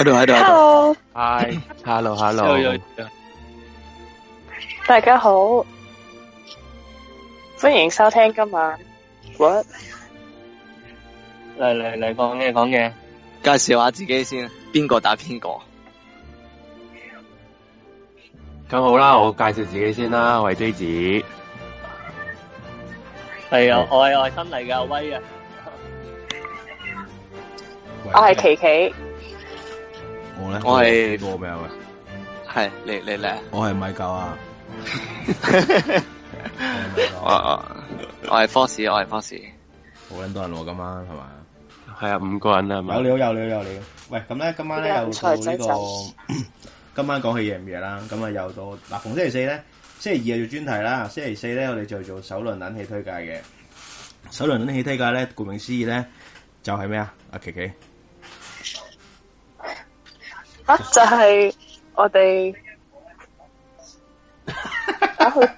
喺度喺度。Hello，Hi，Hello，Hello。大家好，歡迎收聽今晚。What？嚟嚟嚟講嘢講嘢，介紹下自己先，邊個打邊個。咁 好啦，我介紹自己先啦，係 J 子。係啊，我係愛心嚟噶，威啊。我係琪琪。喂 我係我未是有嘅，係你嚟嚟。我係米狗啊，我我我係 f 我係科 o 好撚多人咯今晚係嘛？係啊，五個人啊，有料有料有料。喂，咁咧今晚咧又到呢個，今晚講戲夜唔夜啦？咁啊又到嗱、這個呃，逢星期四咧，星期二就做專題啦，星期四咧我哋就做首輪撚戲推介嘅。首輪撚戲推介咧，顧名思義咧，就係咩啊？阿琪琪。啊！就係、是、我哋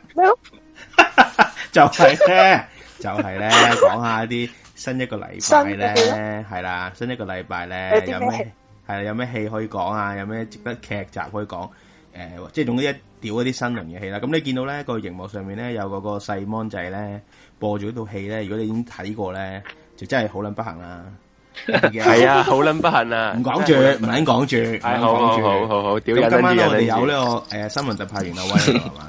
就係咧，就係、是、咧，講下啲新一個禮拜咧，係啦，新一個禮拜咧有咩係有咩戲可以講啊？有咩值得劇集可以講？誒、呃，即、就、係、是、用一屌一啲新人嘅戲啦。咁你見到咧、那個熒幕上面咧有嗰個細芒仔咧播住嗰套戲咧，如果你已經睇過咧，就真係好撚不幸啦、啊。係啊，好捻不幸啊！唔講住，唔肯講住。係，好好好好好。咁今晚咧，我哋有呢個誒新聞特派員阿威啦，係嘛？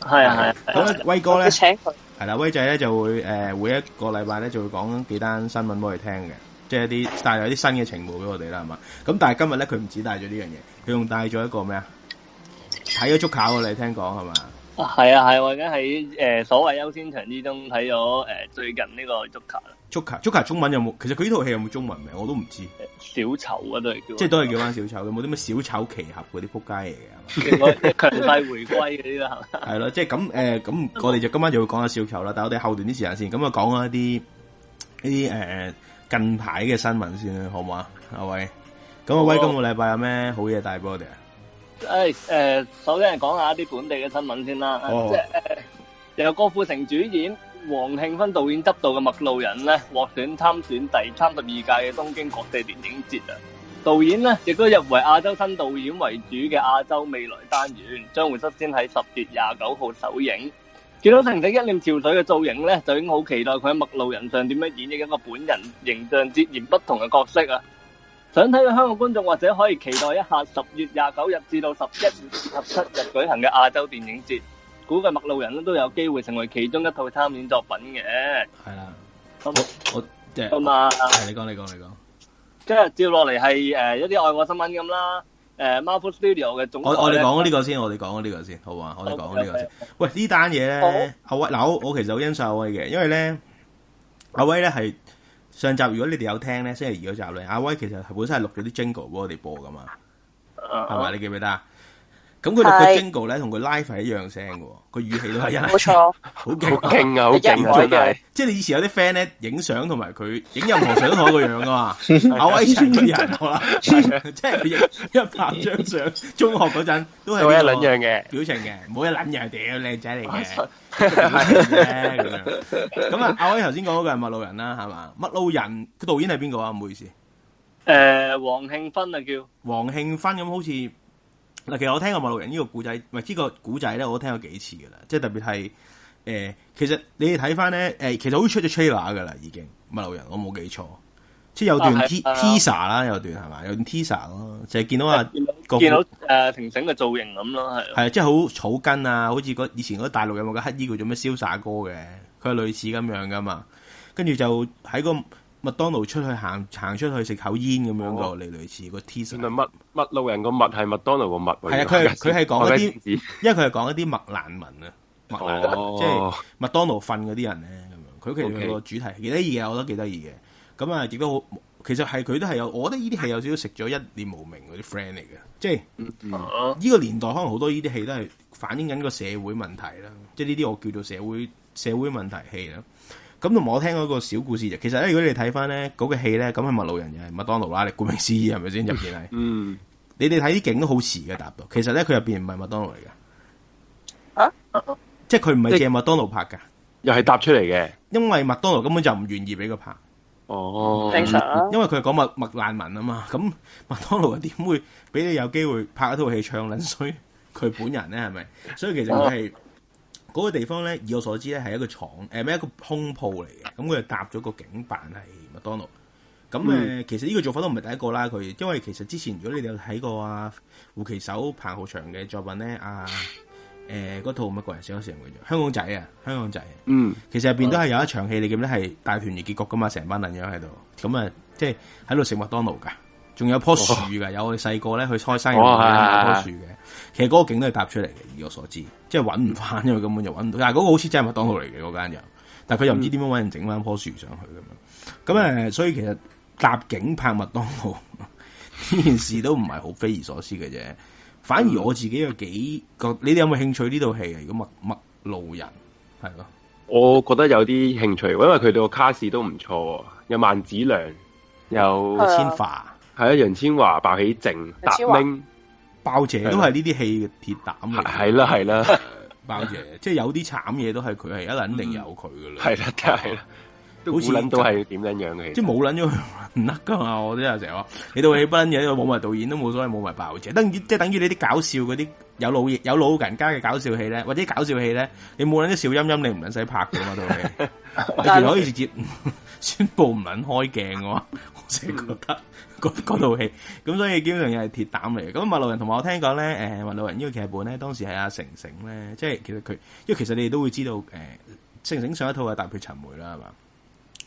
係啊係。咁阿威哥咧，請佢係啦。威仔咧就會誒，每一個禮拜咧就會講幾單新聞俾我哋聽嘅，即係一啲，帶有啲新嘅情報俾我哋啦，係嘛？咁但係今日咧，佢唔止帶咗呢樣嘢，佢仲帶咗一個咩啊？睇咗足球啊！你聽講係嘛？啊，係啊係，我而家喺誒所謂優先場之中睇咗誒最近呢個足球。Joker, Joker 中文有冇？其實佢呢套戲有冇中文名？我都唔知。小丑啊。小丑啊，都係叫，即係都係叫翻小丑 有冇啲咩小丑奇俠嗰啲扑街嚟嘅。 強勢回歸嗰啲啦。係咯， 即係咁誒，咁、呃、我哋就今晚就會講下小丑啦。但係我哋後段啲時間先，咁啊講一啲呢啲誒近排嘅新聞先啦，好唔好啊？阿威，咁阿威今個禮拜有咩好嘢帶俾我哋啊？誒誒，首先係講下一啲本地嘅新聞先啦，即係誒，又係郭富城主演。黃慶芬導演執導嘅《麥路人》咧，獲選參選第三十二屆嘅東京國際電影節啊！導演呢亦都入圍亞洲新導演為主嘅亞洲未來單元，將會率先喺十月廿九號首映。見到婷婷一念潮水嘅造型咧，就已經好期待佢喺《麥路人》上點樣演繹一個本人形象截然不同嘅角色啊！想睇嘅香港觀眾或者可以期待一下十月廿九日至到十一月十七日舉行嘅亞洲電影節。估計陌路人咧都有機會成為其中一套參演作品嘅，係啦，我即係，係你講，你講，你講，即係接落嚟係誒一啲愛我新聞咁啦，誒、呃，Marvel Studio 嘅總我，我我哋講呢個先，但我哋講呢個先，好啊，我哋講呢個先，好喂的呢單嘢咧，好阿威嗱，我其實好欣賞阿威嘅，因為咧阿威咧係上集，如果你哋有聽咧，星期二嗰集咧，阿威其實係本身係錄咗啲 Jingle 俾我哋播噶嘛，係嘛、嗯，你記唔記得啊？咁佢個 Jingle 咧同佢 Live 係一樣聲嘅，個語氣都係一樣，冇錯，好勁啊，好勁，即係即係你以前有啲 friend 咧影相，同埋佢影任何相都係個樣噶嘛，阿威神嗰啲人，即係一拍張相，中學嗰陣都係冇一撚樣嘅表情嘅，冇一撚樣屌靚仔嚟嘅，咁啊，阿威頭先講嗰個係陌路人啦，係嘛，乜路人？個導演係邊個啊？唔好意思，誒，黃慶芬啊叫，黃慶芬咁好似。嗱，其實我聽過《麥路人》呢個古仔，唔係，呢個古仔呢我都聽過幾次㗎啦。即係特別係其實你哋睇翻呢，其實好出咗 trailer 㗎喇已經《麥路人》，我冇記錯，即係有段 T teaser 啦，有段係嘛，有段 teaser 囉，就係見到啊，見到誒，刑警嘅造型咁囉，係即係好草根啊，好似個以前嗰大陸有冇個乞衣叫做咩瀟灑哥嘅，佢係類似咁樣㗎嘛。跟住就喺個麥當勞出去行行出去食口煙咁樣個，類類似個 teaser。係乜？麥路人個麥係麥當勞個麥。係啊，佢係佢係講一啲，因為佢係講一啲麥難民啊，麥蘭文哦，即係麥當勞訓嗰啲人咧，咁樣，佢其實個主題，幾得意嘅，我覺得幾得意嘅，咁啊，亦都好，其實係佢都係有，我覺得呢啲係有少少食咗一念無名嗰啲 friend 嚟嘅，即係呢個年代可能好多呢啲戲都係反映緊個社會問題啦，即係呢啲我叫做社會社會問題戲啦。咁同我聽嗰個小故事就，其實咧，如果你睇翻咧嗰個戲咧，咁係麥路人又係麥當勞啦，你顧名思義係咪先入邊係？嗯， 你哋睇啲景都好遲嘅，答到。其實咧佢入邊唔係麥當勞嚟㗎，啊，即係佢唔係借麥當勞拍噶，又係搭出嚟嘅。因為麥當勞根本就唔願意俾佢拍。哦，嗯、正、啊、因為佢係講麥麥難民啊嘛，咁麥當勞點會俾你有機會拍一套戲唱撚衰？佢本人咧係咪？所以其實佢係。啊嗰個地方咧，以我所知咧，係一個廠，咩、呃、一個空鋪嚟嘅，咁、嗯、佢就搭咗個景板係麥當勞。咁、呃嗯、其實呢個做法都唔係第一個啦。佢因為其實之前如果你哋有睇過啊胡其手彭浩翔嘅作品咧，啊嗰、呃、套乜鬼人想食嘅啫，香港仔啊，香港仔、啊。嗯，其實入邊都係有一場戲你見咧，係大團圓結局㗎嘛，成班人樣喺度，咁啊，即係喺度食麥當勞㗎。仲有棵樹噶，哦、有我哋細個咧去開山入邊、哦、有棵樹嘅，哦、其實嗰個景都係搭出嚟嘅。以我所知，即係揾唔翻，因為根本就揾唔到。但係嗰個好似真係麥當勞嚟嘅嗰間人，但係佢又唔知點樣揾人整翻棵樹上去咁樣。咁誒，所以其實搭景拍麥當勞呢、嗯、 件事都唔係好匪夷所思嘅啫。反而我自己有幾覺，你哋有冇興趣這戲，呢套戲啊？如果麥麥路人係咯，我覺得有啲興趣，因為佢哋個卡士都唔錯，有萬梓良，有千華。係啊，楊千嬅、白起靜、達明、包姐都係呢啲戲嘅鐵膽啊！係啦，係啦，包姐，即係有啲慘嘢都係佢係一定有佢噶啦。係啦，梗係啦，都冇諗都係點樣樣嘅，即係冇諗咗唔得噶嘛！我啲成日話，你到起班嘢，冇埋導演都冇所謂，冇埋爆姐，等於即係等於你啲搞笑嗰啲有老有老人家嘅搞笑戲咧，或者搞笑戲咧，你冇諗啲小音音你唔使拍噶嘛，到你，你可以直接宣布唔諗開鏡嘅話，我成覺得。嗰套戲，咁所以基本上又係鐵膽嚟嘅。咁麥路人同埋我聽講咧，誒麥路人呢個劇本咧，當時係阿成成咧，即係其實佢，因為其實你哋都會知道，誒成成上一套係大配陳梅啦，係嘛，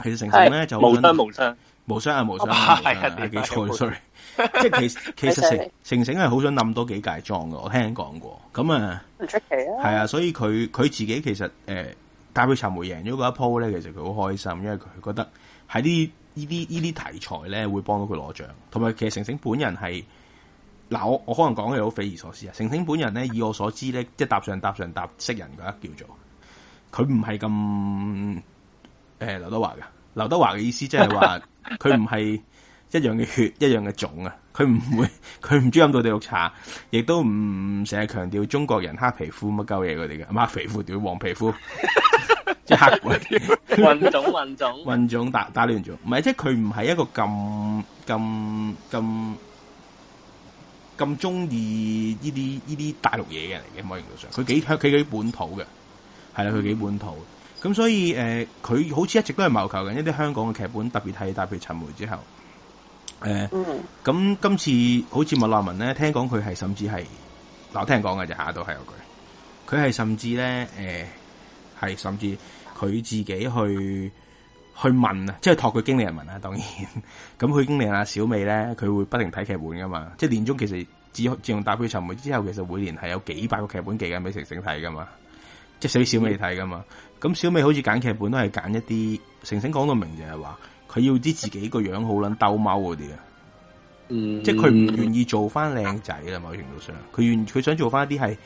其實成成咧就無傷無傷，無傷啊無傷，係幾錯啊，Sorry，即係其實其實成成成係好想冧多幾屆妝嘅，我聽講過。咁啊，唔出奇啊，係啊，所以佢佢自己其實誒大配陳梅贏咗嗰一鋪咧，其實佢好開心，因為佢覺得喺啲。呢啲呢啲題材咧會幫到佢攞獎，同埋其實成成本人係，嗱我我可能講嘅好匪夷所思啊！成成本人咧以我所知咧，即係搭上搭上搭識人嗰一叫做，佢唔係咁誒劉德華噶，劉德華嘅意思即係話佢唔係一樣嘅血一樣嘅種啊！佢唔會佢唔中意飲到地綠茶，亦都唔成日強調中國人黑皮膚乜鳩嘢佢哋嘅，黑皮膚屌黃皮膚。 即係黑鬼混 種，混種，混 種打打亂咗，唔係即係佢唔係一個咁咁咁咁中意呢啲呢啲大陸嘢嘅嚟嘅，某種程度上，佢幾屋本土嘅，係啦，佢幾本土，咁所以誒，佢、呃、好似一直都係謀求緊一啲香港嘅劇本特別，特別係大別陳梅之後，誒、呃，咁、嗯、今次好似麥樂文咧，聽講佢係甚至係，我聽講嘅就下都係有佢，佢係甚至咧誒。呃係甚至佢自己去去問啊，即係托佢經理人問啊。當然，咁佢經理人阿小美咧，佢會不停睇劇本噶嘛。即係年中其實只用搭配沉悶之後，其實每年係有幾百個劇本寄緊，俾成成睇噶嘛。即係俾小美睇噶嘛。咁小美好似揀劇本都係揀一啲成成講到明就係話，佢要知自己個樣好撚兜踎嗰啲啊。嗯，即係佢唔願意做翻靚仔啦，某程度上，佢願佢想做翻一啲係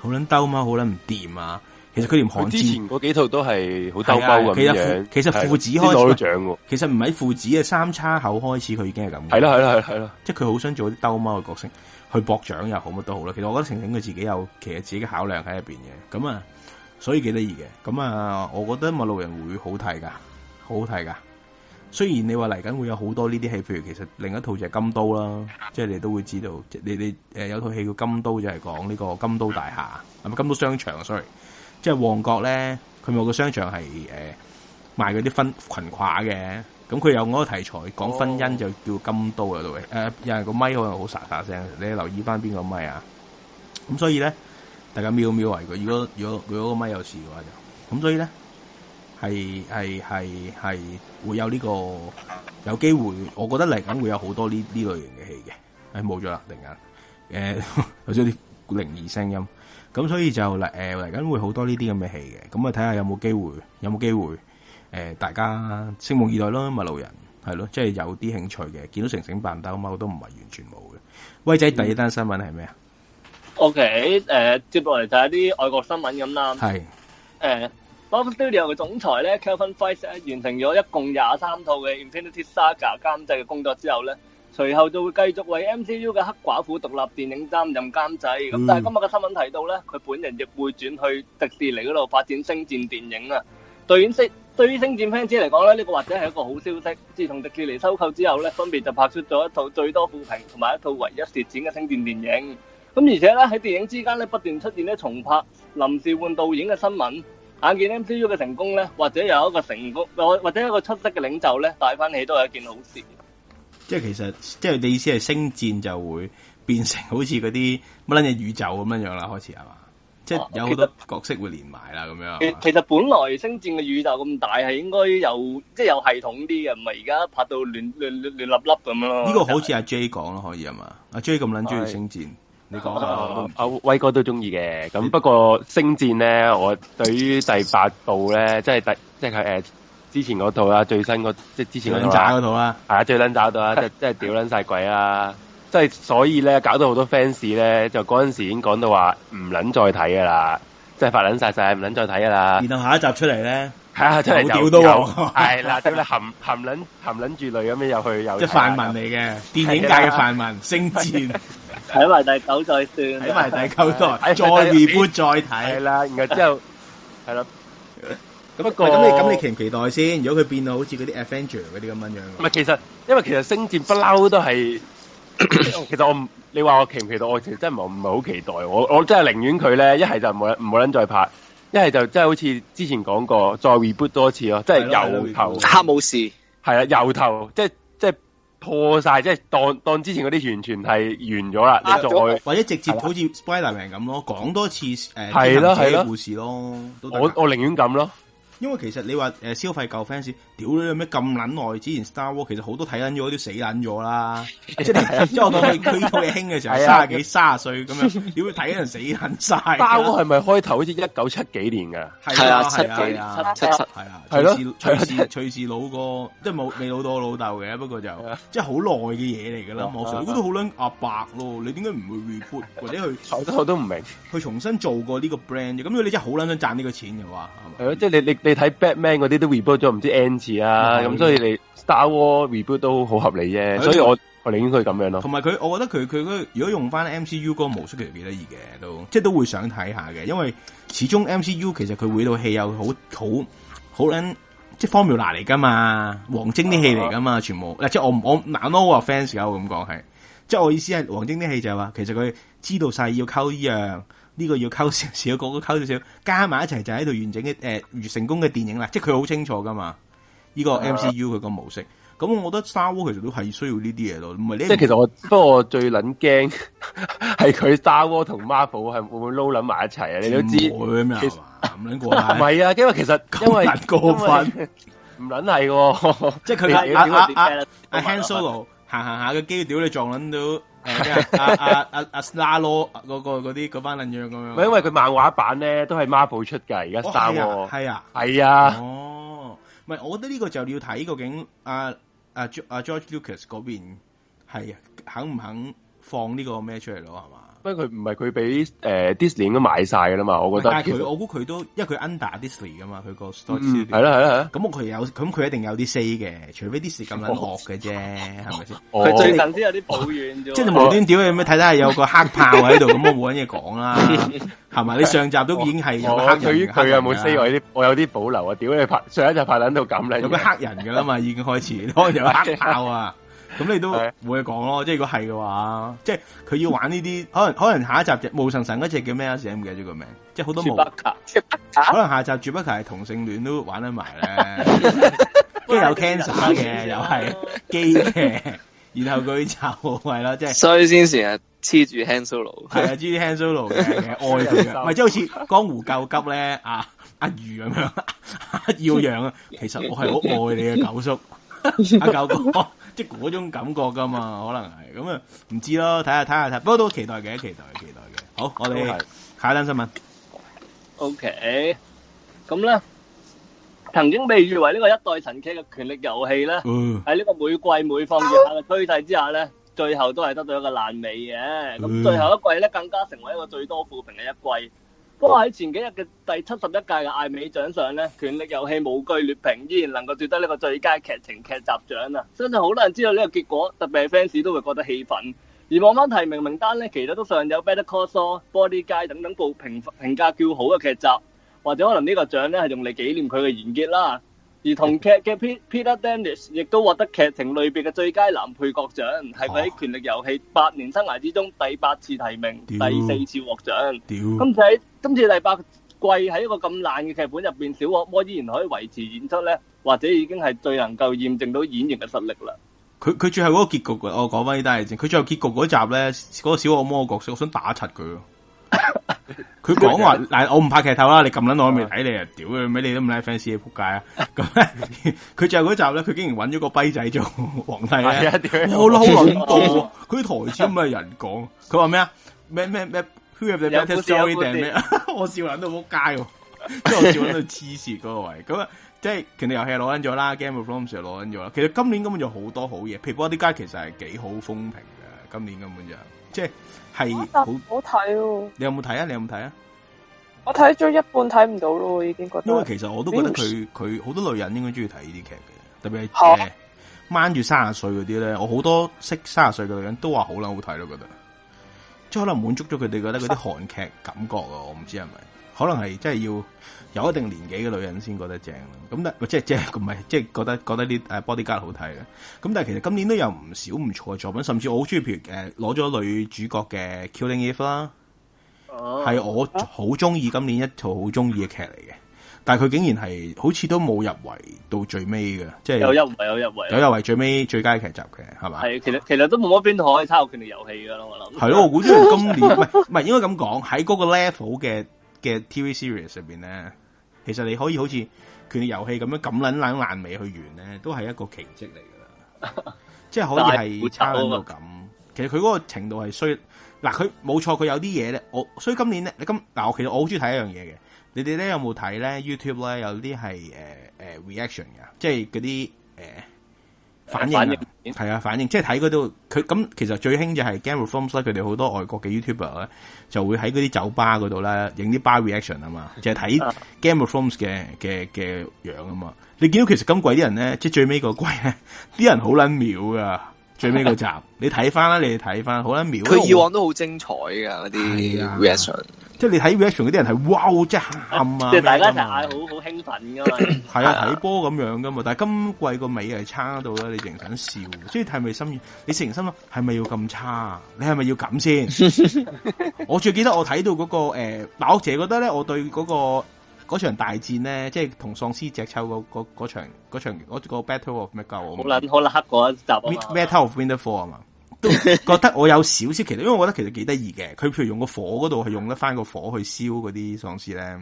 好撚兜踎，好撚唔掂啊。其實佢連寒戰嗰幾套都係好兜踎嘅。樣樣、啊。其實父子開始獎、啊、其實唔係父子嘅三叉口開始佢已經係咁。係咯係咯係咯，是啊是啊是啊、即係佢好想做啲兜踎嘅角色去博獎又好，乜都好啦。其實我覺得城城佢自己有其實自己嘅考量喺入邊嘅，咁啊，所以幾得意嘅。咁啊，我覺得《麥路人》會好睇噶，好睇噶。雖然你話嚟緊會有好多呢啲戲，譬如其實另一套就係《金都》啦，即係你都會知道，你你誒有套戲叫《金都》，就係講呢個金都大廈，係咪金都商場啊？sorry。即係旺角咧，佢咪有個商場係誒、呃、賣嗰啲婚裙褂嘅，咁佢有嗰個題材講婚姻就叫金刀嗰度誒，又係個咪可能好沙沙聲，你留意翻邊個咪啊？咁所以咧，大家妙妙為佢。如果如果如果嗰個咪有事嘅話就，咁所以咧係係係係會有呢、這個有機會，我覺得嚟緊會有好多呢呢類型嘅戲嘅。誒冇咗啦，突然間誒、呃、有少啲靈異聲音。咁所以就嚟誒嚟緊會好多呢啲咁嘅戲嘅，咁啊睇下有冇機會，有冇機會，誒、呃、大家拭目以待咯，咪路人係咯，即係有啲興趣嘅，見到成成扮兜踎都唔係完全冇嘅。威仔第二單新聞係咩啊？OK，誒接落嚟就係啲外國新聞咁啦。係。誒 Marvel Studios 嘅總裁咧，Kevin Feige 完成咗一共廿三套嘅 Infinity Saga 監製嘅工作之後咧。隨後就會繼續為 M C U 嘅黑寡婦獨立電影擔任監製，咁但係今日嘅新聞提到咧，佢本人亦會轉去迪士尼嗰度發展星戰電影啦。對演星，對於星戰 fans 嚟講咧，呢個或者係一個好消息。自從迪士尼收購之後咧，分別就拍出咗一套最多負評同埋一套唯一蝕錢嘅星戰電影。咁而且咧喺電影之間咧不斷出現咧重拍、臨時換導演嘅新聞，眼見 M C U 嘅成功咧，或者有一個成功，或或者一個出色嘅領袖咧帶翻起都係一件好事。即係其實，即係你意思係星戰就會變成好似嗰啲乜撚嘢宇宙咁樣樣啦，開始係嘛？即係有好多角色會連埋啦，咁、啊、樣。其實本來星戰嘅宇宙咁大，係應該有即係有系統啲嘅，唔係而家拍到亂亂亂笠笠咁樣咯。呢個好似阿 J 講咯、就是啊，可以係嘛？阿、啊、J 咁撚中意星戰，的你講下。阿威哥都中意嘅，咁不過你星戰咧，我對於第八部咧，即係第即係誒。呃之前嗰套啦，最新嗰即係之前嗰套啊，係啊，最卵炸嗰套啊，即係即係屌卵晒鬼啦，即係所以咧，搞到好多 fans 咧，就嗰陣時已經講到話唔卵再睇噶啦，即係發卵晒晒，唔卵再睇噶啦。然後下一集出嚟咧，係啊，出嚟屌都有，係啦，屌啦含含卵含卵住淚咁樣又去又。即係泛民嚟嘅，電影界嘅泛民，聖戰睇埋第九再算，睇埋第九多，再二 e 再睇，係啦，然後之後係咯。不過，咁你咁你期唔期待先？如果佢變到好似嗰啲 Avenger 嗰啲咁樣樣？唔係，其實因為其實星戰不嬲都係， 其實我唔，你話我期唔期待，我其實真係冇唔係好期待。我我真係寧願佢咧，一係就冇，唔冇撚再拍，一係就真係好似之前講過，再 reboot 多次咯，即係由頭。黑冇事，係啊，由頭即即破晒。即係當當之前嗰啲完全係完咗啦，啊、你再、啊、或者直接吧好似 Spider-Man 咁咯，講多次誒蜘蛛俠嘅故事咯。我我寧願咁咯。因為其實你話誒消費舊 fans 屌你有咩咁撚耐？之前 Star Wars 其實好多睇撚咗，都死撚咗啦。即係即係我哋佢都係興嘅時候，卅幾卅歲咁樣，點會睇人死撚晒？Star 係咪開頭好似一九七幾年嘅？係啊，七幾，七七係啊，係咯，隨時隨時隨時老過即係冇未老到老豆嘅，不過就即係好耐嘅嘢嚟噶啦。我上嗰都好撚阿伯咯，你點解唔會 report 或者佢，我都唔明，佢重新做過呢個 brand 嘅。咁佢哋真係好撚想賺呢個錢嘅話，係咪即係你你。你睇 Batman 嗰啲都 reboot 咗，唔知 N 次啊，咁的所以你 Star Wars reboot 都好合理啫，的所以我我哋寧願佢咁樣咯。同埋佢，我覺得佢佢如果用翻 MCU 嗰個模式其實幾得意嘅，都即係都會想睇下嘅，因為始終 MCU 其實佢每套戲有好好好即係 formula 嚟噶嘛，王晶啲戲嚟噶嘛，啊、全部即係我我難咯，我 know, fans 噶我咁講係，即係我意思係王晶啲戲就話、是，其實佢知道晒要溝依樣。呢個要溝少少，個個溝少少，加埋一齊就喺度完整嘅誒，呃、成功嘅電影啦。即係佢好清楚噶嘛，呢、這個 M C U 佢個模式。咁的我覺得 Star Wars 其實都係需要呢啲嘢咯。唔係，即係其實我，不過我最捻驚係佢 Star Wars 同 Marvel 係會唔會撈捻埋一齊啊？你都知唔會唔捻過界，唔係實 啊，因為其實因為過分唔捻係，不是的即係佢阿阿阿 Han Solo 行行下個機屌你撞捻到。即係阿阿阿阿斯 a 羅嗰個嗰啲班人樣咁樣，唔係 因為佢漫畫版咧都係 Marvel 出嘅，而家沙喎，係啊，係我啊，係啊哦，唔係，我覺得呢個就要睇究竟阿阿阿 George Lucas 邊係啊肯唔肯放呢個咩出嚟咯，係嘛。不過佢唔係佢俾誒 Disney 都買晒噶啦嘛，我覺得。但係佢我估佢都，因為佢 under Disney 噶嘛，佢個 story 係啦係啦。咁佢有，咁佢一定有啲 say 嘅，除非 Disney 咁樣惡嘅啫，係咪先？佢最近都有啲抱怨，即係無端屌有咩睇都係有個黑炮喺度，咁我冇嘢講啦。係咪？你上集都已經係有黑人，佢有冇 say，啲我有啲保留啊！屌你拍上一集拍到到咁靚，有冇黑人噶啦嘛？已經開始開始黑炮啊！咁你都冇嘢講咯，即係如果係嘅話，即係佢要玩呢啲，可能可能下一集就無神神嗰隻叫咩啊？死唔記得咗個名，即係好多無可能下一集絕不球係同性戀都玩得埋咧，即係有 cancer 嘅，又係 gay 嘅，然後佢就係啦，即係衰先成日黐住 Han Solo，係啊，黐住 Han Solo 嘅愛愛嘅，唔係即係好似江湖救急咧，阿阿魚咁樣要養啊，其實我係好愛你嘅狗叔。阿九哥，即係嗰種感覺噶嘛，可能係咁啊，唔知咯，睇下睇下睇。不過都期待嘅，期待期待嘅。好，我哋下一單新聞。OK，咁咧，曾經被譽為呢個一代神劇嘅《權力遊戲》咧，喺呢個每季每況愈下嘅趨勢之下咧，最後都係得到一個爛尾嘅。咁最後一季咧，更加成為一個最多負評嘅一季。不過喺前幾日嘅第七十一屆嘅艾美獎上咧，《權力遊戲》無懼劣評，依然能夠奪得呢個最佳劇情劇集獎啊！相信好多人知道呢個結果，特別係 fans 都會覺得氣憤。而望翻提名名單咧，其實都上有《Better Call Saul》、《Bodyguard》等等部評評價叫好嘅劇集，或者可能這個獎呢個獎咧係用嚟紀念佢嘅完結啦。而同劇嘅 Peter Dennis 亦都獲得劇情類別嘅最佳男配角獎，係佢喺《權力遊戲》八年生涯之中第八次提名、啊、第四次獲獎。咁就喺今次第八季喺一個咁爛嘅劇本入面，小惡魔依然可以維持演出咧，或者已經係最能夠驗證到演員嘅實力啦。佢佢最後嗰個結局，我講翻呢單嘢先。佢最後結局嗰集咧，嗰、嗰個小惡魔嘅角色，我想打柒佢。佢講話嗱，我唔怕劇透啦，你咁卵我都未睇你啊！你屌佢咩，你都 like fans 嘅仆街啊！咁佢就嗰集咧，佢竟然揾咗個跛仔做皇帝啊！我諗好恐怖，佢台詞咁人講，佢話咩啊？咩咩咩？who have the best story 定咩？我笑撚、啊、 到仆街，即係我笑撚到黐線嗰個位。咁啊，即係其實遊戲攞緊咗啦，Game of Thrones 攞緊咗啦。其實今年根本就好多好嘢，譬如啲街其實係幾好風評嘅。今年根本就即係。係好，好睇，你有冇睇啊？你有冇睇啊？我睇咗一半，睇唔到咯，已經覺得。因為其實我都覺得佢佢好多女人應該中意睇呢啲劇嘅，特別係掹住卅歲嗰啲咧。我好多識卅歲嘅女人都話好撚好睇咯，覺得。即係可能滿足咗佢哋覺得嗰啲韓劇感覺啊， 我唔知係咪，可能係即係要。有一定年紀嘅女人先覺得正咁，即係即係唔係，即係覺得覺得啲誒、uh, bodyguard 好睇嘅。咁但係其實今年都有唔少唔錯嘅作品，甚至我好中意，譬如誒攞咗女主角嘅 Killing Eve 啦，係、oh. 我好中意今年一套好中意嘅劇嚟嘅，但係佢竟然係好似都冇入圍到最尾嘅，即係有入圍有入圍有入圍最尾最佳劇集嘅係嘛？係其實其實都冇乜邊可以差我權力遊戲嘅咯，我諗係咯，我估咗今年唔係唔係，應該咁講喺嗰個 level 嘅。嘅 TV series 入邊咧，其實你可以好似《權力遊戲》咁樣咁撚爛爛尾去完咧，都係一個奇蹟嚟噶喇， 即係可以係差到咁。 其實佢嗰個程度係衰，嗱佢冇錯，佢有啲嘢咧。我所以今年咧，你今嗱我其實我好中意睇一樣嘢嘅，你哋咧有冇睇咧 YouTube 咧有啲係誒誒、呃呃、reaction 㗎，即係嗰啲誒。呃反應，啊、反應，係啊，反應即係睇嗰度佢咁，其實最興就係 Game of Thrones 啦。佢哋好多外國嘅 YouTuber 咧，就會喺嗰啲酒吧嗰度咧影啲 bar reaction 啊嘛，就係睇 Game of Thrones 嘅嘅嘅樣啊嘛。你見到其實今季啲人咧，即係最尾個季咧，啲人好撚秒噶。 最尾個集，你睇翻啦，你哋睇翻，好啦，秒佢以往都好精彩噶嗰啲、啊、reaction，即係你睇 reaction 嗰啲人係，哇，真係喊啊！即係 大家一齊嗌，好好興奮噶嘛。係啊，睇波咁樣噶嘛，但係今季個尾係差得到啦，你仍想笑，即係係咪心願，你誠心諗係咪要咁差、啊？你係咪要咁先？ 我最記得我睇到嗰、那個誒，但我淨係覺得咧，我對嗰、那個。嗰場大戰咧，即係同喪屍隻抽嗰嗰嗰場嗰場嗰個 Battle of 咩鳩啊？好撚好撚黑嗰一集。Battle of Winterfell 啊嘛， 都覺得我有少少，其實因為我覺得其實幾得意嘅。佢譬如用個火嗰度，係用得翻個火去燒嗰啲喪屍咧。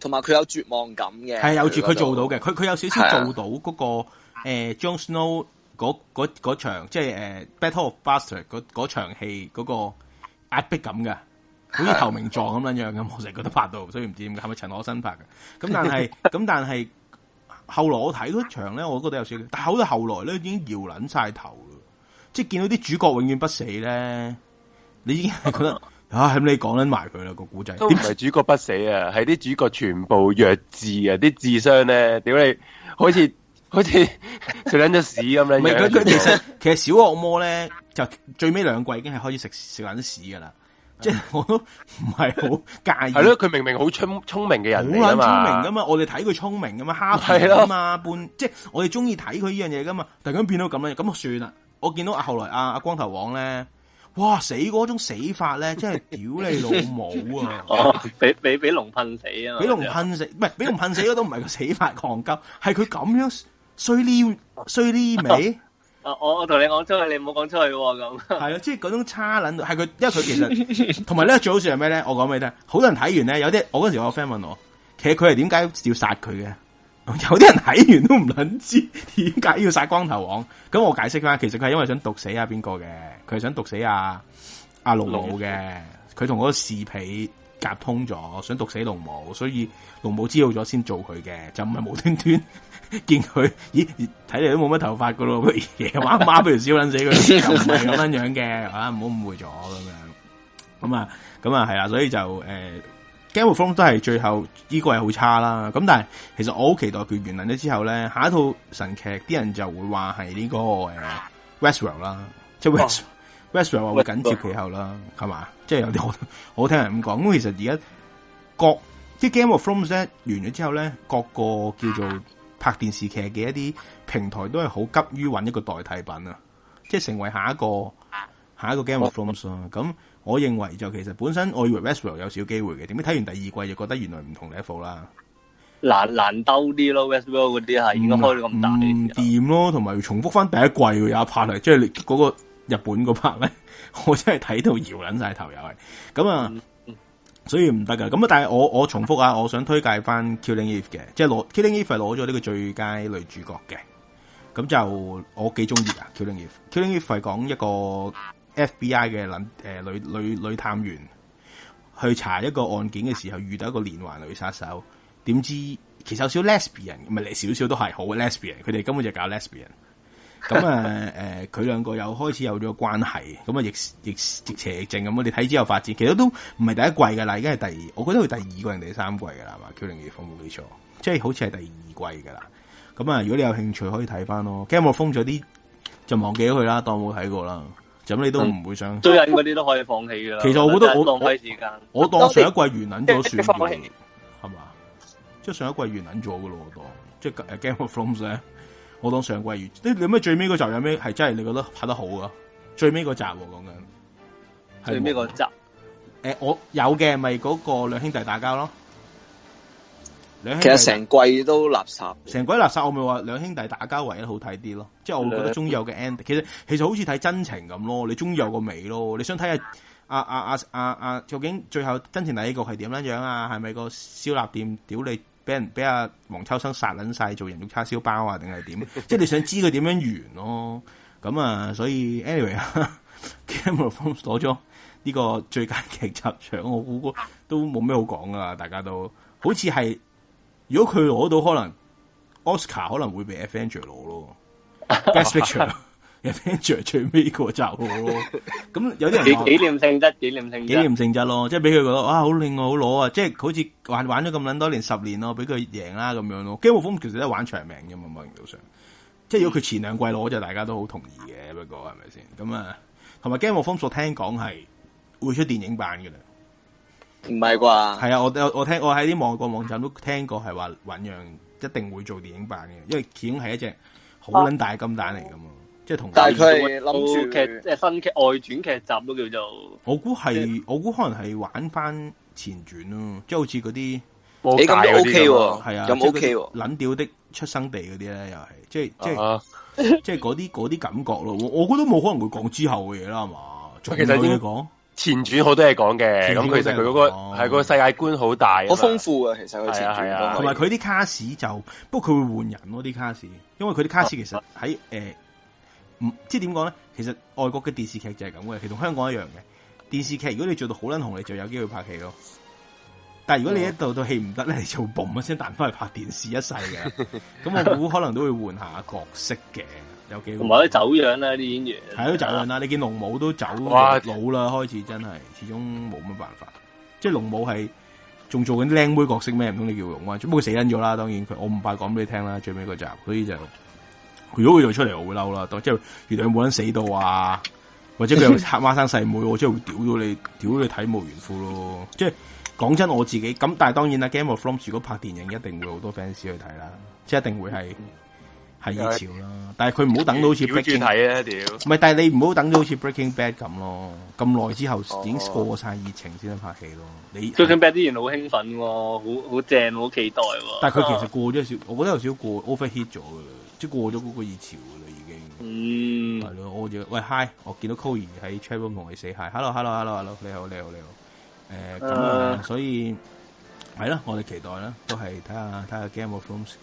同埋佢有絕望感嘅，係有住佢做到嘅。佢佢有少少做到嗰、嗰個 Jon Snow 嗰嗰場，即係 Battle of Bastard 嗰嗰場戲，嗰、嗰個壓迫感嘅。 好似投名狀咁樣樣咁，我成日覺得拍到，所以唔知點解係咪陳可辛拍嘅。咁但係，咁 但係，後來我睇嗰場咧，我覺得有少。但係到後來咧，已經搖捻晒頭咯。即係見到啲主角永遠不死咧，你已經係覺得 啊，咁你講捻埋佢啦個古仔。都唔係主角不死啊，係啲主角全部弱智啊，啲智商咧，屌你，好似 好似食捻咗屎咁樣。唔係佢其實其實小惡魔咧，就最尾兩季已經係開始食食捻屎噶啦。即係我都唔係好介意。 係咯，佢明明好聰聰明嘅人好啊聰聰明噶嘛，我哋睇佢聰明噶嘛，蝦皮啊嘛，對了 半即係我哋中意睇佢呢樣嘢噶嘛。突然間變到咁樣，咁就算啦。我見到啊後來阿、啊、阿光頭王咧，哇死嗰種死法咧，真係屌你老母啊！俾俾俾龍噴死啊！俾龍噴死，唔係俾龍噴死，噴死都種唔係死法狂鳩，係佢咁樣衰呢尾。衰 啊！我我同你講出去，你唔好講出去咁。係啊，即係嗰種差撚，係佢，因為佢其實同埋咧最好笑係咩咧？我講俾你聽，好多人睇完咧，有啲我嗰陣時我個 friend 問我，其實佢係點解要殺佢嘅？有啲人睇完都唔撚知點解要殺光頭王。咁我解釋翻，其實佢係因為想毒死阿邊個嘅，佢係想毒死阿阿六六嘅，佢同嗰個屎皮。夾通咗，想毒死龍母，所以龍母知道咗先做佢嘅，就唔係無端端見佢，咦？睇嚟都冇乜頭髮噶咯，乜嘢？馬媽，媽，如燒死 不如燒捻死佢，就唔係咁樣樣嘅，啊！唔好誤會咗咁樣，咁啊，咁啊係啦，所以就誒、呃、Game of Thrones 都係最後呢個係好差啦，咁但係其實我好期待佢完人咗之後咧，下一套神劇啲人就會話係呢個誒，Westworld 啦，呃、West world, 即係 West world。Westworld 話會緊接其後啦，係嘛喂？即係、就是、有啲好好聽人咁講。咁其實而家各啲 Game of Thrones 完咗之後咧，各個叫做拍電視劇嘅一啲平台都係好急於揾一個代替品啊！即係成為下一個下一個 Game of Thrones 咁好、啊、我認為就其實本身我以為 Westworld 有少機會嘅，點解睇完第二季就覺得原來唔同 level 啦？難難兜啲咯，Westworld 嗰啲係應該開咗咁大店咯，同埋、嗯嗯、重複翻第一季有一拍嚟，即係你嗰個。日本嗰拍咧， 我真係睇到搖捻晒頭又係，咁啊，所以唔得噶。咁啊，但係我我重複啊，我想推介翻 Killing Eve 嘅，即係攞 Killing Eve 攞咗呢個最佳女主角嘅。咁就我幾中意啊 Killing Eve。Killing Eve 係講一個 FBI 嘅、呃、女誒女女女探員去查一個案件嘅時候，遇到一個連環女殺手。點知其實有少少 lesbian，唔係少少都係好 lesbian。佢哋根本就搞 lesbian。咁啊，誒，佢兩個又開始有咗關係，咁啊，逆亦逆斜逆正咁，我哋睇之後發展，其實都唔係第一季噶啦，而家係第二，我覺得佢第二季定第三季噶啦，係嘛？《超能熱風》冇記錯，即係好似係第二季噶啦。咁啊，如果你有興趣，可以睇翻咯。Game 我封咗啲，就忘記咗佢啦，當冇睇過啦。咁你都唔會想最近嗰啲都可以放棄噶啦。其實我覺得好浪費時間，我當上一季完捻咗算嘅，係嘛？即係上一季完捻咗噶咯，我當即係《Game of Thrones》咧。我當上季完，你你咩最尾嗰集有咩係真係你覺得拍得好啊？最尾嗰集我講緊最尾嗰集，誒、欸，我有嘅咪嗰個兩兄弟打交咯。兩兄弟其實成季都垃圾，成季垃圾，我咪話兩兄弟打交唯一好睇啲咯。即、就、係、是、我覺得終於有嘅 end，其實其實好似睇真情咁咯，你終於有個尾咯。你想睇下阿阿阿阿阿究竟最後真情第一個係點樣樣啊？係咪個燒臘店屌你？俾人俾阿黃秋生殺捻晒做人肉叉燒包啊，定係點？ 即係你想知佢點樣完咯？咁啊，所以 anyway，camera phone 攞咗呢個最佳劇集獎，我估都冇咩好講噶，大家都好似係如果佢攞到，可能 Oscar 可能會俾 a n g e l 攞咯。聽住最尾個就。咁 有啲人紀念性質，紀念性質，紀念性質咯，即係俾佢覺得啊，好靚啊，好攞啊，即係好似玩玩咗咁捻多年十年咯，俾佢贏啦咁樣咯。Game of Thrones 其實都係玩長命啫嘛，某種程度上，即係如果佢前兩季攞就大家都好同意嘅，嗯、不過係咪先咁啊？同埋 Game of Thrones 我聽講係會出電影版嘅啦，唔係啩？係啊，我我聽我喺啲網個網站都聽過係話，混洋一定會做電影版嘅，因為係一隻好捻大金蛋嚟噶嘛。啊即係同，但係佢係諗住即係新劇外傳劇集都叫做我估係，我估可能係玩翻前傳咯，即係好似嗰啲波介嗰啲，係啊，咁 OK，捻掉的出生地嗰啲咧又係，即係即係即係嗰啲啲感覺咯。我估都冇可能會講之後嘅嘢啦，係嘛？其實呢前傳好多嘢講嘅，咁其實佢嗰個係個世界觀好大，好豐富啊。其實佢前傳同埋佢啲卡士就，不過佢會換人咯啲卡士，因為佢啲卡士其實喺誒。唔即係點講咧？其實外國嘅電視劇就係咁嘅，其實同香港一樣嘅。電視劇如果你做到好捻紅，你就有機會拍戲咯。但係如果你一度都戲唔得咧，你就嘣一聲彈翻去拍電視一世嘅。咁我估可能都會換下角色嘅，有幾唔係啲走樣啦啲演員，係都走樣啦。你見龍武都走，走老啦，開始真係始終冇乜辦法。即係龍武係仲做緊靚妹角色咩？唔通你叫龍武？不過死人咗啦，當然佢我唔怕講俾你聽啦，最尾嗰集，所以就。如果佢又出嚟，我會嬲啦，即係原來有冇人死到啊，或者佢有插孖生細妹，妹，我真係會屌咗你，屌你體無完膚咯。即係講真我自己，咁但係當然啦，Game of Thrones 如果拍電影，一定會好多 fans 去睇啦，即係一定會係。係熱潮啦、啊，但係佢唔好等到好似 breaking，唔係、啊，不但係你唔好等到好似 Breaking Bad 咁咯，咁耐之後已經過晒熱情先得拍戲咯。你、oh. 是最近 Breaking Bad 之前好興奮、啊，好好正，好期待、啊。但係佢其實過咗少，啊、我覺得有少過 overheat 咗嘅，即係過咗嗰個熱潮噶啦已經。嗯，係咯，我喂 Hi，我見到 Koy 喺 Travel 同你 say hi，Hello，Hello，Hello，你好，你好，你好。誒，所以係啦，我哋期待啦，都係睇下睇下 Game of Thrones。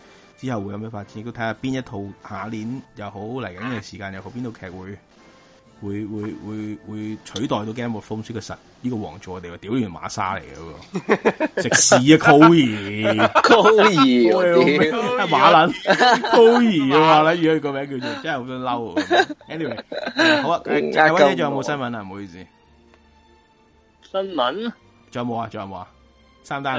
之後會有咩發展，佢睇下邊一套下年又好，嚟緊嘅時間又好劇，邊套劇會會會會會取代到《Game of Thrones》嘅實呢個王座嚟？話屌完馬沙嚟嘅、那個，食屎啊！高二高二馬卵高二嘅馬卵，而家個名叫做真係好得嬲。Anyway，、嗯、好啊，大威姐仲有冇新聞啊？唔好意思，新聞聞仲有冇啊？仲有冇啊？三單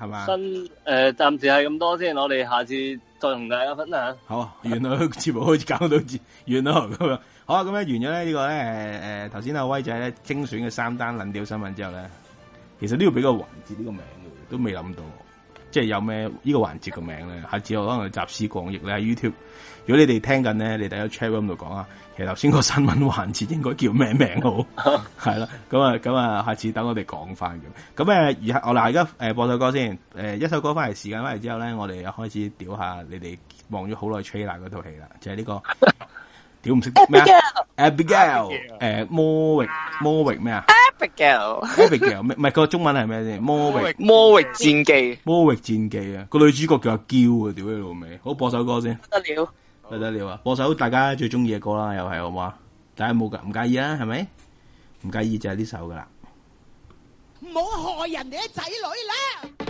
係嘛？新誒，呃，暫時係咁多先，我哋下次再同大家分享 好，原來全部開始搞到原來咁啊！好啊，咁樣完咗咧呢個咧誒誒，頭先阿威仔咧精選嘅三單冷掉新聞之後咧，其實都要俾個環節呢個名嘅，都未諗到。即係有咩呢個環節個名咧？下次我可能集思廣益。你喺 YouTube，如果你哋聽緊咧，你哋喺 chat 度講啊。其實頭先個新聞環節應該叫咩名好？係啦， 咁啊，咁啊，下次等我哋講翻咁。咁誒，而我嗱，而家播首歌先。一首歌翻嚟，時間翻嚟之後咧，我哋又開始屌下你哋望咗好耐 trailer 嗰套戲啦。就係呢個。 屌唔識啲咩啊？Abigail，誒，魔域魔域咩啊？Abigail，Abigail 咩？唔係個中文係咩先？魔域魔域戰記，魔域戰記啊！個女主角叫阿嬌啊！屌你老味，好，播首歌先。不得了，不得了啊！播首大家最中意嘅歌啦，又係好嘛？大家冇介唔介意啊？係咪？唔介意就係呢首噶啦。唔好害人哋啲仔女啦！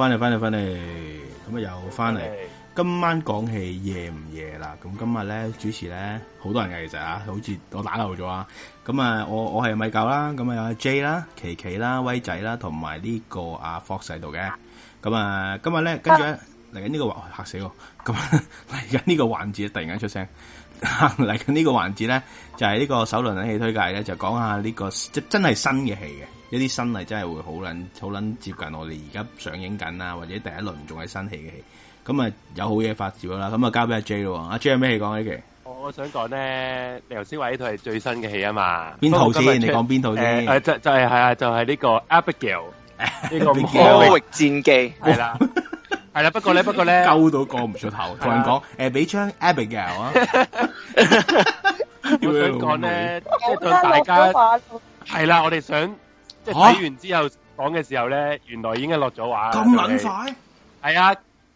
翻嚟，翻嚟，翻嚟，咁啊又翻嚟。今晚講戲，夜唔夜啦。咁今日咧主持咧好多人嘅其實啊，好似我打漏咗啊。咁、嗯、啊，我我係米狗啦，咁啊有阿 J 啦、琪琪啦、威仔啦，同埋、啊嗯、呢個阿霍仔喺度嘅。咁啊，今日咧跟住咧嚟緊呢個吓、哦、死我。咁嚟緊呢個環節突然間出聲，嚟緊呢個環節咧就係、是、呢個首輪撚戲推介咧，就講下呢、這個即真係新嘅戲嘅。一啲新係真係會好捻好捻接近我哋而家上映緊啊，或者第一輪仲係新戲嘅戲，咁啊有好嘢發展啦，咁啊交俾阿 J 咯，阿 J 有咩戲講呢期？我想講咧，你頭先話呢套係最新嘅戲啊嘛，邊套先？你講邊套先？就係係係啊，就係呢個 Abigail，呢個《魔域戰記》係啦，係啦。不過咧，不過咧，勾到過唔上頭，同人講誒，俾張 Abigail 啊。我想講咧，即對大家係啦，我哋想。即睇完之後講嘅時候咧，原來已經係落咗畫。咁捻快？係啊，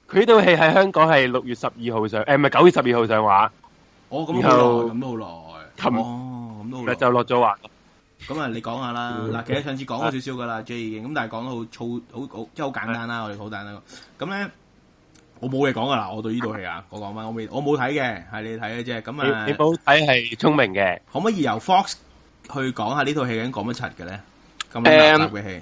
佢呢套戲喺香港係六月十二號上，誒唔係九月十二號上畫。哦，咁耐，好耐。哦，諗咗好耐。就落咗畫。咁啊，你講下啦。嗱，其實上次講咗少少噶啦，J，咁但係講得好粗，好即係好簡單啦，我哋好簡單。咁咧，我冇嘢講噶啦。我對呢套戲啊，我講翻，我未，我冇睇嘅，係你睇嘅啫。咁啊，你冇睇係聰明嘅。可唔可以由 Fox 去講下呢套戲咁講乜柒嘅咧？咁、嗯、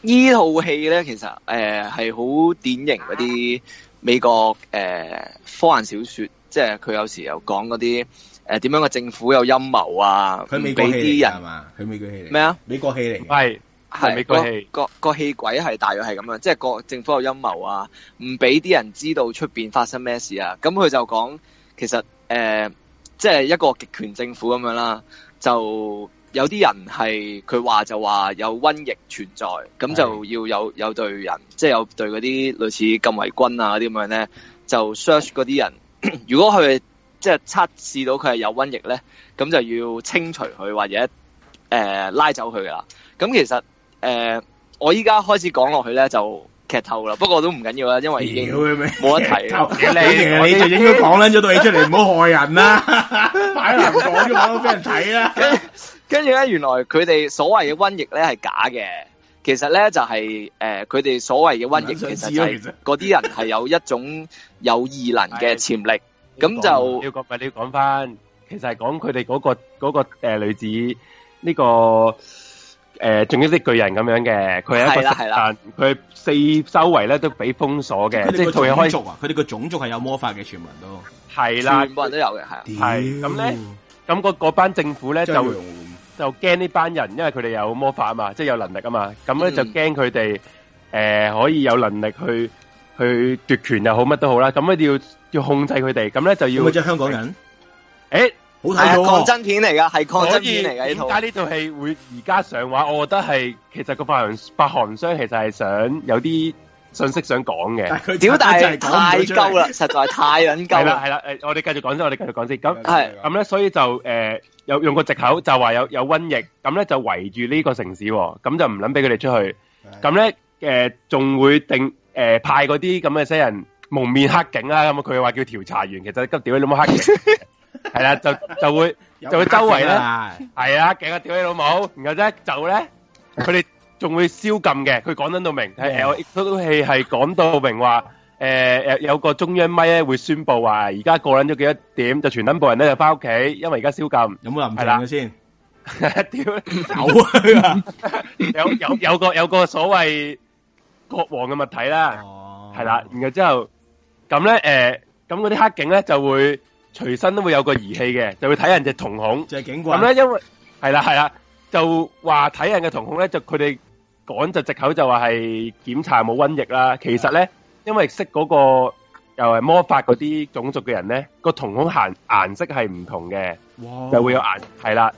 呢套戲咧，其實誒係好典型嗰啲美國誒科幻小說，即係佢有時又講嗰啲誒點樣嘅政府有陰謀啊，佢唔俾啲人係嘛，佢美國戲嚟咩啊？美國戲嚟，係係美國戲，個個戲鬼係大約係咁樣，即係個政府有陰謀啊，唔俾啲人知道出邊發生咩事啊，咁佢就講其實誒、呃，即係一個極權政府咁樣啦，就。有啲人係佢話就話有瘟疫存在，咁就要有有隊人，即係有對嗰啲類似禁衛軍啊嗰啲咁樣咧，就 search 嗰啲人。如果佢即係測試到佢係有瘟疫咧，咁就要清除佢或者誒、呃、拉走佢噶啦。咁其實誒、呃、我依家開始講落去咧就劇透啦，不過都唔緊要啦，因為已經冇得睇。 你 你就應該講撚咗對嘢出嚟，唔好 害人啦！擺 人講嘅，講都俾人睇啦。 跟住咧，原來佢哋所謂嘅瘟疫咧係假嘅，其實咧就係誒，佢哋所謂嘅瘟疫，其實係嗰啲人係有一種有異能嘅潛力，咁就要講，咪要講翻，其實係講佢哋嗰個嗰個誒女子呢個誒，仲有啲巨人咁樣嘅，佢係啦，係啦，佢四周圍咧都俾封鎖嘅，即係種族可以。族啊！佢哋個種族係有魔法嘅傳聞咯，係啦，全部人都有嘅，係係咁咧，咁嗰班政府咧就。就驚呢班人，因為佢哋有魔法啊嘛，即係有能力啊嘛，咁咧就驚佢哋誒可以有能力去去奪權又好乜都好啦，咁咧要要控制佢哋，咁咧就要。咪即係香港人？誒、欸，欸、好睇、喔啊、抗爭片嚟噶，係抗爭片嚟噶呢套。而家呢套戲會而家上畫，我覺得係其實個發行商其實係想有啲信息想講嘅。屌，但係太高啦，實在，是了實在是太鳩。係啦係啦，我哋繼續講先，我哋繼續講先。咁係咁咧，所以就誒。呃有用個借口就話有有瘟疫，咁咧就圍住呢個城市，咁就唔諗俾佢哋出去。咁咧，誒仲會定誒派嗰啲咁嘅些人蒙面黑警啦，咁啊佢話叫調查員，其實急屌你老母黑警，係啦，就就會就會周圍咧，係啊，黑警啊屌你老母，然後咧就咧，佢哋仲會宵禁嘅，佢講得到明，係我，呢套戲係講到明話。誒誒、呃，有個中央咪咧會宣布話，而家過緊咗幾多點就全等部人咧就翻屋企，因為而家宵禁。有冇林鄭嘅先？屌，有啊！有有有個有個所謂國王嘅物體啦，係啦、哦，然後之後咁咧，誒，咁嗰啲黑警咧就會隨身都會有個儀器嘅，就會睇人隻瞳，瞳孔。就係警棍咁咧，因為係啦係啦，就話睇人嘅瞳孔咧，就佢哋講就藉口就話係檢查冇瘟疫啦，其實咧。因為識嗰、嗰個又係魔法嗰啲種族嘅人咧，個瞳孔顏顏色係唔同嘅，哇就會有顏係啦。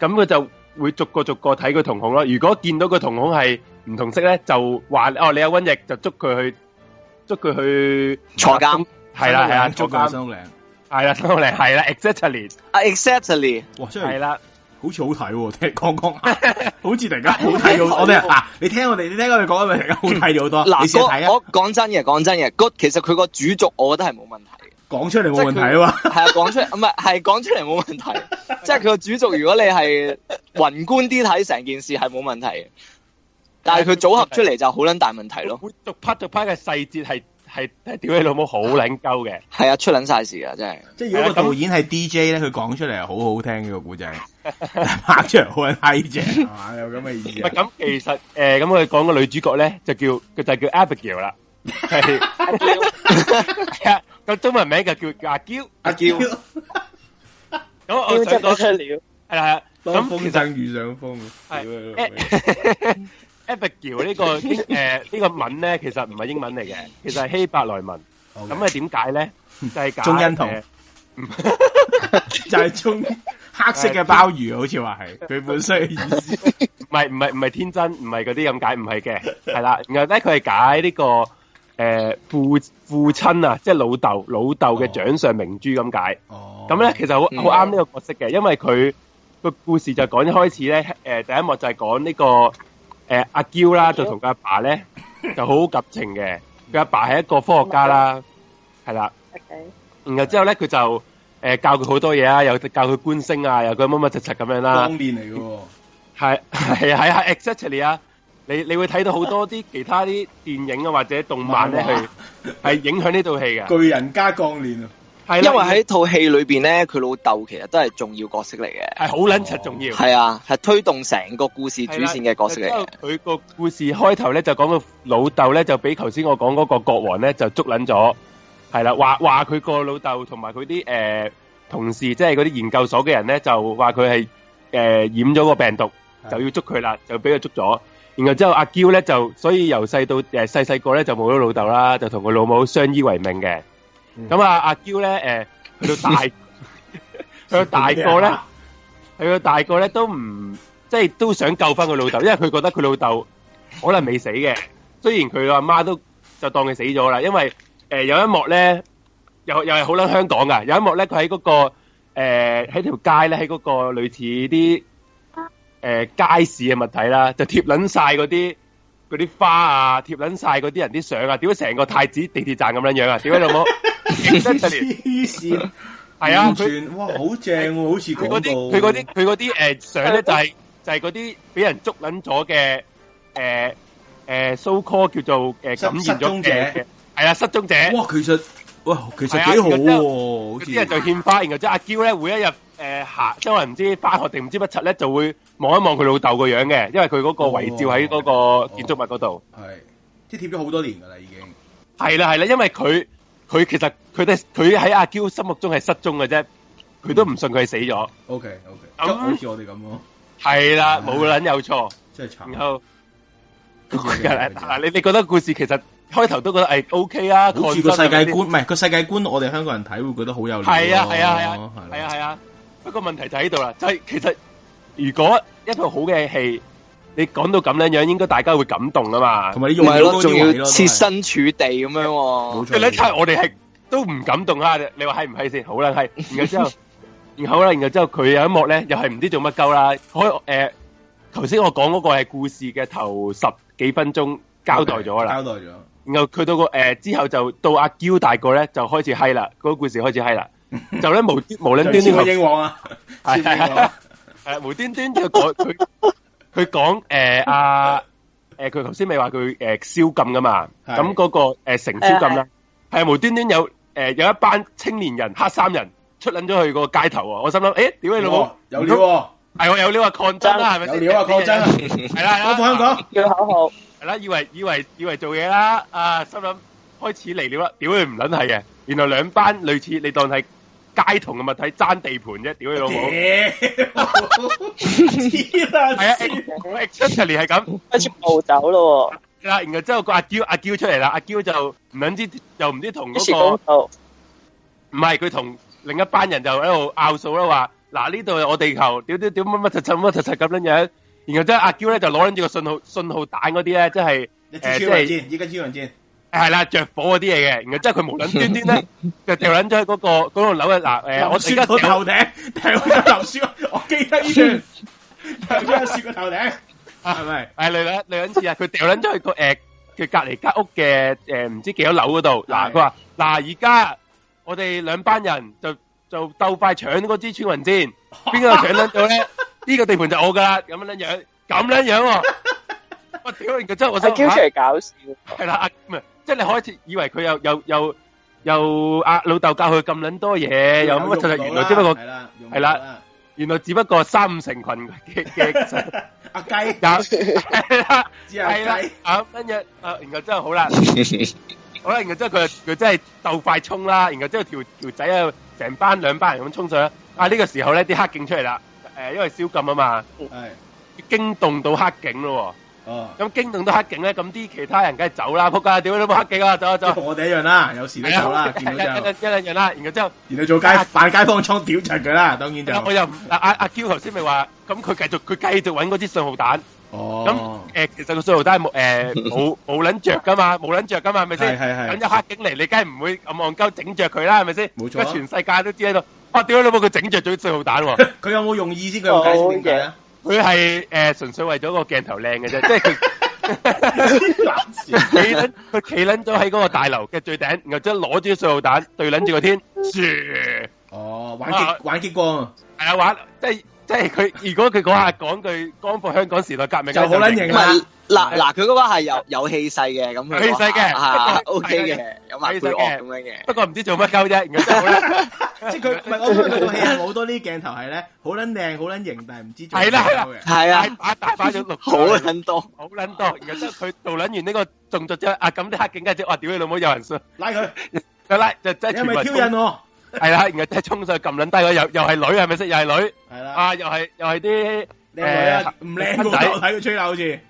咁佢就會逐個逐個睇個瞳孔咯。如果見到個瞳孔係唔同色咧，就話哦你有瘟疫，就捉佢去捉佢去坐監牢。係啦係啊，坐監。係啊牢，收嚟係啦，exactly 啊，exactly。哇，真好似好睇喎，聽講講，好似突然間好睇咗，我哋嗱，你聽我哋，你聽我哋講咪，突然間好睇咗好多。嗱，我我講真嘅，講真嘅，d 其實佢個主軸，我覺得係冇問題嘅。講出嚟冇問題啊嘛，係啊，講出嚟唔係係講出嚟冇問題，即係佢個主軸。如果你係宏觀啲睇成件事，係冇問題嘅，但係佢組合出嚟就好撚大問題咯。讀 part 讀 part 嘅細節係係屌你老母好撚鳩嘅，係啊出撚晒事啊真係。即係如果個導演係 DJ 咧，佢講出嚟係好好聽嘅個古仔。拍出嚟好鬼嗨啫，有咁嘅意思。咁其實誒，咁我哋講個女主角咧，就叫佢就叫 Abigail 啦，係啊，個中文名就叫阿嬌，阿嬌。咁我上到去了，係啦。咁其實遇上風，係 Abigail 呢個誒呢個文咧，其實唔係英文嚟嘅，其實係希伯來文。咁係，點解咧？就係中，就係中。黑色嘅鮑魚好似話係佢本身嘅意思 唔係，唔係唔係唔係天真，唔係嗰啲咁解，唔係嘅，係啦。 然後咧，佢係解呢、這個誒、呃、父父親啊，即係老豆老豆嘅掌上明珠咁解。哦，咁咧其實好好啱呢個角色嘅，因為佢個、嗯、故事就講一開始咧，誒、呃、第一幕就係講呢、這個誒、呃、阿嬌啦，啊、就同佢阿爸咧 就好感情嘅，佢阿爸係一個科學家啦，係啦。然後之後咧佢就。誒、呃，教佢好多嘢啊！又教佢觀星啊，又佢乜乜柒柒咁樣啦、啊。鋼鍊嚟嘅，係係係啊！exactly 啊，你你會睇到好多啲其他啲電影啊或者動漫咧，係係影響呢套戲嘅《 巨人加鋼鍊啊，啊，係因為喺套戲裏邊咧，佢老豆其實都係重要角色嚟嘅，係好撚柒重要，係、哦、啊，係推動成個故事主線嘅角色嚟嘅。佢、啊、個故事開頭咧就講到老豆咧就俾頭先我講嗰個國王咧就捉捻咗。.係啦，話話佢個老豆同埋佢啲誒同事，即係嗰啲研究所嘅人咧，就話佢係誒染咗個病毒，就要捉佢啦，就俾佢捉咗。然後之後阿嬌咧就，所以由細到誒細細個咧就冇咗老豆啦，就同佢老母相依為命嘅。咁、嗯、啊，阿嬌咧誒，去、呃、到大去 到大個咧，去 到大個咧都唔即係都想救翻個老豆， 因為佢覺得佢老豆可能未死嘅，雖然佢阿媽，媽都就當佢死咗啦，因為。誒、呃，有一幕咧，又又係好捻香港噶。有一幕咧，佢喺嗰個誒喺條街咧，喺嗰個類似啲誒、呃、街市嘅物體啦，就貼捻晒嗰啲嗰啲花啊，貼捻晒嗰啲人啲相啊，點解成個太子地鐵站咁樣樣啊？點解老母真黐線？係 啊，哇好正，好似佢嗰啲佢嗰啲佢嗰啲誒相咧，就係、是、就係嗰啲俾人捉捻咗嘅誒誒，so call 叫做誒感染咗嘅。係啊，失蹤者哇。哇，其實哇，其實幾好喎像。啲人就獻花，然後即阿嬌咧，每一日誒下即係話唔知翻學定唔知乜柒咧，就會望一望佢老豆個樣嘅，因為佢嗰個遺照喺嗰個建築物嗰度。係、哦哦哦哦哦哦哦，即係貼咗好多年噶啦，已經。係啦係啦，因為佢佢其實佢哋佢喺阿嬌心目中係失蹤嘅啫，佢、嗯、都唔信佢係死咗。O K O K，咁好似我哋咁咯。係啦，冇捻有錯、哎。真係慘。然後，嗱 你哋覺得故事其實？開頭都覺得誒 O K 啦，好似個世界觀唔係個世界觀，我哋香港人睇會覺得好有料。係啊係啊係啊係啊！不過問題就喺度啦，就係其實如果一套好嘅戲，你講到咁樣樣，應該大家會感動啊嘛。同埋呢樣咯，仲要設身處地咁樣。冇錯。你睇我哋係都唔感動啊！你話係唔係先？好啦，係。然後之後，然後咧，然後之後佢有一幕咧，又係唔知做乜鳩啦。開誒，頭先我講嗰個係故事嘅頭十幾分鐘交代咗啦，交代咗。然後佢到個誒之後就到阿嬌大個咧，就開始嗨啦，嗰、那個故事開始嗨啦。就咧無無，論端端，端，端 英王啊，係係、啊 啊，無端端即係佢，佢講誒阿誒，佢頭先咪話佢誒宵禁噶嘛？咁嗰的、那個誒、呃、成宵禁啦，係的的無端端有誒、呃、有一班青年人黑衫人出捻咗去了個街頭，我心諗誒點啊老母有料，係我、哦、有料啊抗爭，係咪有料啊抗爭係、啊、啦，我復香港叫口號。啊係啦，以為以為以為做嘢啦，啊，心諗開始嚟料啦，屌佢唔撚係嘅，原來兩班類似你當係街童嘅物體爭地盤啫，屌佢老母，係啊，七十年係咁開始暴走咯，嗱，然後之後個阿嬌阿嬌出嚟啦，阿嬌就唔撚知又唔知同嗰個唔係佢同另一班人就喺度拗數啦，話嗱呢度係我地球，屌屌屌乜乜柒柒乜乜柒柒咁樣。然後即係阿嬌咧就攞緊住個信號信號彈嗰啲咧，即係一支穿雲箭，依家穿雲箭係啦，着火嗰啲嘢嘅。然後即係佢無端端端咧就掉緊咗喺嗰個嗰棟樓嘅嗱誒，我而家掉頭頂，掉咗個雪，我記得呢邊掉咗個雪個頭頂。係咪？係兩兩次啊！佢掉緊咗喺個誒佢隔籬間屋嘅誒唔知幾多樓嗰度。嗱，佢話嗱而家我哋兩班人就就鬥快搶嗰支穿雲箭，邊個搶緊到咧？呢個地盤就我噶啦，咁樣樣咁樣樣，我屌！然之後我出嚟搞笑，係啦，即係你開始以為佢又又又又阿老豆教佢咁撚多嘢，又乜原來只不過係啦，原來只不過三五成群嘅嘅阿雞有係啦，跟住然後真係好啦，好啦，然後之後佢佢真係鬥快衝啦，然後之後條條仔啊，成班兩班人咁衝上，啊呢個時候咧，啲黑警出嚟啦。誒，因為宵禁啊嘛，係、哦、是驚動到黑警咯喎，哦，咁驚動到黑警咧，咁啲其他人梗係走啦，仆街，屌你老母黑警啊，走啊走，啊我哋一樣啦，有時都走啦，一兩日一兩日啦，然後之後，然後做街扮、啊、街坊倉，衝屌柒佢啦，當然就，哎、我又，嗱阿阿 Q 頭先咪話，咁佢繼續佢繼續揾嗰支信號彈。哦，咁誒，其實個信號彈冇誒冇冇捻着噶嘛，冇捻着噶嘛，係咪先？係係係。咁一黑警嚟，你梗係唔會咁戇鳩整着佢啦，係咪先？冇錯。咁全世界都知喺度，哇！點解你冇佢整着咗啲信號彈？佢有冇用意先？佢個解釋點解？佢係誒純粹為咗個鏡頭靚嘅啫，即係。黐捻，佢企捻咗喺嗰個大樓嘅最頂，然後將攞住啲信號彈對捻住個天，豎。哦，玩激玩激光。係啊，玩即係。即係佢，如果佢講下講句光復香港時代革命就好捻型啦！嗱嗱，佢嗰個係有有氣勢嘅咁，氣勢嘅 OK 嘅，有氣勢嘅咁樣嘅。不過唔知做乜鳩啫，即係佢唔係我佢部戲有好多啲鏡頭係咧，好捻靚，好捻型，但係唔知做乜鳩嘅。係啦係啦，係啊！大把大把咗，好捻多，好捻多。然後佢做捻完呢個動作之後，啊咁啲黑警嗰隻，我話屌你老母，有人信？拉佢，佢拉，就，係咪挑釁係啦， 然後即係衝上去撳撚低佢，又又係女，係咪先？又係女，係啦，啊，又係又係啲誒唔靚仔，睇佢吹下好似，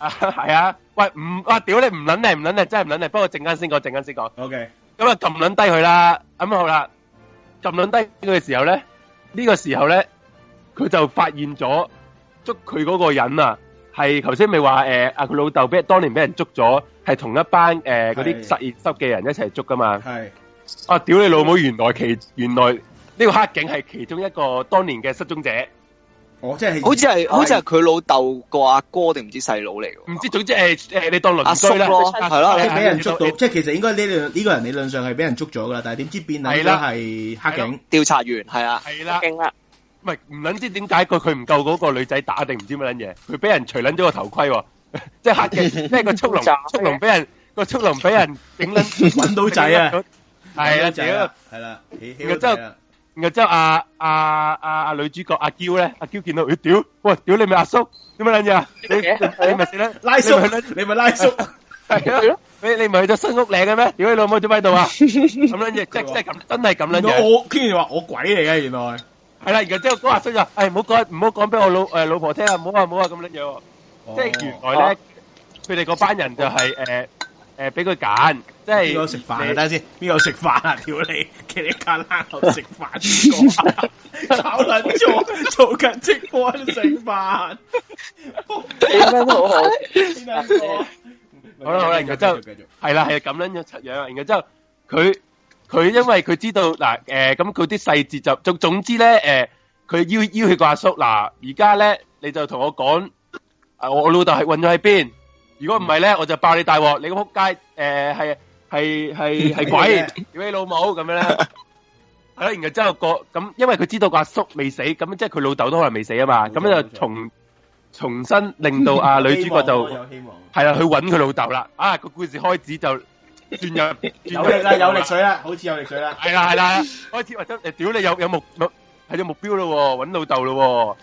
係啊， 喂唔哇屌你唔撚靚，唔撚靚，真係唔撚靚。不過陣間先講陣間先講，ok，咁啊撳撚低佢啦，咁、嗯、好啦，撳撚低佢嘅時候咧，呢、這個時候咧，佢就發現咗捉佢嗰個人啊，係頭先咪話誒啊佢老豆俾當年俾人捉咗，係同一班誒嗰啲實驗室嘅人一齊捉噶嘛，係。啊！屌你老母！原來其原來呢個黑警係其中一個當年嘅失蹤者。哦，即係好似係好似係佢老豆個阿哥定唔知細佬嚟噶？唔知，總之係誒，你當論叔咯，係咯，即係俾人捉到，即係其實應該呢個呢個人理論上係俾人捉咗噶啦，但係點知變啦係黑警調查員，係啊，係啦，驚啦。唔係唔捻知點解佢佢唔夠嗰個女仔打定唔知乜捻嘢？佢俾人除捻咗個頭盔喎，即係黑警，即係個速龍速龍俾人個速龍俾人頂捻，搵到仔啊！係啦，屌，係啦，然之後，然之後阿阿阿阿女主角阿嬌咧，阿嬌見到佢屌，喂，屌你咪阿叔，點樣撚嘢啊？你你咪先啦，拉叔，你咪拉叔，係咯，你你咪去咗新屋嶺嘅咩？屌你老母做乜喺度啊？咁撚嘢，真真係咁，真係咁撚嘢。我跟住話我鬼嚟嘅，原來係啦。然之後嗰阿叔就，哎，唔好講，唔好講俾我老誒老婆聽啊，唔好話，唔好話咁撚嘢。即係原來咧，佢哋嗰班人就係誒誒俾佢揀。即係邊個食飯？等下先，邊個食飯啊？條脷，佢哋架爛頭食飯，炒卵座做緊直播食飯。好啦好啦，然後之後係啦係咁樣樣，然後之後佢佢因為佢知道嗱，誒咁佢啲細節就總總之咧，誒佢要要挾個阿叔嗱，而家咧你就同我講，我我老豆係韞咗喺邊？如果唔係咧，我就爆你大鑊，你個撲街，誒係。係係係鬼屌你老母咁樣咧，係啦， 然後之、那、後個咁，因為佢知道個阿叔未死，咁即係佢老豆都可能未死啊嘛，咁錯就重錯重新令到啊女主角就係啦、啊，去揾佢老豆啦，啊、那個故事開始就轉入 有啦了，轉入有力水啦，好似有力水啦，係啦係啦， 開始或者屌你有有目係有，有目標咯，揾老豆咯，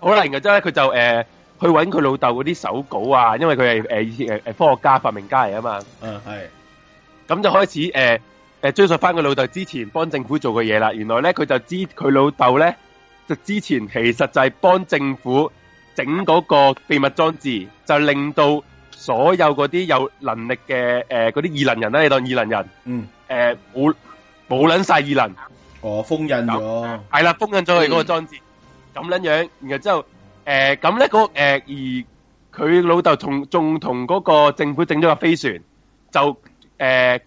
好啦，然後之後咧，即係佢就誒、呃、去揾佢老豆嗰啲手稿啊，因為佢係誒誒科學家、發明家嚟啊嘛，係、嗯。咁就開始誒誒、呃、追溯翻佢老豆之前幫政府做嘅嘢啦。原來咧佢就知佢老豆咧就之前其實就係幫政府整嗰個秘密裝置，就令到所有嗰啲有能力嘅誒嗰啲異能人咧，你當異能人，人嗯誒冇冇捻晒異能哦封印咗係啦封印咗佢嗰個裝置咁捻、嗯、樣，然後之後誒咁咧嗰誒而佢老豆同仲同嗰個政府整咗個飛船就。誒，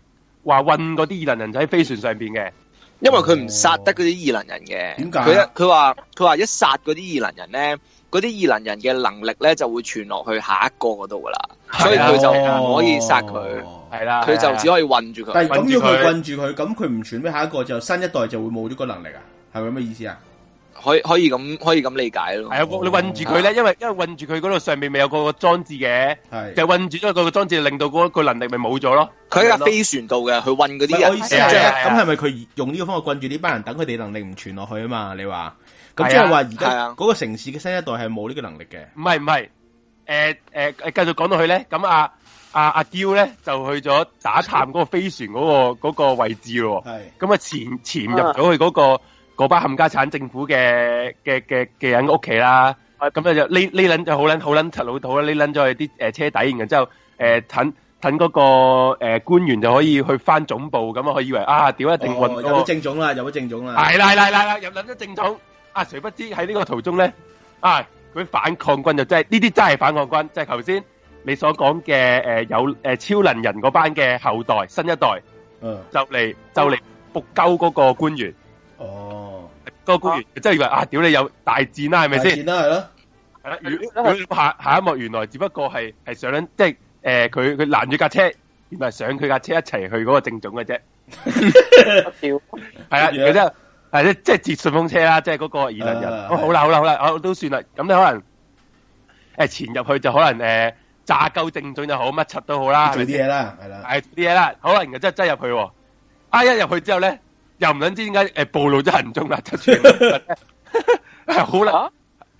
話運嗰啲異能人就喺飛船上邊嘅，因為佢唔殺得嗰啲異能人嘅，點解？佢佢話佢話一殺嗰啲異能人咧，嗰啲異能人嘅能力咧就會傳落去下一個嗰度噶啦，所以佢就唔可以殺佢，係啦、啊，佢、啊啊啊啊啊、就只可以運住佢。咁、啊啊啊、樣佢運住佢，咁佢唔傳俾下一個，就新一代就會冇呢個能力啊？係咪咁嘅意思啊？可可以咁可以咁理解咯。係啊，你韞住佢咧，因為因為韞住佢嗰度上面咪有個裝置嘅，係就韞住咗個裝置，令到嗰個能力咪冇咗咯。佢喺個飛船度嘅，嗯、去韞嗰啲人。咁係咪佢用呢個方法韞住呢班人，等佢哋能力唔傳落去啊嘛？你話咁即係話而家嗰個城市嘅新一代係冇呢個能力嘅。唔係唔係，誒誒，繼、呃呃、續講到去咧。咁阿阿阿嬌咧就去咗打探嗰個飛船嗰、嗰個嗰、嗰個位置咯。係咁啊，潛潛入咗去嗰個。啊嗰班冚家產政府嘅嘅嘅嘅人屋企啦，咁就呢呢撚就好撚好撚柒老土啦，匿撚咗去啲誒車底，然之後誒等等嗰個誒官員就可以去翻總部，咁啊佢以為啊屌啊一定運入到政總啦，入到政總啦，係啦啦啦啦入撚咗政總，啊誰不知喺呢個途中咧，啊佢反抗軍就真係呢啲真係反抗軍，即係頭先你所講嘅誒有誒超能人嗰班嘅後代新一代，嗯，就嚟就嚟伏鳩嗰個官員。哦，嗰個官員真係以為啊，屌你，你有大戰啦，係咪先？大戰啦，啊，係咯，係啦。如果下下一幕原來只不過係係上緊，即係誒，佢佢攔住架車，原來上佢架車一齊去嗰個正總嘅啫。屌 的，係原來真係，係即係接順風車啦，即係嗰個疑論人。好啦，好啦，好啦，我都算啦。咁你可能誒潛入去就可能誒炸夠正總就好，乜柒都好啦，係咪做啲嘢啦，係啦，係啲嘢啦。好啦，原來真係擠入去，啊一入去之後咧。又唔捻知點解誒暴露咗行蹤啦？出好啦，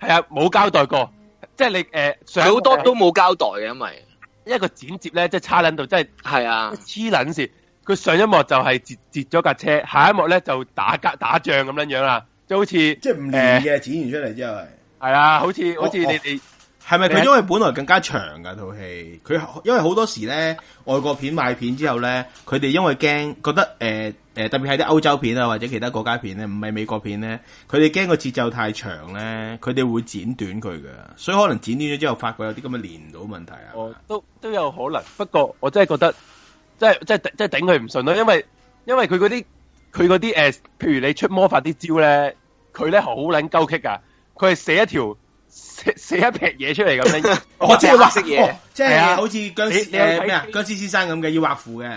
係 難啊，冇、啊、交代過，即係你誒上好多都冇交代嘅，因為一個剪接咧，即係差捻到即係係啊黐捻線。佢上一幕就係截截咗架車，下一幕咧就打架打仗咁樣樣啦，就好即係好似即係唔連嘅，剪完出嚟之後係係啊，好似好似我你哋係咪佢因為本來更加長噶套戲，佢呢因為好多時咧外國片買片之後咧，佢哋因為驚覺得誒。呃誒，特別係啲歐洲片啊，或者其他國家片咧，唔係美國片咧，佢哋驚個節奏太長咧，佢哋會剪短佢嘅，所以可能剪短咗之後，發覺有啲咁嘅連唔到問題啊。哦，都都有可能，不過我真係覺得，真係真係真係頂佢唔順咯，因為因為佢嗰啲佢啲誒，譬如你出魔法啲招咧，佢咧好撚鳩棘噶，佢係寫一條寫一撇嘢出嚟咁樣，我真係畫色嘢，即係好似僵屍咩啊僵屍先生咁嘅要畫符嘅。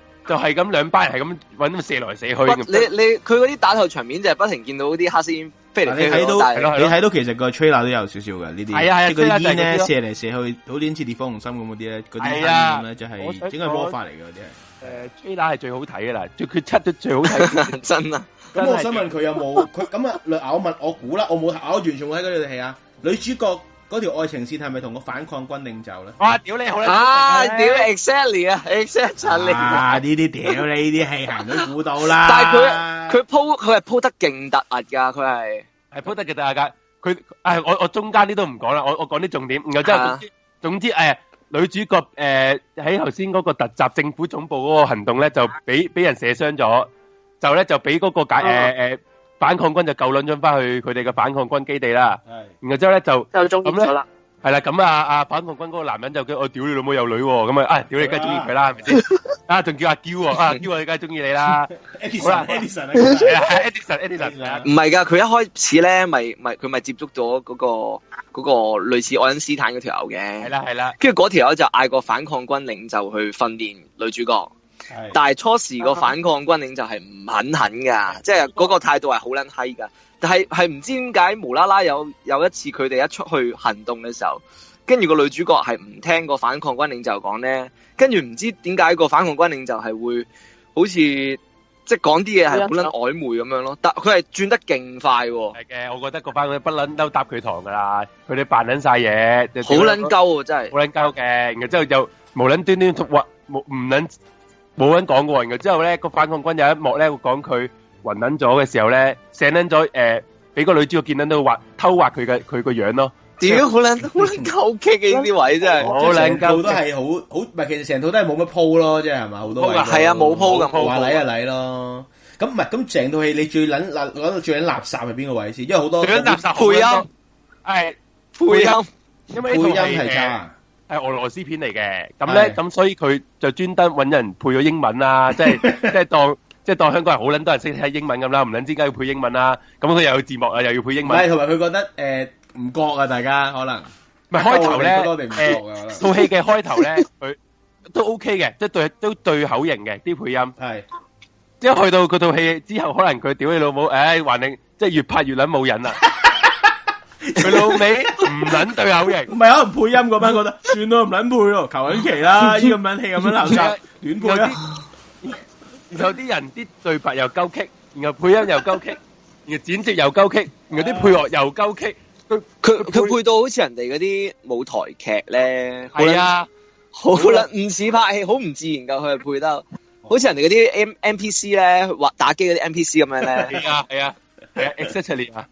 就係咁兩班人係咁揾，射來射去你，你佢嗰啲打鬥場面就係不停見到啲黑煙飛嚟飛，你睇到其實個吹 r 都有少少㗎呢啲，即係嗰啲咧射嚟射去，好啲似烈火紅心咁嗰啲咧，嗰啲黑煙咧就係整個魔法嚟嘅嗰啲。誒，吹 r 係最好睇噶啦，最佢出咗最好睇，真啊！咁我想問佢有冇佢咁啊？咬問，我估啦，我冇咬，完全冇喺嗰戲啊！女主角。嗰條愛情線係咪同個反抗軍領袖咧？哇！屌你好啦，啊！屌 exactly 啊，exactly 啊！呢啲屌你呢啲戲行咗古道啦。但係佢佢鋪佢係鋪得勁突兀噶，佢係係鋪得勁突兀噶。佢誒，我我中間啲都唔講啦，我我講啲重點。然後之後總之總之誒，女主角誒喺頭先嗰個突襲政府總部嗰個行動咧，就俾俾人射傷咗，就咧就俾嗰個解誒誒。反抗軍就夠兩張翻去佢哋嘅反抗軍基地啦，係，然後之後咧就就中意咗啦，係啦，咁啊啊反抗軍嗰個男人就驚，我屌你老母有女，咁啊啊，屌你梗係中意佢啦，係咪先？啊，仲叫阿嬌，阿嬌你梗係中意你啦。好啦，Edison，係啊，Edison，Edison，唔係噶，佢一開始咧，咪咪佢咪接觸咗嗰個嗰個類似愛因斯坦嗰條牛嘅，係啦係啦，跟住嗰條友就嗌個反抗軍領袖去訓練女主角。但係初時個反抗軍領就係唔肯肯噶，啊、即係嗰個態度係好卵閪噶。但係係唔知點解無啦啦有有一次佢哋一出去行動嘅時候，跟住個女主角係唔聽反不個反抗軍領就講咧，跟住唔知點解個反抗軍領就係會好似即係講啲嘢係好撚曖昧咁樣咯。但佢係轉得勁快的。係嘅，我覺得嗰班不卵都搭佢堂噶啦，佢哋扮撚晒嘢，好卵鳩真係，好卵鳩嘅。然後之後又無卵端端話，冇唔撚冇人講過人嘅之後咧，個反抗軍有一幕咧，會講佢暈捻咗嘅時候咧，醒捻咗，誒，俾個女主角見到都畫偷畫佢嘅佢個樣咯。屌好捻，好勁嘅呢啲位真係，成套都係好好，唔係其實成套都係冇乜鋪咯，即係係咪，好多係啊冇鋪咁鋪，話嚟啊嚟咯。咁唔係咁成套戲你最捻嗱講到最捻垃圾係邊個位先？因為好多最捻垃圾配音，係配音，因為配音係差。係俄羅斯片嚟嘅，咁咧咁所以佢就專登搵人配咗英文啦、啊，即係即係當即係 當香港人好捻多人識睇英文咁啦，唔捻知點解要配英文啦、啊，咁佢又有字幕啊，又要配英文。同埋佢覺得誒唔、呃、覺啊，大家可能，唔係開頭咧，套戲嘅開頭咧，佢、呃、都 OK 嘅，即、就、係、是、對都對口型嘅啲配音係，即係是去到嗰套戲之後，可能佢屌你老母，唉、哎，還你即係越拍越捻冇癮啦。 佢 老味，唔卵對口型，唔係可能配音嗰班覺得， 算啦，唔卵配咯，求緊其啦，呢咁樣戲咁樣鬧雜，短配啦。然後啲人啲對白又鳩棘，然後配音又鳩棘，然後剪接又鳩棘，然後啲配樂又鳩棘。佢佢佢 配到好似人哋嗰啲舞台劇咧，係啊，好卵唔似拍戲，好唔自然噶，佢係配得，好似人哋嗰啲 M NPC 咧，或打，打機嗰啲 NPC 咁樣咧，係啊係啊係啊，exactly 啊。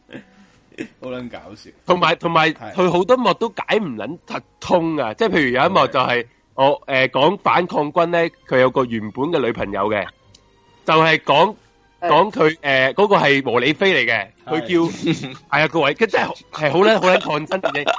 好撚搞笑，同埋同埋佢好多幕都解唔撚突通啊！即係譬如有一幕就係我誒講反抗軍咧，佢有個原本嘅女朋友嘅，就係講講佢誒嗰個係和理非嚟嘅，佢叫係啊各位，即係係好撚，好撚抗爭自己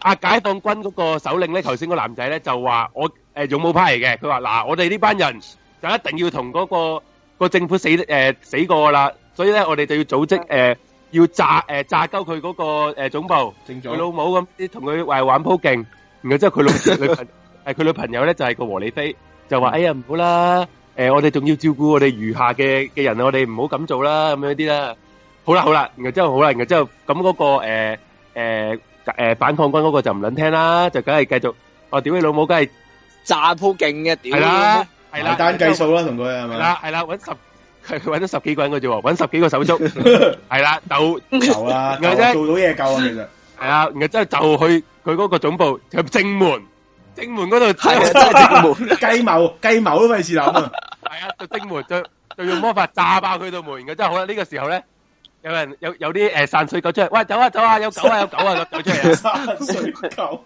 啊！解放軍嗰個首領咧，頭先個男仔咧就話我誒勇武派嚟嘅，佢話嗱我哋呢班人就一定要同嗰個個政府死誒死過啦，所以咧我哋就要組織誒。要炸誒炸鳩佢嗰個誒總部，佢老母咁，啲同佢玩玩鋪勁，然後之後佢老佢女朋誒佢女朋友咧就係個和理非，就話哎呀唔好啦，誒我哋仲要照顧我哋餘下嘅嘅人，我哋唔好咁做啦咁樣啲啦，好啦好啦，然後之後好啦，然後之後咁嗰個誒誒誒反抗軍嗰個就唔捻聽啦，就梗係繼續，哦屌你老母，梗係炸鋪勁嘅，係啦係啦，單計數啦同佢係嘛，係啦係啦，揾十。係佢揾咗十幾個人嘅啫，揾十幾個手足，係啦，就夠啦。然後真係做到嘢，夠啊，其實係啊，然後真係就去佢嗰個總部正門，正門嗰度係啊，正門，計謀計謀都費事諗啊。係啊，就正門就就用魔法炸爆佢道門嘅，真係好啦。呢個時候咧，有人有有啲誒散水狗出嚟，喂，走啊走啊，有狗啊有狗啊，個狗出嚟啊，散水狗，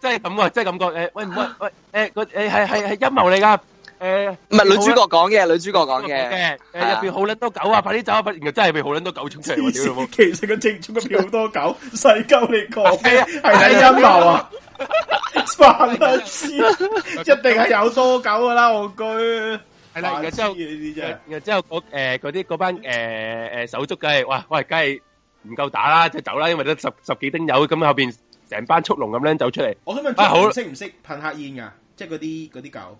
真係咁啊，真係咁講誒，喂唔喂喂，誒個誒係係係陰謀嚟噶。誒，唔係女主角講嘅，女主角講嘅，誒入邊好捻多狗啊！快啲走，不然就真係俾好捻多狗衝出嚟。其實個正宗嘅好多狗，細狗嚟講係睇陰謀啊！翻一次，一定係有多狗噶啦，我估。係啦，然之後，然之後嗰誒嗰啲嗰班誒誒手足計，哇喂，梗係唔夠打啦，就走啦，因為得十十幾丁友咁後邊成班速龍咁樣走出嚟。我想問，好識唔識噴黑煙噶？即係嗰啲嗰啲狗。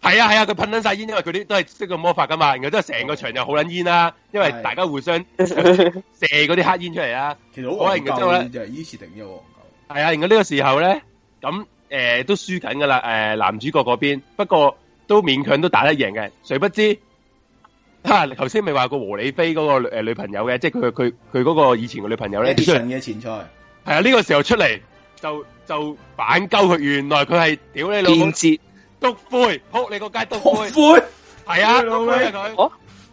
係啊，係啊，佢噴捻晒煙，因為佢啲都係識個魔法噶嘛，然後都係成個場就好捻煙啦，因為大家互相射嗰啲黑煙出嚟啊。其實好黃狗啫，依是頂啫，黃狗。係啊，然後呢個時候咧，咁誒、呃、都輸緊噶啦，誒、呃、男主角嗰邊，不過都勉強都打得贏嘅。誰不知，吓頭先咪話個和理非嗰個誒女朋友嘅，即係佢佢佢嗰個以前個女朋友咧，之嘅前菜。係啊，呢、這個時候出嚟就就反鳩佢，原來佢係天屌你老。督灰，撲你個街督灰，係啊，督灰啊佢，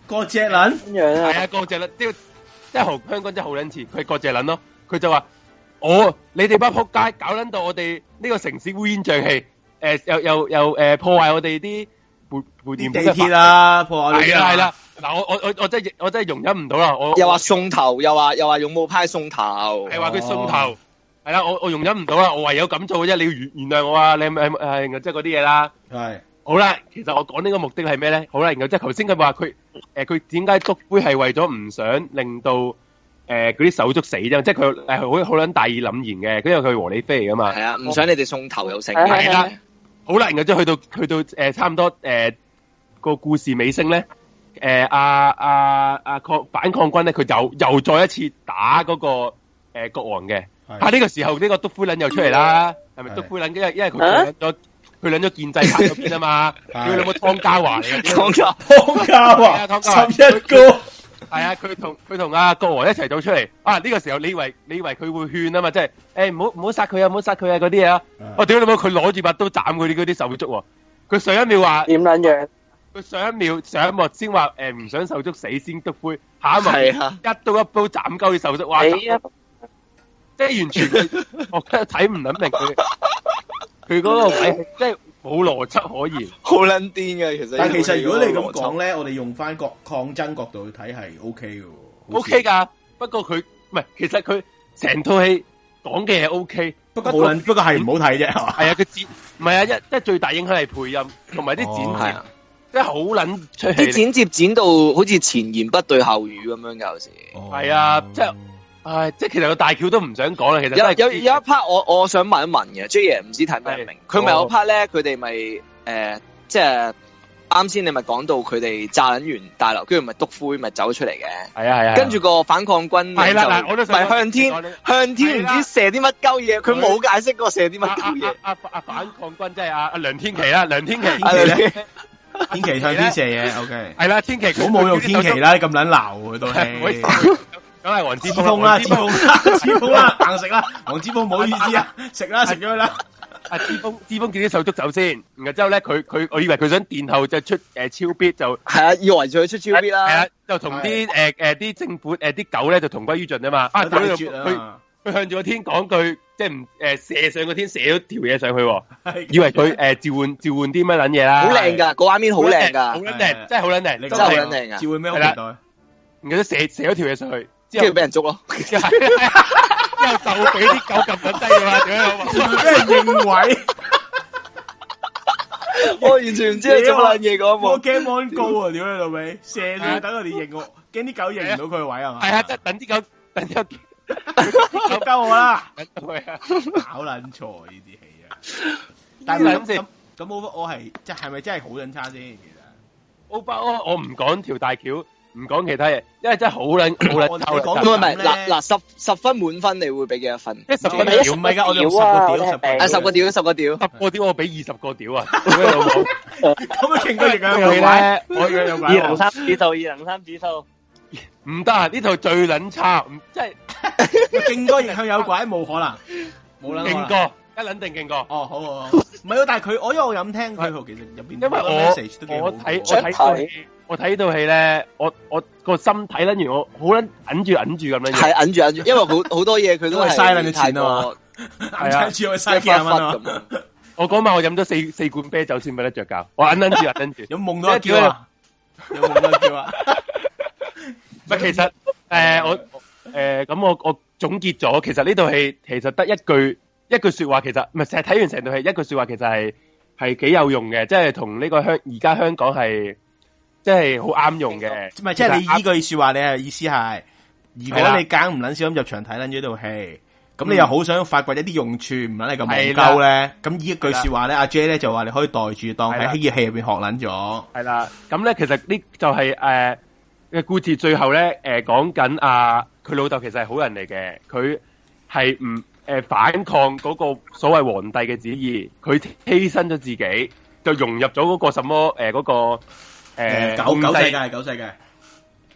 過隻捻，係啊過隻捻，即係即係紅香港真係好捻錢，佢過隻捻咯，佢就話我你哋班撲街搞捻到我哋呢個城市烏煙瘴氣，誒又又又誒破壞我哋啲培培啲地鐵啊，破壞，係啊係啦，嗱我我我我真係我真係容忍唔到啦，我又話送頭，又話又話勇武派送頭，係話佢送頭。係啦，我我容忍唔到啦，我唯有咁做嘅啫。你要原原諒我啊！你係係係，即係嗰啲嘢啦。係好啦，其實我講呢個目的係咩咧？好啦，然後即係頭先佢話，佢誒，佢點解督灰係為咗唔想令到誒嗰啲手足死啫？即係佢誒，好好捻大義凜然嘅，因為佢係和理非嚟噶嘛。係啊，唔想你哋送頭又成。係啦，好啦，然後即係去到去到誒，差唔多誒個故事尾聲咧。誒，阿阿阿抗反抗軍咧，佢又又再一次打嗰個誒國王嘅。啊！呢個時候呢個督灰撚又出嚟啦，係咪督灰撚？因為因為佢佢佢捻咗建制派嗰邊啊嘛，屌你冇湯家華嚟，湯錯家華，湯家華十一哥，係啊！佢同佢同阿郭王一齊走出嚟啊！呢個時候你以為你以為佢會勸啊嘛？即係誒，唔好唔好殺佢啊，唔好殺佢啊！嗰啲嘢啊，我屌你冇！佢攞住把刀斬佢啲嗰啲手足，佢上一秒話點樣樣？佢上一秒上一幕先話誒唔想受足死先督灰，下一幕一刀一刀斬鳩住手足，哇！ 即係完全，我睇唔撚明佢，佢嗰個位即係冇邏輯可言，好撚癲嘅其實。但係其實如果你咁講咧，我哋用翻個抗爭角度去睇係 O K 喎。O K 噶。不過佢唔係，其實佢成套戲講嘅係 O K，不過無論我不過係唔好睇啫，係啊， 佢剪唔係啊，即係最大影響係配音同埋啲剪接，哦、即係好撚，出。啲剪接剪到好似前言不對後語咁樣噶，有時係啊，即係。唉，即係其實個大橋都唔想講啦，其實有有有一 part 我我想問一問嘅，Jay 唔知睇咩明，佢咪有 part 咧，佢哋咪誒即係啱先你咪講到佢哋炸撚完大樓，跟住咪督灰咪走出嚟嘅，係啊係啊，跟住個反抗軍係啦嗱，我都咪向天向天唔知射啲乜鳩嘢，佢冇解釋過射啲乜鳩嘢。阿阿反抗軍即係阿梁天琦啦，梁天琦，天琦，天琦向天射嘢，OK，係啦，天琦，好冇用，天琦啦，咁撚鬧佢都。咁梗係黃之峰啦，之峰啦，之峰啦，硬食啦，黃之峰唔好意思啊，食啦，食咗啦。阿之峰，之峰叫啲手足走先，然後之後咧，佢佢，我以為佢想殿後就出誒超必就係啊，以為佢仲要出超必啦，係啊，就同啲誒誒啲政府誒啲狗咧就同歸於盡啊嘛。啊，打絕啊，佢向住個天講句，即係唔誒射上個天射咗條嘢上去，以為佢誒召喚召喚啲咩撚嘢啦。好靚噶，嗰畫面好靚噶，好靚，真係好靚，真係好靚，召喚咩年代？然後咧射射咗條嘢上去。之後俾人捉咯，之後就俾啲狗撳緊低啊！點樣啊？即係認為，我完全唔知你做爛嘢嗰幕，我驚 mon 高啊！屌你老味，射你等我哋認我，驚啲狗認唔到佢位係嘛？係啊，等啲狗，等啲狗，夠鳩我啦！唔係啊，搞卵錯呢啲戲啊！但係咁先，咁歐巴我係即係咪真係好卵差先？其實歐巴我我唔講條大橋。唔講其他嘢，因為真係好撚好撚臭。唔係唔係，嗱嗱十十分滿分，你會俾幾多分？即係十分，俾十咪？噶我哋十個屌，十個屌，十個屌，十個屌。十個屌我俾二十個屌啊！老母！咁啊，勁哥亦向有鬼，我而家又買二零三指數，二零三指數。唔得啊！呢套最撚差，即係勁哥亦向有鬼，冇可能，冇撚勁哥。一捻定勁過哦，好唔係， 但係佢我飲因為我飲聽佢入邊，因為我 message 都幾好。我睇，我睇呢套戲咧，我我個心睇捻完，我好捻忍住，忍住咁樣。係忍住，忍住，因為好好多嘢佢都係嘥捻嘅錢啊嘛。係啊，住我嘥翻咁。我嗰晚我飲咗四四罐啤酒先，咪得着覺。我忍住 啊，忍住。有夢到阿啊？有夢到啊？其實誒、呃，我誒咁，呃、我我總結咗，其實呢套戲其實得一句。一句說話其實唔係成日睇完成套戲，一句說話其實係係幾有用嘅，即係同呢個香而家，香港係即係好啱用嘅。即係實即係你呢句說話，你係意思係合如果你揀唔捻少咁入場睇捻咗呢套戲，咁的你又好想發掘一啲用處，唔捻、嗯、你咁咪嬲咧。咁呢的一句話呢的、啊、說話咧，阿 J 咧就話你可以待住當喺熱氣入邊學捻咗。係啦，咁咧其實呢就係誒嘅故事最後咧，誒講緊阿佢老豆其實係好人嚟嘅，佢係唔。誒，反抗嗰個所謂皇帝嘅旨意，佢犧牲咗自己，就融入咗嗰個什麼誒嗰個誒九九世界九世界，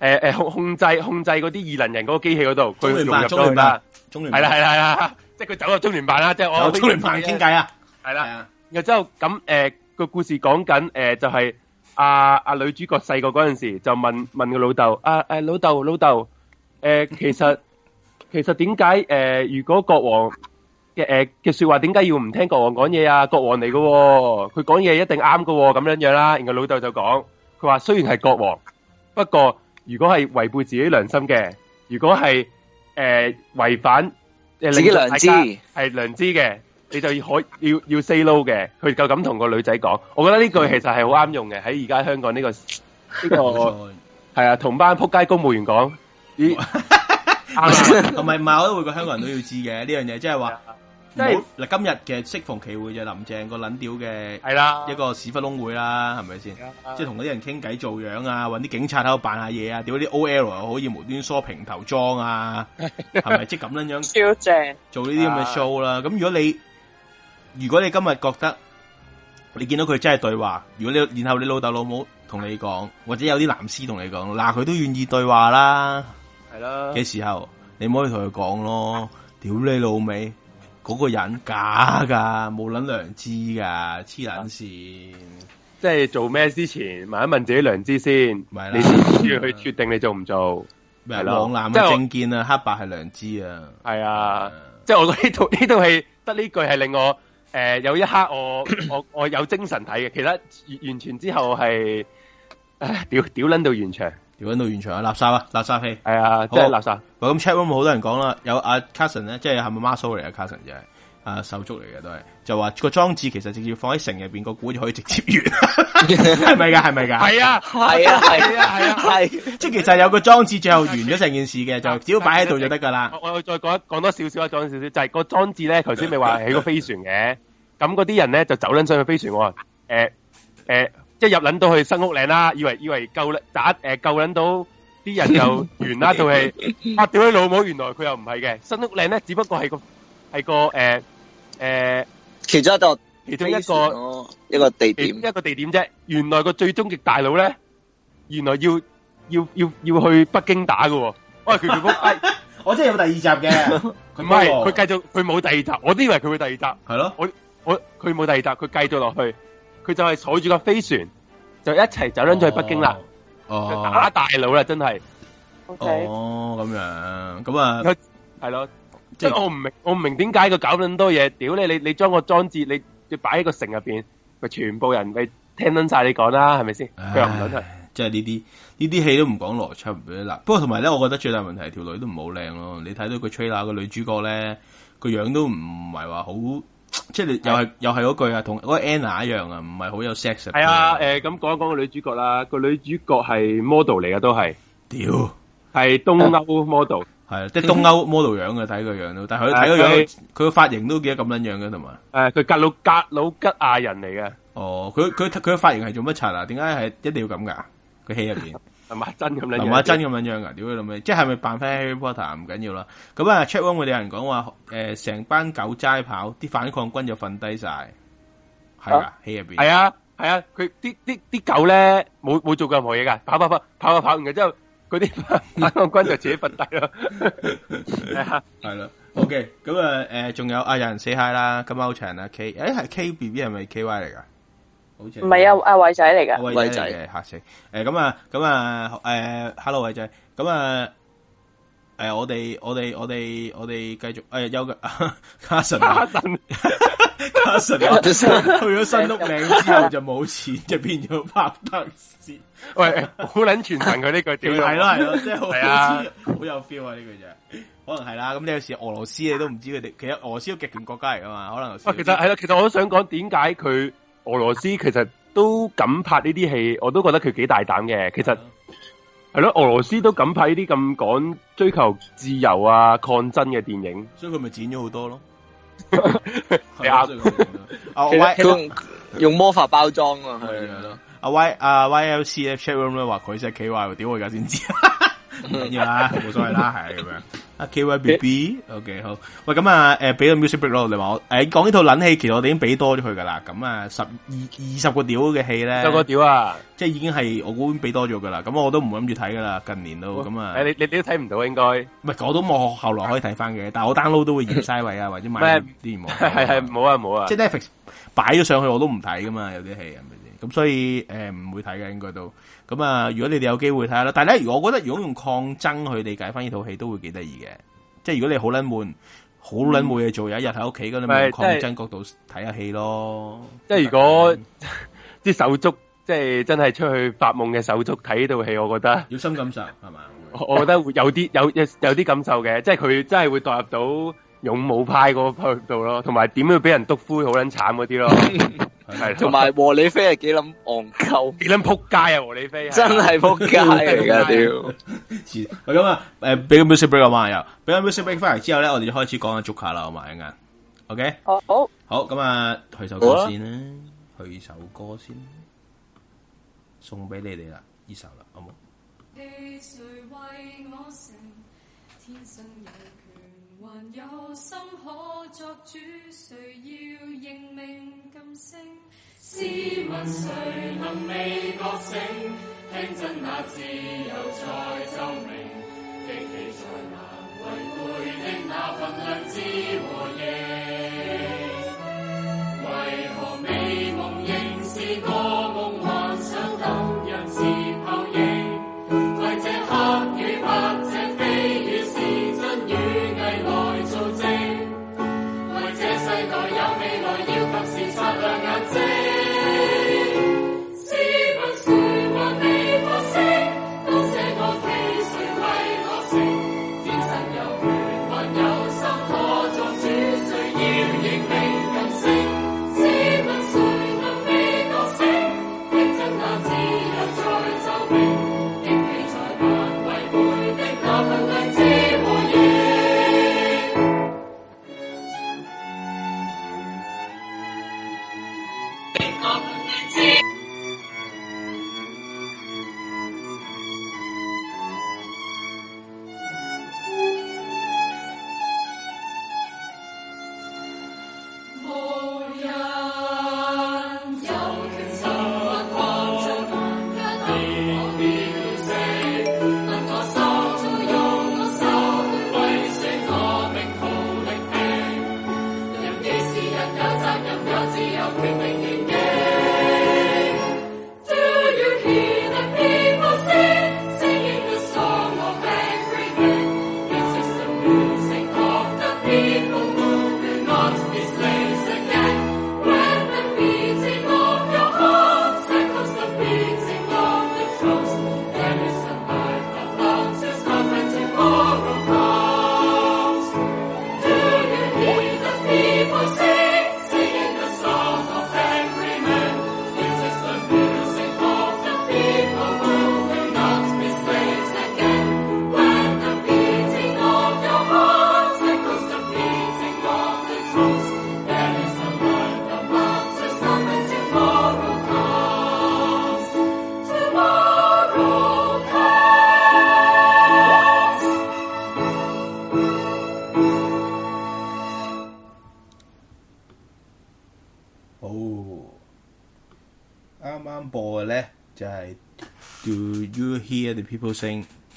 誒誒控控制控制嗰啲異能人嗰個機器嗰度，佢融入咗啦，中聯辦係啦係啦係啦，即係佢走入中聯辦啦，即係我中聯辦傾偈啊，係啦，然之後咁誒個故事講緊誒就係阿阿女主角細個嗰陣時就問問個老豆，啊誒老豆老豆，誒其實。其實點解誒？如果國王嘅誒嘅說話，點解要唔聽國王講嘢啊？國王嚟喎。哦。佢講嘢一定啱噶咁樣樣啦。然後老豆就講，佢話雖然係國王，不過如果係違背自己良心嘅，如果係誒違反誒，呃、自己良知係良知嘅，你就可要可要要 say no 嘅。佢就咁同個女仔講，我覺得呢句其實係好啱用嘅。喺而家香港呢，這個呢，這個係 啊，同班仆街公務員講。 同埋，唔係我覺得每個香港人都要知嘅呢樣嘢，即係話，嗱、就是啊就是、今日嘅適逢其會就林鄭個撚屌嘅，係啦一個屎忽窿會啦，係咪先？即係同嗰啲人傾偈做樣啊，搵啲警察喺度扮下嘢啊，屌啲 O L 可以無端端梳平頭裝啊，係咪即係咁樣這樣超棒？超正！做呢啲咁嘅 show 啦。咁如果你如果你今日覺得你見到佢真係對話，如果你然後你老豆老母同你講，或者有啲男師同你講，嗱佢都願意對話啦。係咯嘅時候，你唔可以同佢講咯。屌你老味，嗰、那個人假噶，冇捻良知噶，黐捻線。即係做咩之前，問一問自己良知先。你先要去決定你做唔做。係啦麼，即係我正見啊，我黑白係良知啊。係啊，啊啊即係我呢得呢套戲，得呢句係令我誒、呃、有一刻我 我我有精神睇嘅，其實完全之後係誒屌屌捻到完場。要到現場嘅垃圾啊！垃圾氣，係啊，即係垃圾。咁 chatroom 好多人講啦，有阿 Carson 咧，即係係咪 Marshall 嚟啊？Carson 就係啊手足嚟嘅都係，就話個裝置其實直接放喺城入邊個鼓就可以直接完，係咪噶？係咪噶？係啊，係啊，係啊，係啊，即係其實有個裝置最後完咗成件事嘅，就只要擺喺度就得噶啦。我再講講多少少啊，講多少少，就係個裝置咧，頭先咪話起個飛船嘅，咁嗰啲人咧就走撚上去飛船喎誒誒。即係入捻到去新屋靚啦，以為以為夠打誒，夠捻到啲人就完啦套戲。啊，屌你老母！原來佢又唔係嘅，新屋嶺咧，只不過係個係個誒誒，其中一度其中一個一個地點一個地點啫。原來個最終極大佬咧，原來要要要要去北京打㗎。喂，喬喬哥，我真係有第二集嘅。唔係，佢繼續，佢冇第二集。我都以為佢會第二集。係咯，我我佢冇第二集，佢繼續落去。佢就係坐住個飛船，就一齊走咗去北京啦，oh, oh, oh, oh, oh. 就打大佬啦，真係。哦、okay. oh,，咁樣咁啊，係咯了，即係、就是、我唔明，我唔明點解佢搞咁多嘢？屌你，你你將個裝置，你要擺喺個城入邊，咪全部人咪聽捻晒你講啦，係咪先？佢又唔講出，即係呢啲呢啲戲都唔講邏輯啦。不過同埋咧，我覺得最大問題係條女都唔好靚咯。你睇到個 trailer 個女主角咧，個樣都唔係話好。即係又係又係嗰句啊，同嗰個 Anna 一樣啊，唔係好有 sex。係啊，誒，咁講一講個女主角啦，個女主角係 model 嚟嘅，都係，屌，係東歐 model，係即係東歐 model 樣嘅，睇個樣都，但係佢睇個樣，佢個髮型都幾咁捻樣嘅，同埋，誒，佢格魯格魯吉亞人嚟嘅，哦，佢佢佢個髮型係做乜柒啊？點解係一定要咁噶？佢戲入邊。林馬真咁樣，林馬真咁樣樣噶，屌你老味，即係咪扮翻 Harry Potter？唔緊要啦。咁啊，Check One，我哋有人講話，誒，成、呃、班狗齋跑，啲反抗軍就瞓低晒，係啊，喺入邊，係啊，係啊，佢啲啲啲狗咧，冇冇做任何嘢噶，跑跑跑，跑跑，跑完之後，嗰啲反抗軍就自己瞓低咯，係啦，OK，咁、呃、啊，誒，仲有啊，有人死嗨啦，咁啊，好長啊，K，誒、欸，係 K B B 係咪 K Y 嚟噶？唔係啊，阿偉仔嚟噶，偉仔吓死！誒，咁啊，咁啊，誒，hello 偉仔，咁啊，誒，我哋我哋我哋我哋繼續誒，有嘅，卡神，卡神，卡神，去咗新屋嶺之後就冇錢，就變咗拍燈絲。喂，好撚傳聞佢呢句 feel，係咯係咯，即係好有 feel，啊！呢句可能係啦。咁你有時俄羅斯你都唔知佢哋，其實俄羅斯極權國家嚟噶嘛，可能，其實係啦，其實我都想講點解佢。俄羅斯其實都敢拍呢啲戲，我都覺得佢幾大膽嘅。其實係咯是、啊，俄羅斯都敢拍呢啲咁講追求自由啊、抗爭嘅電影，所以佢咪剪咗好多咯。阿阿 Y 用魔法包裝啊，係係咯。阿 Y 阿 Y L C F Room 咧話佢只 K Y，屌我而家先知，唔緊要啦，冇所謂啦，係咁、 啊啊啊、樣。阿 K Y B B，OK、okay，好喂，咁啊，誒俾、呃、個 music break 咯，你話我誒講呢套撚戲，其實我哋已經俾多咗佢噶啦，咁啊十二二十個屌嘅戲咧，十個屌啊，即係已經係我估俾多咗噶啦，咁我都唔諗住睇噶啦，近年、哦、那都咁啊，你你都睇唔到應該，唔係我都冇後來可以睇翻嘅，但係我 download 都會嫌晒位啊， 或者買啲唔好，係係冇啊冇啊，即係 Netflix 擺咗上去我都唔睇噶嘛，有啲戲係咪先？咁所以誒唔、呃、會睇嘅應該都。咁啊！如果你哋有機會睇下啦，但係咧，如果我覺得如果用抗爭去理解翻呢套戲，都會幾得意嘅。即係如果你好撚悶，好撚冇嘢做，有、嗯、一日喺屋企嗰度，你咪抗爭角度睇下戲咯。即係如果啲、嗯、手足，即係真係出去發夢嘅手足睇呢套戲，我覺得要深感受係嘛？ 我覺得有啲有有啲感受嘅，即係佢真係會代入到勇武派嗰個角度還有咯，同埋點去俾人篤灰好撚慘嗰啲咯。係，同埋和理非係幾撚戇鳩，幾撚扑街啊！和理非真係扑街嚟噶，屌！咁啊，誒，俾個 music break 我嘛，又俾 music break 翻嚟之後咧，我哋就開始講下 Joker 啦，阿埋啱 OK 好，好，好，咁啊，去首歌先啦，去首歌先，送俾你哋啦，呢首啦，好冇？還有心可作主，誰要認命噤聲？試問誰能未覺醒，聽真那、啊、自由在奏鳴，激起再難違背的那份良知和應，為何美夢仍是個夢？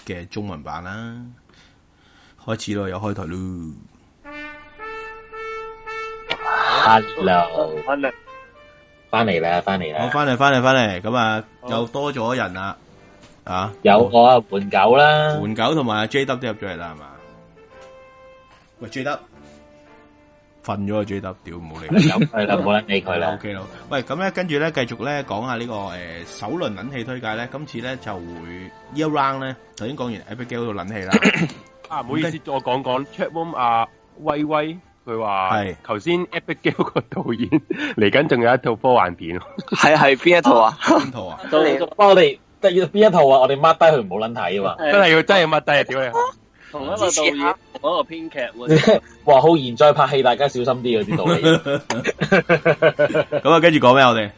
嘅中文版啦，開始咯，又開台咯，阿劉翻嚟，翻嚟啦，翻嚟啦，我翻嚟，翻嚟，翻嚟，咁啊，又多咗人啦，啊，有我啊，換狗啦，換狗同埋阿 JW 都入咗嚟啦，係嘛，喂，JW。瞓咗啊！JW，屌冇嚟，係啦，冇得俾佢啦。O K 啦，喂，咁咧，跟住咧，繼續咧，講下呢個誒，首輪撚戲推介咧，今次咧就會一 round 咧，頭先講完 Abigail 嗰套撚戲啦。啊，唔好意思，再講講 Chatroom 阿威威，佢話係頭先 Abigail 個導演嚟緊，仲有一套科幻片。係係邊一套啊？邊套啊？咁我哋即係要邊一套啊？我哋 mark 低佢，唔好撚睇喎。真係要真係 mark 低啊！屌你。同一個導演試試一同一個編劇，黃浩然再拍戲，大家小心啲啊！啲道理咁啊，跟住講咩？我哋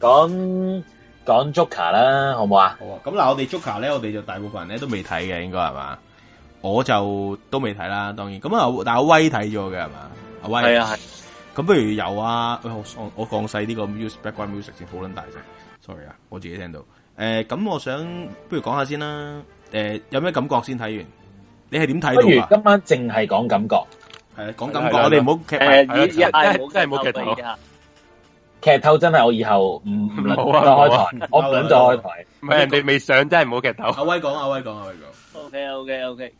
講講 Joker 啦，好唔好啊？好啊！咁嗱，我哋 Joker 咧，我哋就大部分人咧都未睇嘅，應該係嘛？我就都未睇啦，當然咁啊。但阿威睇咗嘅係嘛？阿威係啊，係咁，不如有啊？我我細細呢個 use background music 先，好撚大聲！Sorry 啊，我自己聽到誒。咁、欸、我想不如講下先啦。誒、欸，有咩感覺先睇完？不如今晚淨係講感覺，係講感覺，我哋唔好劇透，真係唔好劇透。劇透真係我以後唔唔好啊！我唔想再開台，唔係人哋未上，真係唔好劇透。阿威講，阿威講，阿威講。OK，OK，OK。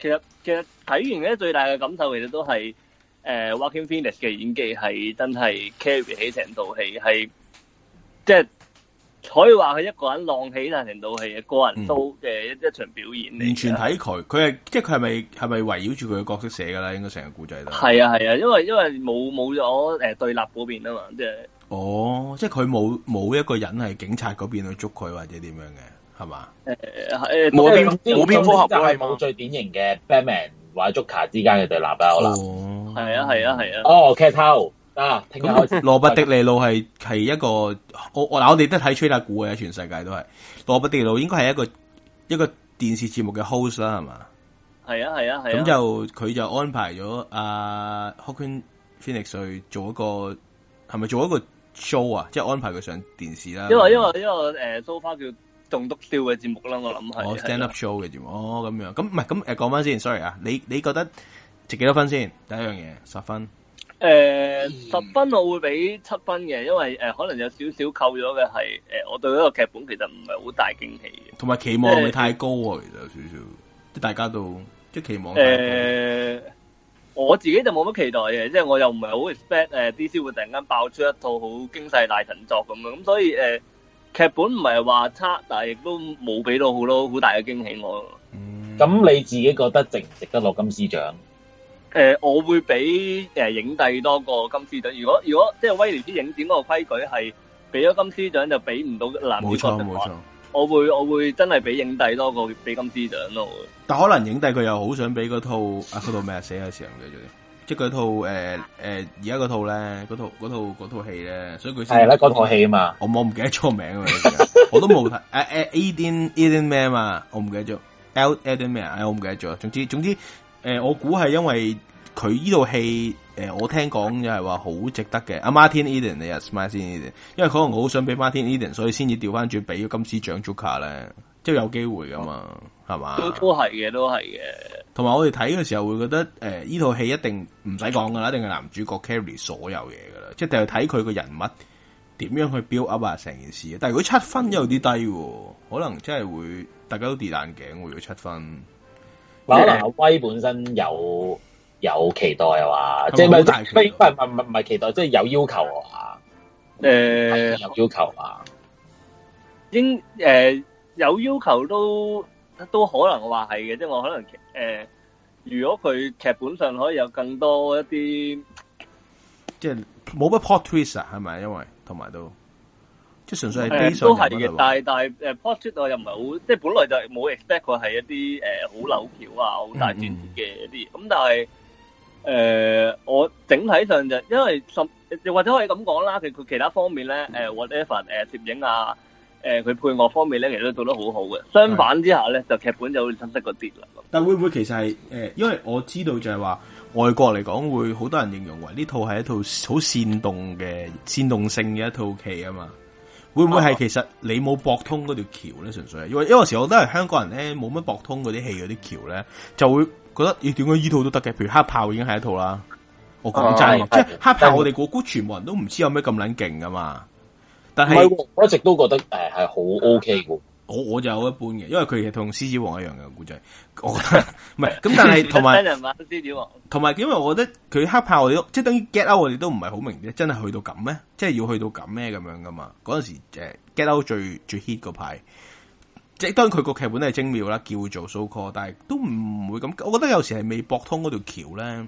其實其實睇完咧最大嘅感受，其實都係誒，Walking Phoenix 嘅演技係真係 carry 起成套戲，係即係。所以話佢一個人浪起，但係到度係個人都嘅一一場表演，嗯，完全睇佢。佢係即係佢係咪係咪圍繞住佢嘅角色寫噶啦？應該成個古仔都係啊係啊，因為因為冇冇咗誒對立嗰邊啊嘛，即、就、係、是、哦，即係佢冇冇一個人係警察嗰邊去捉佢或者點樣嘅，係嘛？誒誒、呃，冇邊冇邊科學係冇最典型嘅 Batman 或者捉 c a 之間嘅對立啦。好啦，係啊係啊係啊。啊啊哦 c a 啊！羅伯迪尼路係係一個 我我哋都睇吹打鼓嘅，全世界都係羅伯迪尼路，應該係一個一個電視節目嘅 host 啦，係嘛？係啊係啊係。咁、啊、就佢就安排咗阿、啊、Joaquin Phoenix 去做一個係咪做一個 show 啊？即、就、係、是、安排佢上電視啦。因為因為因為誒，so far 叫棟篤笑嘅節目啦，我諗係。哦，stand up show 嘅節目、啊、哦，咁樣咁唔係咁誒，講翻先，sorry 啊，你你覺得值幾多分先？第一樣嘢十分。誒，十、呃、分我會俾七分嘅，因為誒、呃、可能有少少扣咗嘅係，誒、呃、我對一個劇本其實唔係好大驚喜嘅，同埋期望未太高啊、呃，其實有少少，即大家都即期望。誒、呃，我自己就冇乜期待嘅，即、就、係、是、我又唔係好 expect 誒，DC 會突然間爆出一套好驚世大神作咁樣，咁、呃、所以誒、呃、劇本唔係話差，但係亦都冇俾到好多好大嘅驚喜我。咁、嗯、你自己覺得值唔值得攞金獅獎？誒，我會俾誒影帝多過金獅獎。如果如果即係威尼斯影展嗰個規矩係俾咗金獅獎就俾唔到男主角嘅話，我會我會真係俾影帝多過俾金獅獎咯。但可能影帝佢又好想俾嗰套啊嗰套咩死嘅時候嘅啫，即係嗰套誒誒而家嗰套咧，嗰套嗰套嗰套戲咧，所以佢係啦嗰套戲啊嘛。我我唔記得錯名啊，我都冇睇誒誒 Aiden Aiden 咩啊嘛，我唔記得咗。L Aiden 咩啊？哎，我唔記得咗。總之總之。誒、呃，我估係因為佢呢套戲，誒、呃，我聽講又係話好值得嘅。阿 Martin Eden 你，Martin Eden 因為可能我好想俾 Martin Eden，所以先至調翻轉俾金獅獎 Joker 咧，即係有機會噶嘛，係嘛、嗯吧？都係嘅，都係嘅。同埋我哋睇嘅時候會覺得，誒、呃，呢套戲一定唔使講噶啦，一定係男主角 carry 所有嘢噶啦，即係定係睇佢個人物點樣去 build up 啊，成件事。但係如果七分有啲低，可能真係會大家都跌眼鏡，會咗七分。可能阿威本身有有期待啊，嘛，即係唔係非，唔係唔係唔係期待，即係、就是、有要求啊，嘛、呃，誒有要求啊，應誒、呃、有要求都都可能話係嘅，即係我可能誒、呃，如果佢劇本上可以有更多一啲，即係冇乜 plot twist 啊，係咪？因為同埋都。即係純粹係悲上嘅都係，嘅，但係但、呃、係誒 post it 我又唔係好即係本來就冇 expect 過係一啲誒好扭橋啊，好大轉折嘅一啲咁，嗯嗯、但係誒、呃、我整體上就因為甚又或者可以咁講啦，其佢其他方面咧誒、呃、whatever 誒、呃、攝影啊誒佢、呃、配樂方面咧其實都做得好好嘅，相反之下咧的就劇本就會遜色嗰啲啦。但會唔會其實係誒、呃？因為我知道就係話外國嚟講會好多人形容為呢套係一套好煽動嘅煽動性嘅一套戲啊嘛。會唔會係其實你冇駁通嗰條橋咧？純粹，因為因為有時候我覺得係香港人咧，冇乜駁通嗰啲戲嗰啲橋咧，就會覺得你點解依套都得嘅？譬如黑豹已經係一套啦，啊。我講真，的即係黑豹，我哋個 group 全部人都唔知有咩咁撚勁噶嘛。但係我一直都覺得誒係好 OK 嘅。我我就有一般嘅，因為佢係同獅子王一樣嘅古仔，我覺得唔係咁。但係同埋，同埋因為我覺得佢黑豹我哋，即係等於 get out 我哋都唔係好明啫。真係去到咁咩？即係要去到咁咩咁樣噶嘛？嗰陣時誒、uh, get out 最最 hit 嗰排，即係當然佢個劇本係精妙啦，叫做 so called 但係都唔會咁。我覺得有時係未博通嗰條橋咧，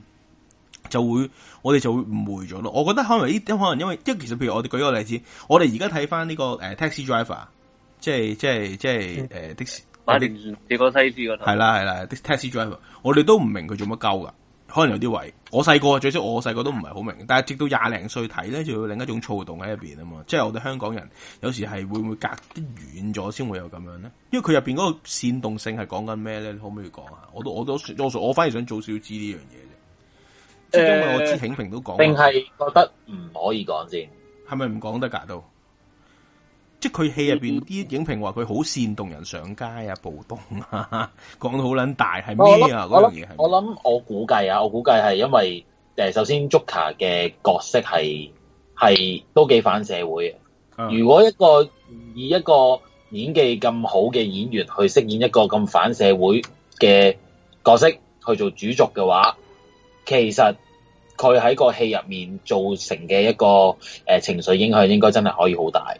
就會我哋就會誤會咗咯。我覺得可能呢，可能因為即其實譬如我哋舉個例子，我哋而家睇翻呢個誒、uh, taxi driver。即係即係即係誒的士，你你講西施嗰度係啦係啦 taxi driver，我哋都唔明佢做乜鳩噶，可能有啲位。我細個最少我細個都唔係好明，但係直到廿零歲睇咧，就要另一種躁動喺入邊啊嘛。即係我哋香港人有時係會唔會隔啲遠咗先會有咁樣咧？因為佢入邊嗰個煽動性係講緊咩咧？你可唔可以講下？我都我都多少我反而想早少知呢樣嘢啫。即係因為我知慶平都講，定係覺得唔可以講先，係咪唔講得隔到？即係佢戲入邊啲影評話佢好煽動人上街啊暴動啊，講得好撚大係咩啊嗰樣嘢係。我諗我，我估計啊，我估計係因為誒、呃、首先 Joker 嘅角色係係都幾反社會嘅。啊、如果一個以一個演技咁好嘅演員去飾演一個咁反社會嘅角色去做主軸嘅話，其實佢喺個戲入面造成嘅一個誒、呃、情緒影響，應該真係可以好大。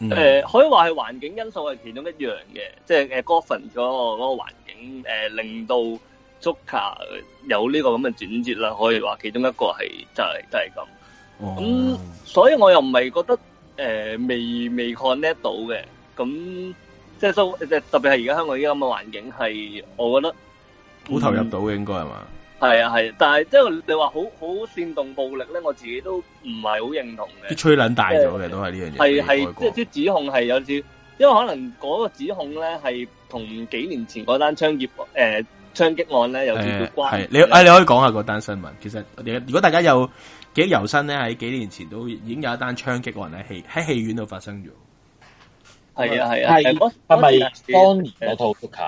誒，可以話係環境因素係其中一樣嘅，即係誒，嗰份嗰個嗰個環境誒，令到 Joker 有呢個咁嘅轉折啦，可以話其中一個係就係就係咁。咁所以我又唔係覺得誒未未 connect 到嘅，咁即係都誒特別係而家香港依家咁嘅環境係，我覺得好投入到嘅應該係嘛。係啊，係，但係即係你話好好煽動暴力咧，我自己都唔係好認同嘅。啲吹撚大咗嘅都係呢樣嘢，係係即係啲指控係有少，因為可能嗰個指控咧係同幾年前嗰單槍劫誒槍擊案咧有少少關。你你可以講下嗰單新聞。其實如果大家有記得猶新咧，喺幾年前都已經有一單槍擊案喺戲喺戲院度發生咗。係啊，係啊，係係咪當年嗰套《卡》？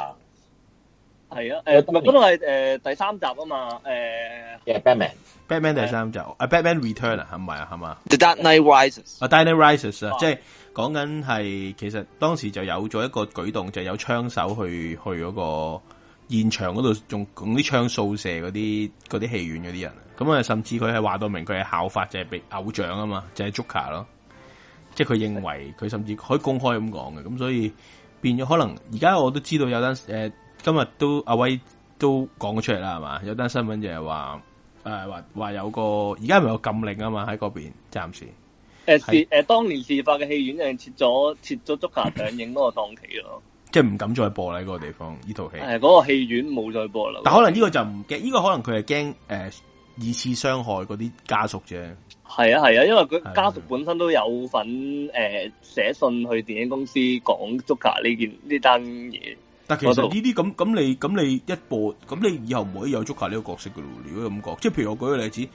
係啊，誒、呃，同埋嗰度係第三集啊嘛，誒、呃，係 Yeah , Batman，Batman 第三集 Okay.，Batman Return 係係咪係咪？是是啊《嘛、啊、，The Dark Knight Rises，t 啊、The、Dark Knight Rises 啊，Right. 即係講緊係，其實當時就有咗一個舉動，就是、有槍手去嗰個現場嗰度，用用啲槍掃射嗰啲嗰啲戲院嗰啲人啊，咁、嗯、啊，甚至佢係話到明，佢係效法就係俾偶像啊嘛，就係、是、Joker 囉。即係佢認為，佢甚至可以公開咁講嘅，咁所以變咗可能而家我都知道有陣時誒。呃今日都阿威都講咗出嚟啦，係嘛？有單新聞就係話，誒、呃，話話有個而家咪有禁令啊嘛，喺嗰邊暫時。誒事誒，當年事發嘅戲院就係設咗設咗《捉卡》Joker 上映嗰個檔期咯，即係唔敢再播啦，嗰、那個地方呢套戲。嗰、呃那個戲院冇再播啦。但可能呢個就唔驚，呢、嗯、個可能佢係驚誒二次傷害嗰啲家屬啫。係啊，係啊，因為佢家屬本身都有份誒寫、呃、信去電影公司講《Joker》呢件呢單嘢。但其實呢啲咁咁你咁你一播咁，你以後唔可以有 Joker 呢個角色噶咯？如果你咁講，即係譬如我舉個例子，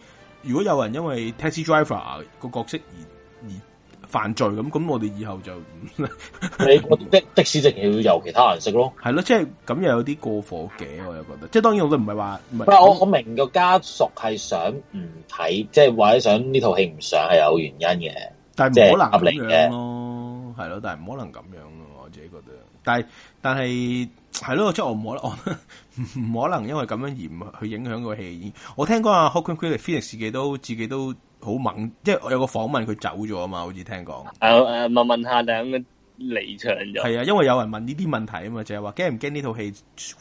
如果有人因為 taxi driver 個角色而而犯罪咁，咁我哋以後就你我即係的士證要由其他顏色咯，係咯，即係咁又有啲過火嘅。我又覺得，即係當然我都唔係話，唔係我我明個家屬係想唔睇，即係或者想呢套戲唔想係有原因嘅，但係唔可能咁樣咯，係咯，但係唔可能咁樣咯，我自己覺得，但係。但係係囉，即係我唔可能，唔可能因為咁樣而唔去影響個戲。我聽講啊，Joaquin Phoenix 自己都自己都好猛，即係我有個訪問佢走咗啊嘛，好似聽講。誒、啊啊、問問下係咁樣離場咗。係啊，因為有人問呢啲問題啊嘛，就係話驚唔驚呢套戲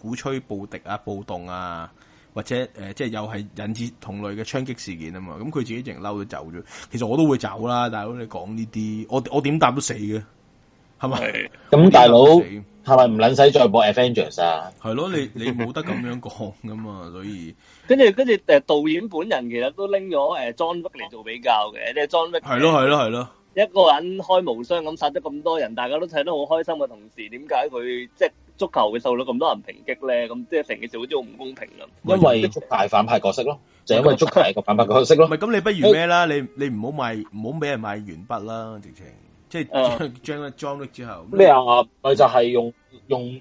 鼓吹暴敵啊、暴動啊，或者、呃、即係又係引致同類嘅槍擊事件啊嘛。咁佢自己仲嬲都走咗。其實我都會走啦，但大佬你講呢啲，我我點答都死嘅。係咪咁，大佬？係咪唔撚使再播 Avengers 啊？係咯，你你冇得咁樣講噶嘛，所以跟住跟住誒導演本人其實都拎咗誒 John Wick 嚟做比較嘅，即係 John Wick。係咯係咯係咯，一個人開無雙咁殺得咁多人，大家都睇得好開心嘅同時，點解佢即係足球會受到咁多人抨擊咧？咁即係成件事好似好唔公平咁。因為大反派角色咯，就因為足球係個反派角色咯。唔係咁，你不如咩啦？你你唔好賣，唔好俾人賣鉛筆啦，直情。即係將佢裝咗之後咩啊？咪就係、是、用用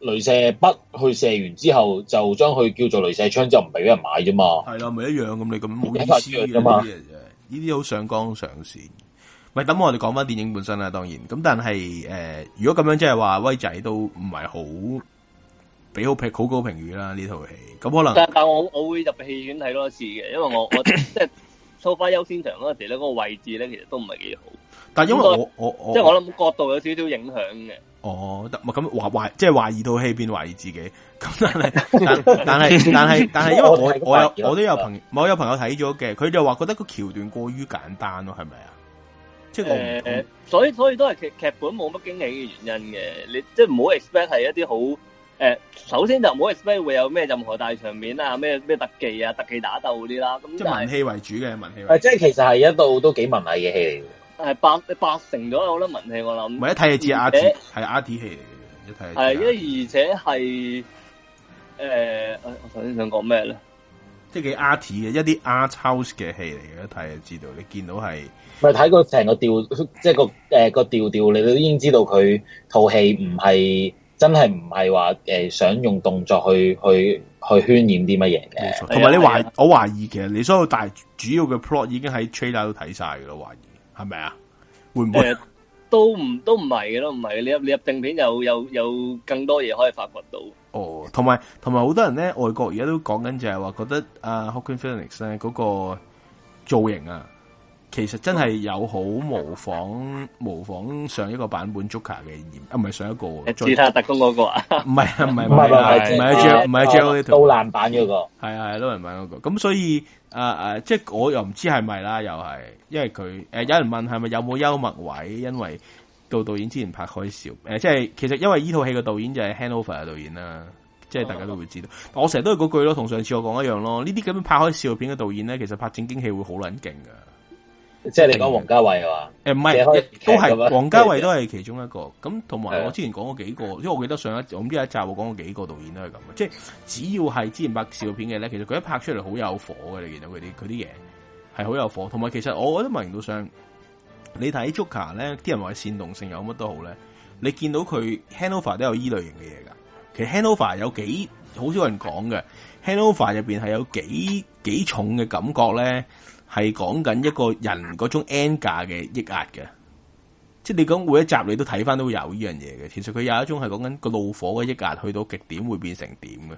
鐳射筆去射完之後，就將佢叫做鐳射槍，就唔俾人買啫嘛。係啦咪一樣咁你咁冇意思噶嘛？呢啲好上綱上線。咪等我哋講翻電影本身啦。當然咁，但係誒、呃，如果咁樣，即係話威仔都唔係好俾好評，好高評語啦呢套戲。咁可能但但我我會入戲院睇多一次嘅，因為我我 即係收返優先場嗰陣時咧，嗰個位置咧其實都唔係幾好。但因為我多我我即係我諗角度有少少影響嘅。哦，咁懷即係懷疑套戲，變懷疑自己。咁但係但係 但係但係，但因為我我，我有我都有朋友，我有、啊、朋友睇咗嘅，佢就話覺得個橋段過於簡單咯，係咪啊？即係、呃呃，所以所以都係劇劇本冇乜驚喜嘅原因嘅。你即係唔好 expect 係一啲好誒，首先就唔好 expect 會有咩任何大場面啊，咩咩特技啊、特技打鬥啲啦。咁即係文戲為主嘅文戲。即係其實係一度都幾文藝嘅戲嚟。係百百成咗，有好多文戲我諗。唔係一睇就知 art，係 art 戲嚟嘅。一睇係因為而且係誒、呃，我頭先想講咩咧？即係幾 art 嘅一啲 art house 嘅戲嚟嘅，一睇就知道你見到係。係睇個成、就是、個調，即係個誒個調調，吊吊你都已經知道佢套戲唔係真係唔係話誒想用動作去去去渲染啲乜嘢嘅。冇錯，同埋你懷，啊啊、我懷疑其實你所有大主要嘅 plot 已經喺 trailer 都睇晒噶啦，懷疑。係咪啊？會唔會、呃、都唔都唔係嘅咯，唔係嘅。你入你入正片又有有更多嘢可以發掘到。哦，同埋同埋好多人咧，外國而家都講緊就係話，覺得阿、啊、Joaquin Phoenix 咧嗰、嗰個造型啊。其實真係有好模仿模仿上一個版本 Joker 嘅演，啊唔係上一個，你試下特工嗰個啊？唔係唔係唔係唔係，唔係一章唔係一章嘅圖。撈爛版嗰個係係撈爛版嗰個，咁所以誒誒，即係我又唔知係咪啦，又係因為佢誒有人問係咪有冇幽默位？因為做導演之前拍開笑，誒即係其實因為呢套戲嘅導演就係 Hangover 嘅導演啦，即係大家都會知道。我成日都係嗰句咯，同上次我講一樣咯。呢啲咁樣拍開笑片嘅導演咧，其實拍正經戲會好撚勁噶。即係你講王家衛啊？誒，唔係，劇劇都係王家衛都係其中一個。咁同埋我之前講過幾個，的因為我記得上一我唔知一集我講過幾個導演都係咁嘅。即、就、係、是、只要係之前拍笑片嘅咧，其實佢一拍出嚟好有火嘅。你見到佢啲佢啲嘢係好有火。同埋其實我覺得明影到想你睇《Joker》咧，啲人話煽動性有乜都好咧。你見到佢 Hanover 都有呢類型嘅嘢噶。其實 Hanover 有幾好少人講嘅，Hanover 入邊係有幾幾重嘅感覺咧。係講緊一個人嗰種 anger 嘅抑壓嘅，即係你講每一集你都睇翻都有呢樣嘢嘅。其實佢有一種係講緊個怒火嘅抑壓去到極點會變成點嘅。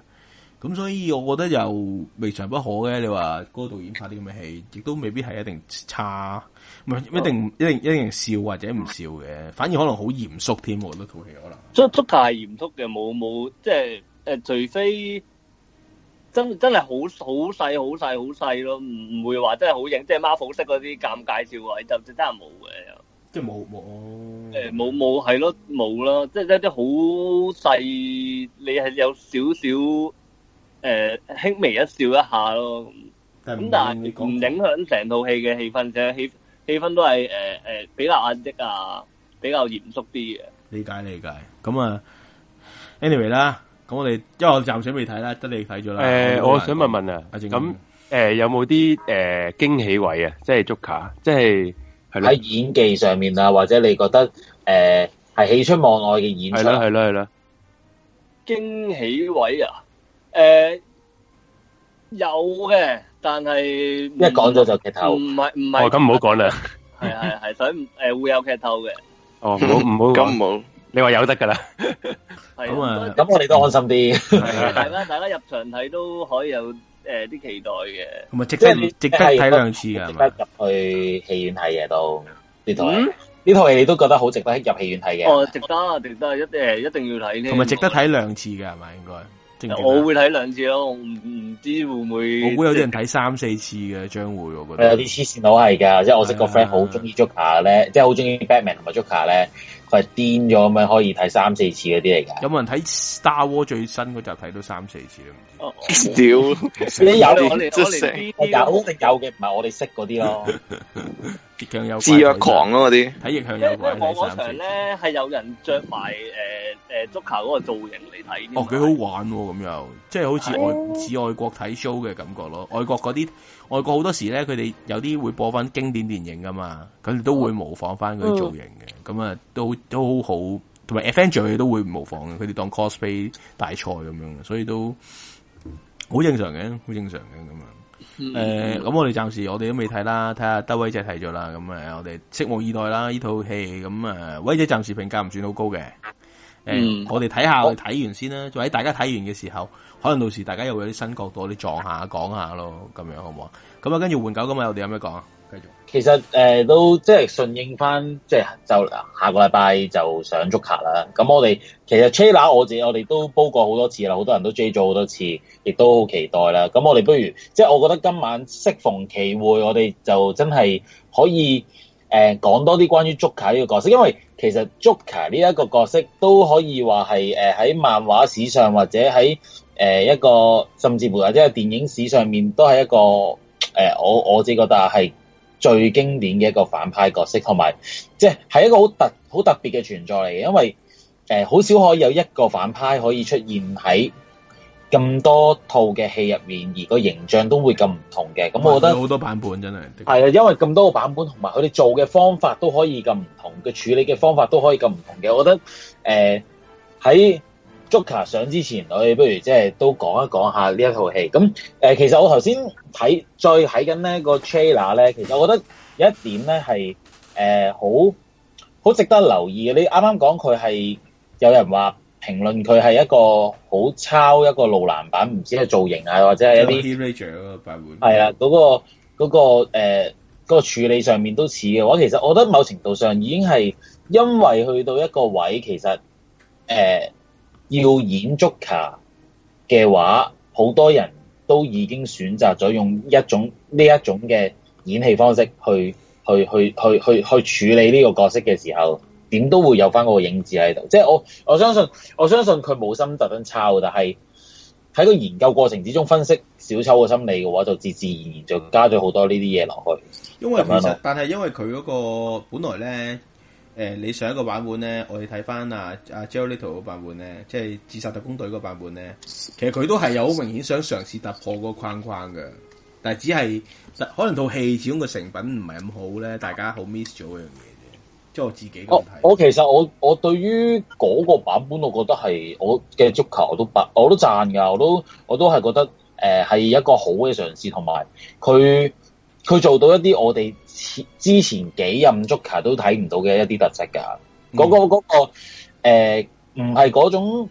咁所以我覺得又未嘗不可嘅。你話嗰個導演拍啲咁嘅戲，亦都未必係一定差，唔一定，哦，一定一定笑或者唔笑嘅，反而可能好嚴肅添。我覺得套戲可能。足足球係嚴肅嘅，冇冇即係誒，除非。真真係好好細好細好細咯，唔唔會話真係好型，即係媽寶式嗰啲尷尬笑話，就真係冇嘅，即係冇冇誒冇冇係咯冇啦，即係一啲好細，你係有少少誒輕微一笑一下咯咁，咁但係唔影響成套戲嘅氣氛，啫氣氣氛都係誒誒比較壓抑啊，比較嚴肅啲嘅。理解理解，咁啊，anyway 啦。我哋因為我暫時未睇啦，得你睇咗啦。誒，我想問問啊，咁誒有冇啲誒驚喜位啊？即係 Joker，即係喺演技上面啊，或者你覺得誒係喜出望外嘅演出？係啦，係啦，係啦。驚喜位啊？誒，有嘅，但係一講咗就劇透，唔係唔係，咁唔好講啦。係係係，所以唔誒會有劇透嘅。哦，唔好唔好咁冇。你話有得噶啦，係啊，咁我哋都安心啲，係啦，大家入場睇都可以有誒啲期待嘅，同埋值得值得睇兩次，值得入去戲院睇嘅都呢套呢套戲你都覺得好值得入戲院睇嘅，哦，值得，值得，一定一定要睇，同埋值得睇兩次嘅係咪？應該我會睇兩次咯，唔唔知會唔會，我估有啲人睇三四次嘅將會，我覺得有啲黐線佬係噶，即係我識個 friend 好中意 Joker 咧，即係好中意 Batman 同埋 Joker 咧。咪癲咗咪可以睇三四次嗰啲嚟噶。有冇人睇 Star Wars 最新嗰集睇到三四次啊？屌，你有你我哋我哋有，你有嘅，唔係我哋識嗰啲咯。極強有自虐狂咯，嗰啲睇逆向有。因為我嗰場咧，係有人着埋誒誒足球嗰個造型嚟睇。哦，幾好玩咁樣，即係好似外似外國睇 show 嘅感覺咯，外國嗰啲。外國好多時咧，佢哋有啲會播翻經典電影噶嘛，佢哋都會模仿翻佢造型嘅，咁啊、嗯、都都好，同埋《Avengers》佢都會模仿嘅，佢哋當 cosplay 大賽咁樣，所以都好正常嘅，好正常嘅咁樣。誒、嗯，咁、呃、我哋暫時我哋都未睇啦，睇下得威姐睇咗啦，咁啊我哋拭目以待啦。呢套戲咁啊，威姐暫時評價唔算好高嘅。誒、嗯嗯，我哋睇下，睇完先啦。就喺好大家睇完嘅時候，可能到時大家又會有啲新角度，啲撞下講下咯，咁樣好唔好？咁啊，跟住換狗咁啊，呃、我哋有咩講啊？繼續，其實誒，都即係順應翻，即係就下個禮拜就上 Joker 啦。咁我哋其實 trailer 我自己我哋都煲過好多次啦，好多人都追咗好多次，亦都好期待啦。咁我哋不如，即係我覺得今晚適逢其會，我哋就真係可以誒講、呃、多啲關於 Joker 呢個角色，因為。其實 Joker 呢一個角色都可以話係誒喺漫畫史上或者喺誒一個甚至乎或者係電影史上面都係一個誒我我自己覺得係最經典嘅一個反派角色，同埋即係一個好特好特別嘅存在嚟嘅，因為誒好少可以有一個反派可以出現喺。咁多套嘅戲入面，而個形象都會咁唔同嘅，咁我覺得好多版本真係係啊，因為咁多個版本，同埋佢哋做嘅方法都可以咁唔同，嘅處理嘅方法都可以咁唔同嘅。我覺得誒喺 Joker 上之前，我哋不如即係都講一講下呢一套戲。咁誒、呃，其實我頭先睇，再睇緊呢個 trailer 咧，其實我覺得有一點咧係誒好好值得留意嘅。你啱啱講佢係有人話。評論佢係一個好抄一個路蘭版，唔知係造型啊，或者係一啲係啦，嗰個嗰、嗰個誒、嗰個呃嗰個處理上面都似嘅話，其實我覺得某程度上已經係因為去到一個位，其實誒、呃、要演 Joker 嘅話好多人都已經選擇咗用一種呢一種嘅演戲方式去去去去去去,去處理呢個角色嘅時候。點都會有翻嗰個影子喺度，即係我我相信，我相信佢冇心特登抄，但係喺個研究過程之中分析小丑嘅心理嘅話，就自自然然就加咗好多呢啲嘢落去。因為其實，但係因為佢嗰個本來咧，誒、呃，你上一個版本咧，我哋睇翻啊阿 Jared Leto 嘅版本咧，即係自殺特工隊嗰版本咧，其實佢都係有好明顯想嘗試突破嗰個框框嘅，但係只係可能套戲始終嘅成品唔係咁好咧，大家好 miss 咗嗰樣嘢。即我自己我，我其實我我對於嗰個版本，我覺得係我嘅足球我都不我都讚㗎，我都我都係覺得誒係、呃、一個好嘅嘗試同埋佢佢做到一啲我哋之前幾任足球都睇唔到嘅一啲特色㗎、嗰個。嗰、嗯嗰個嗰、嗰個誒唔係嗰種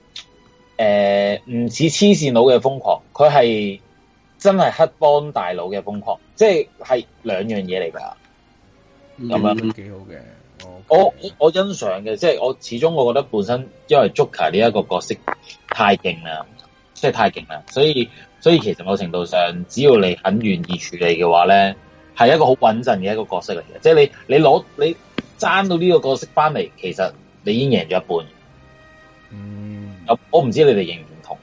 誒唔似黐線佬嘅瘋狂，佢係真係黑幫大佬嘅瘋狂，即係係兩樣嘢嚟㗎。咁、嗯、樣都幾好嘅。Okay. 我我我欣賞嘅，即係我始終我覺得本身因為 Joker 呢一個，一個角色太勁啦，即係太勁啦，所以所以其實某程度上，只要你肯願意處理嘅話咧，係一個好穩陣嘅一個角色嚟嘅，即係你你攞你爭到呢個角色翻嚟，其實你已經贏咗一半。嗯，我我唔知你哋認唔認同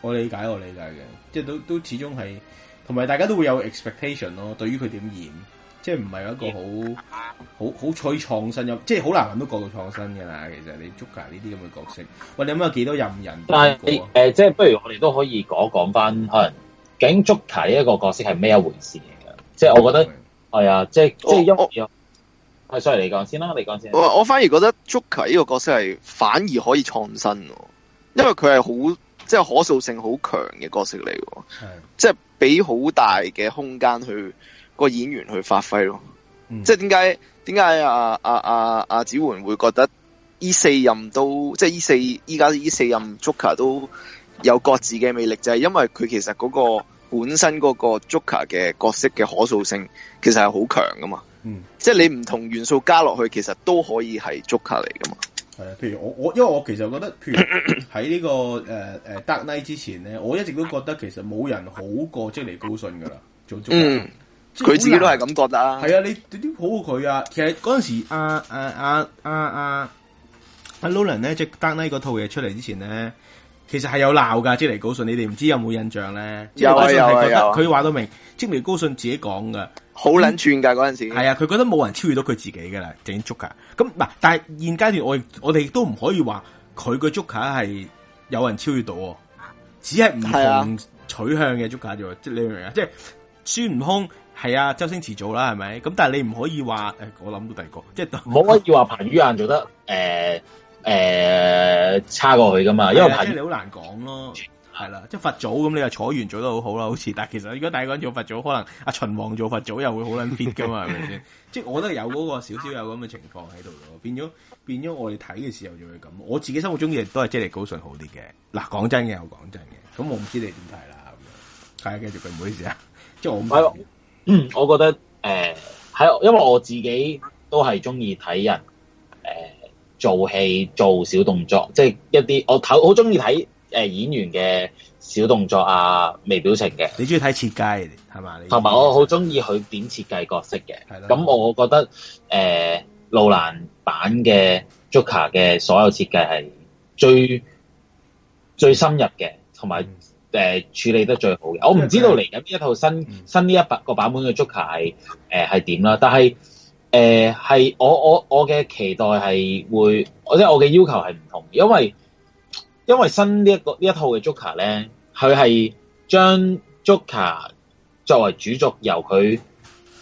我？我理解我理解嘅，即係都都始終係同埋大家都會有 expectation 咯，對於佢點演。即係唔係一個好好好取創新，咁，即係好難搵到個個創新嘅啦。其實你 Joker 呢啲咁嘅角色，喂，你諗有幾有有多任人？你誒、呃，即係不如我哋都可以講講講翻，可能究竟 Joker 呢一個角色係咩一回事嚟嘅？嗯、即係我覺得係啊，即係即係一屋又。我再嚟講先啦，嚟講先。我我反而覺得 Joker 呢個角色係反而可以創新，因為佢係好即係可塑性好強嘅角色嚟，的即係俾好大嘅空間去。個演員去發揮咯，嗯、即係點解點解阿阿阿阿子媛會覺得呢四任都即係呢四依家呢四任 Joker 都有各自嘅魅力，就係、是、因為佢其實嗰個本身嗰個 Joker 嘅角色嘅可塑性其實係好強噶嘛。嗯，即係你唔同元素加落去，其實都可以係 Joker 嚟噶嘛。係啊，譬如我我因為我其實覺得，譬如喺呢個誒誒德拉之前咧，我一直都覺得其實冇人好過即係尼高遜噶啦做 Joker，嗯。佢自己都係咁覺得啊！係啊，你你保護佢啊！其實嗰陣時阿阿阿阿阿阿 Loren 咧，即係丹尼嗰套嘢出嚟之前咧，其實係有鬧噶。積尼高遜，你哋唔知有冇印象咧？有啊，有啊，有啊！佢話到明，積尼高遜自己講噶，好捻串噶嗰陣時。係啊，佢覺得冇人超越到佢自己噶啦，整足噶。咁唔但係現階段我我哋都唔可以話佢嘅 Joker 係有人超越到，只係唔同取向嘅 Joker 啫。即你明唔明啊？即係孫悟空。係啊，周星馳做啦，係咪？咁但係你唔可以話誒，我諗到第二個，即係唔好可以話彭于晏做得誒誒、呃呃、差過佢噶嘛，因為，啊、因為你好難講咯。係啦、啊，即、就、係、是、佛祖咁，你又坐完做得好好啦，好似，但係其實如果第二個人做佛祖，可能阿秦王做佛祖又會好捻撇噶嘛，係咪先？即、就、係、是、我都係有嗰個少少有咁嘅情況喺度咯，變咗變咗我哋睇嘅時候就會咁。我自己心目中嘅都係 Jackie，高順好啲嘅。嗱，講真嘅，我講真嘅，咁我唔知你點睇啦。大家繼續佢，唔好意思啊，即、就、係、是、我唔嗯，我覺得誒，喺、呃、因為我自己都係中意睇人誒、呃、做戲做小動作，即、就、係、是、一啲我睇好中意睇誒演員嘅小動作啊、微表情嘅。你中意睇設計係咪？同埋我好中意佢點設計角色嘅。咁的我覺得誒、呃、路蘭版嘅 Joker 嘅所有設計係最最深入嘅，同埋。誒處理得最好嘅，我唔知道嚟緊呢一套新新呢一百個版本嘅 Joker 係誒係點啦，但係誒係我我我嘅期待係會，或者我嘅要求係唔同，因為因為新呢、這、一個呢一套嘅 Joker 咧，佢係將 Joker 作為主軸由，由佢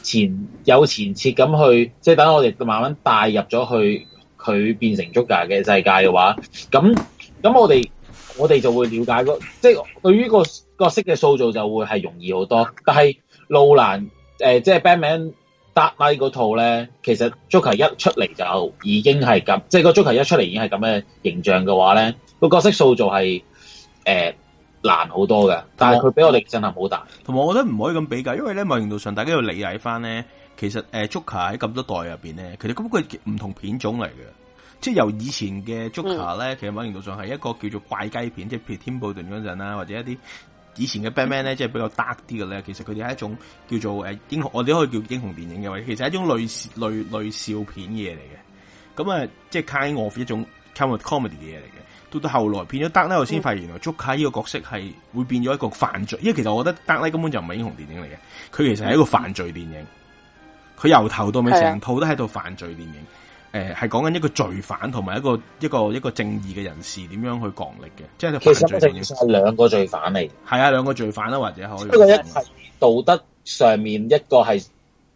前有前設咁去，即係等我哋慢慢帶入咗去佢變成 Joker 嘅世界嘅話，咁咁我哋。我哋就會了解個，即係對於個角色嘅塑造就會係容易好多。但係路蘭誒、呃，即係 Batman Dark Knight 嗰套咧，其實 Joker 一出嚟就已經係咁，即係個 Joker 一出嚟已經係咁嘅形象嘅話咧，個角色塑造係誒難好多嘅。但係佢俾我哋震撼好大。同埋，我覺得唔可以咁比較，因為咧，某程度上大家要理解翻咧，其實誒，Joker 喺咁多代入面咧，其實咁佢唔同片種嚟嘅。即係由以前嘅 Joker 咧，其實某程度上係一個叫做怪雞片，即係、嗯、譬如 Tim Burton 嗰陣啦，或者一啲以前嘅 Batman 咧，即係比較 dark 啲嘅咧。其實佢哋係一種叫做誒、啊、英雄，我哋可以叫英雄電影嘅，或者其實係一種類似類類笑片嘅嘢嚟嘅。咁啊，即係睇我一種 o 默 comedy 嘅嘢嚟嘅。到到後來變咗 dark 咧，我先發現原來 Joker 呢個角色係會變咗一個犯罪。嗯、因為其實我覺得 dark 咧根本就唔係英雄電影嚟嘅，佢其實係一個犯罪電影。佢由、嗯、頭到尾成套都喺度犯罪電影。嗯嗯誒，係講緊一個罪犯同埋一個一個一個正義嘅人士點樣去抗力嘅，即係其實其實有兩個罪犯嚟。係啊，兩個罪犯啦或者可以，不過一係道德上面一個係誒、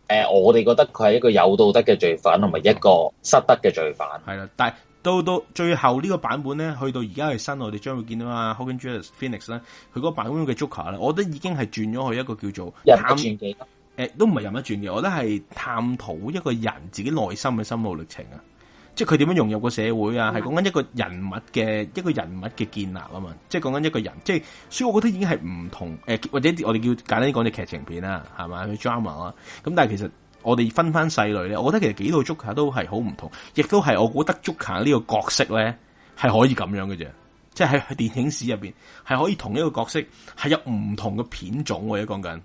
呃，我哋覺得佢係一個有道德嘅罪犯，同埋一個失德嘅罪犯係啦。但係到到最後呢個版本咧，去到而家去新，我哋將會見到啊，Hogan Julius Phoenix 咧，佢嗰個版本嘅 Joker 咧，我覺得已經係轉咗去一個叫做入唔誒，都唔係任一轉嘅，我覺得係探討一個人自己內心嘅心路歷程啊，即係佢點樣融入個社會啊，係講緊一個人物嘅一個人物嘅建立啊嘛，即係講緊一個人，即係，所以我覺得已經係唔同誒、呃，或者我哋叫簡單啲講嘅劇情片啦，係咪？去 drama 啦咁，但係其實我哋分翻細類咧，我覺得其實幾套 Joker 都係好唔同，亦都係我覺得 Joker 呢個角色咧係可以咁樣嘅啫，即係喺電影史入邊係可以同一個角色係有唔同嘅片種，而家講緊。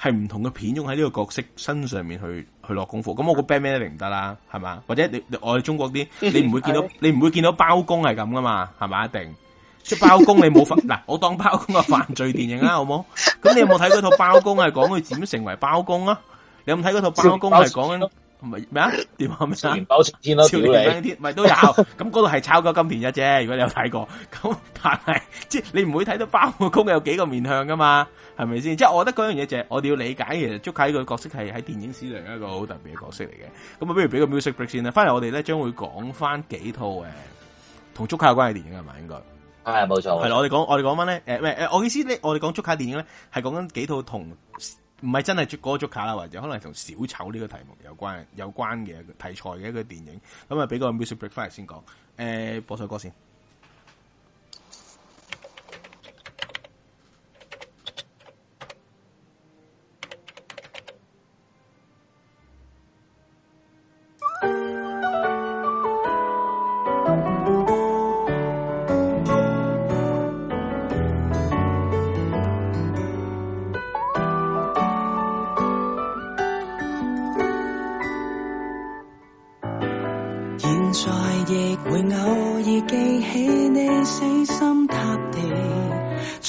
係唔同嘅片，用喺呢個角色身上面去去落功夫。咁我個 Batman 一定唔得啦，係嘛？或者你我哋中國啲，你唔會見到 你唔會見到包公係咁噶嘛，係咪？一定，即包公你冇份。嗱， 我當包公嘅犯罪電影啦，好冇？咁你有冇睇嗰套包公係講佢點成為包公啊？你有冇睇嗰套包公係講緊？唔係咩啊？電話？唔使元寶朝係都有。咁嗰度係抄過金田一啫。如果你有睇過，咁但係即係你唔會睇到包公有幾個面向噶嘛？係咪先？即係我覺得嗰樣嘢就係我哋要理解嘅。Joker 個角色係喺電影史上一個好特別嘅角色嚟嘅。咁啊，不如俾個 music break 先啦。翻嚟我哋咧將會講翻幾套誒，同 Joker 有關嘅電影係咪？應該係冇錯。係啦，我哋講我哋講翻咧，誒咩？誒，我,呢、呃呃、我意思咧，我哋講 Joker 電影咧，係講緊幾套同。唔係真係捉歌個捉卡啦，或者可能同小丑呢個題目有關有關嘅題材嘅一個電影，咁啊俾個 music break 翻嚟先講，誒、欸，播首歌先。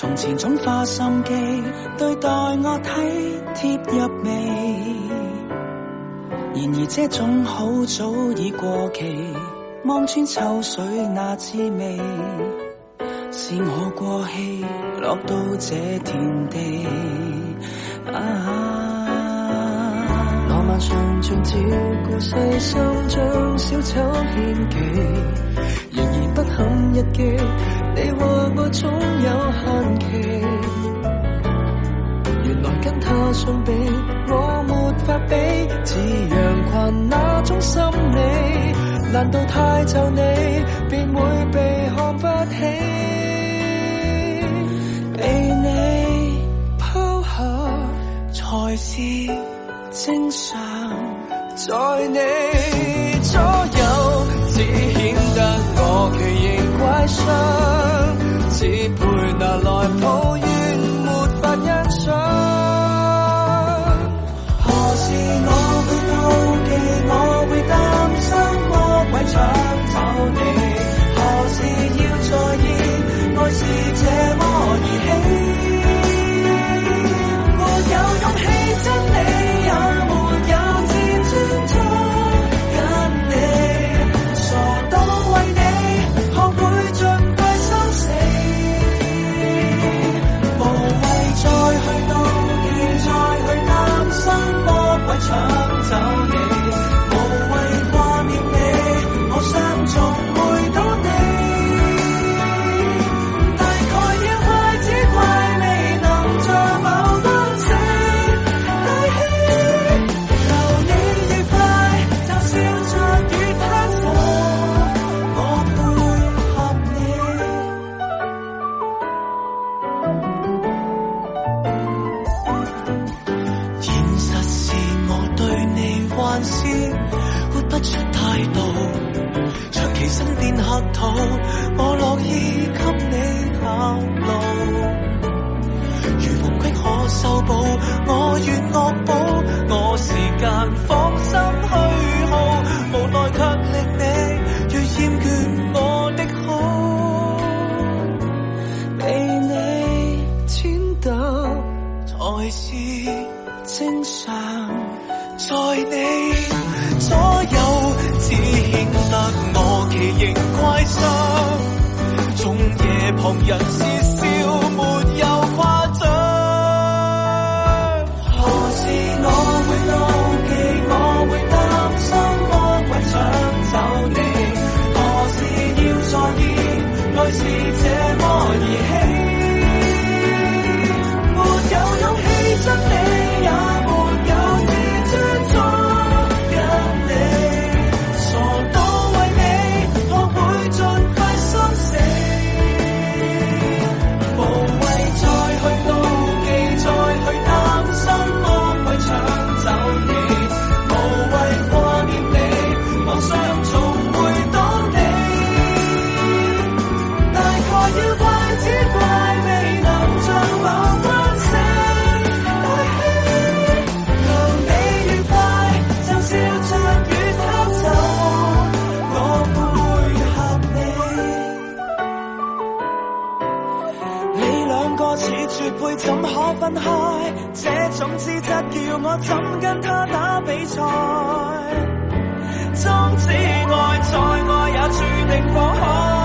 從前總花心機對待我體貼入微，然而這種好早已過期，望穿秋水那滋味，是我過氣落到這田地。啊，浪漫上尊照顧細心將小丑獻技，然而不堪一擊。你話我總有限期，原來跟他相比，我沒法比。似羊群那種心理，難道太就你，便會被看不起？被你拋下才是正常，在你左右，只顯得我奇異。哀傷，只配拿來抱怨，沒法欣賞。何時我會妒忌，我會擔心，魔鬼搶走你？縱夜旁人。分開，這種資質叫我怎跟他打比賽？終止愛，再愛也注定分開。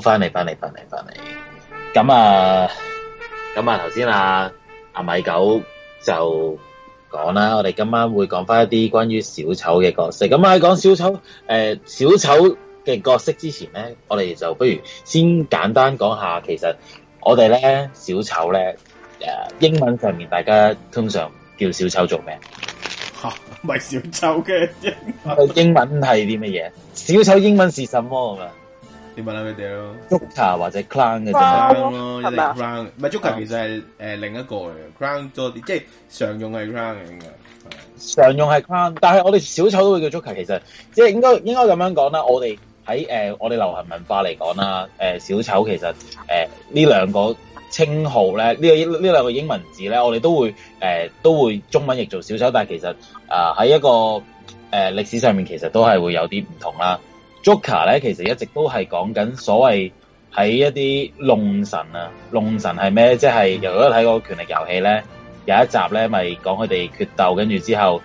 翻嚟，翻嚟，翻嚟，翻嚟。咁啊，咁啊，頭先啊，阿米狗就講啦。我哋今晚會講翻一啲關於小丑嘅角色。咁喺講小丑，誒、呃，小丑嘅角色之前咧，我哋就不如先簡單講下。其實我哋咧，小丑咧，誒，英文上面大家通常叫小丑做咩啊？吓，咪小丑嘅英 英文係啲乜嘢？小丑英文是什麼啊？點問下佢哋咯，Joker 或者 clown 嘅，clown 咯，一定 clown，唔係 Joker 其實係誒、呃、另一個嚟嘅，clown 多啲，即係常用係 clown 嚟嘅，常用係 clown，但係我哋小丑都會叫 Joker，其實即係、就是、應該應該咁樣講啦，我哋喺誒我哋流行文化嚟講啦，誒、呃、小丑其實誒、呃、呢兩個稱號咧，呢呢兩個英文字咧，我哋都會誒、呃、都會中文譯做小丑，但係其實啊喺、呃、一個誒歷、呃、史上面其實都係會有啲唔同啦。Joker 咧，其實一直都係講緊所謂喺一啲弄臣啊，弄臣係咩？即係如果睇個權力遊戲咧，有一集咧咪講佢哋決鬥，跟住之後誒、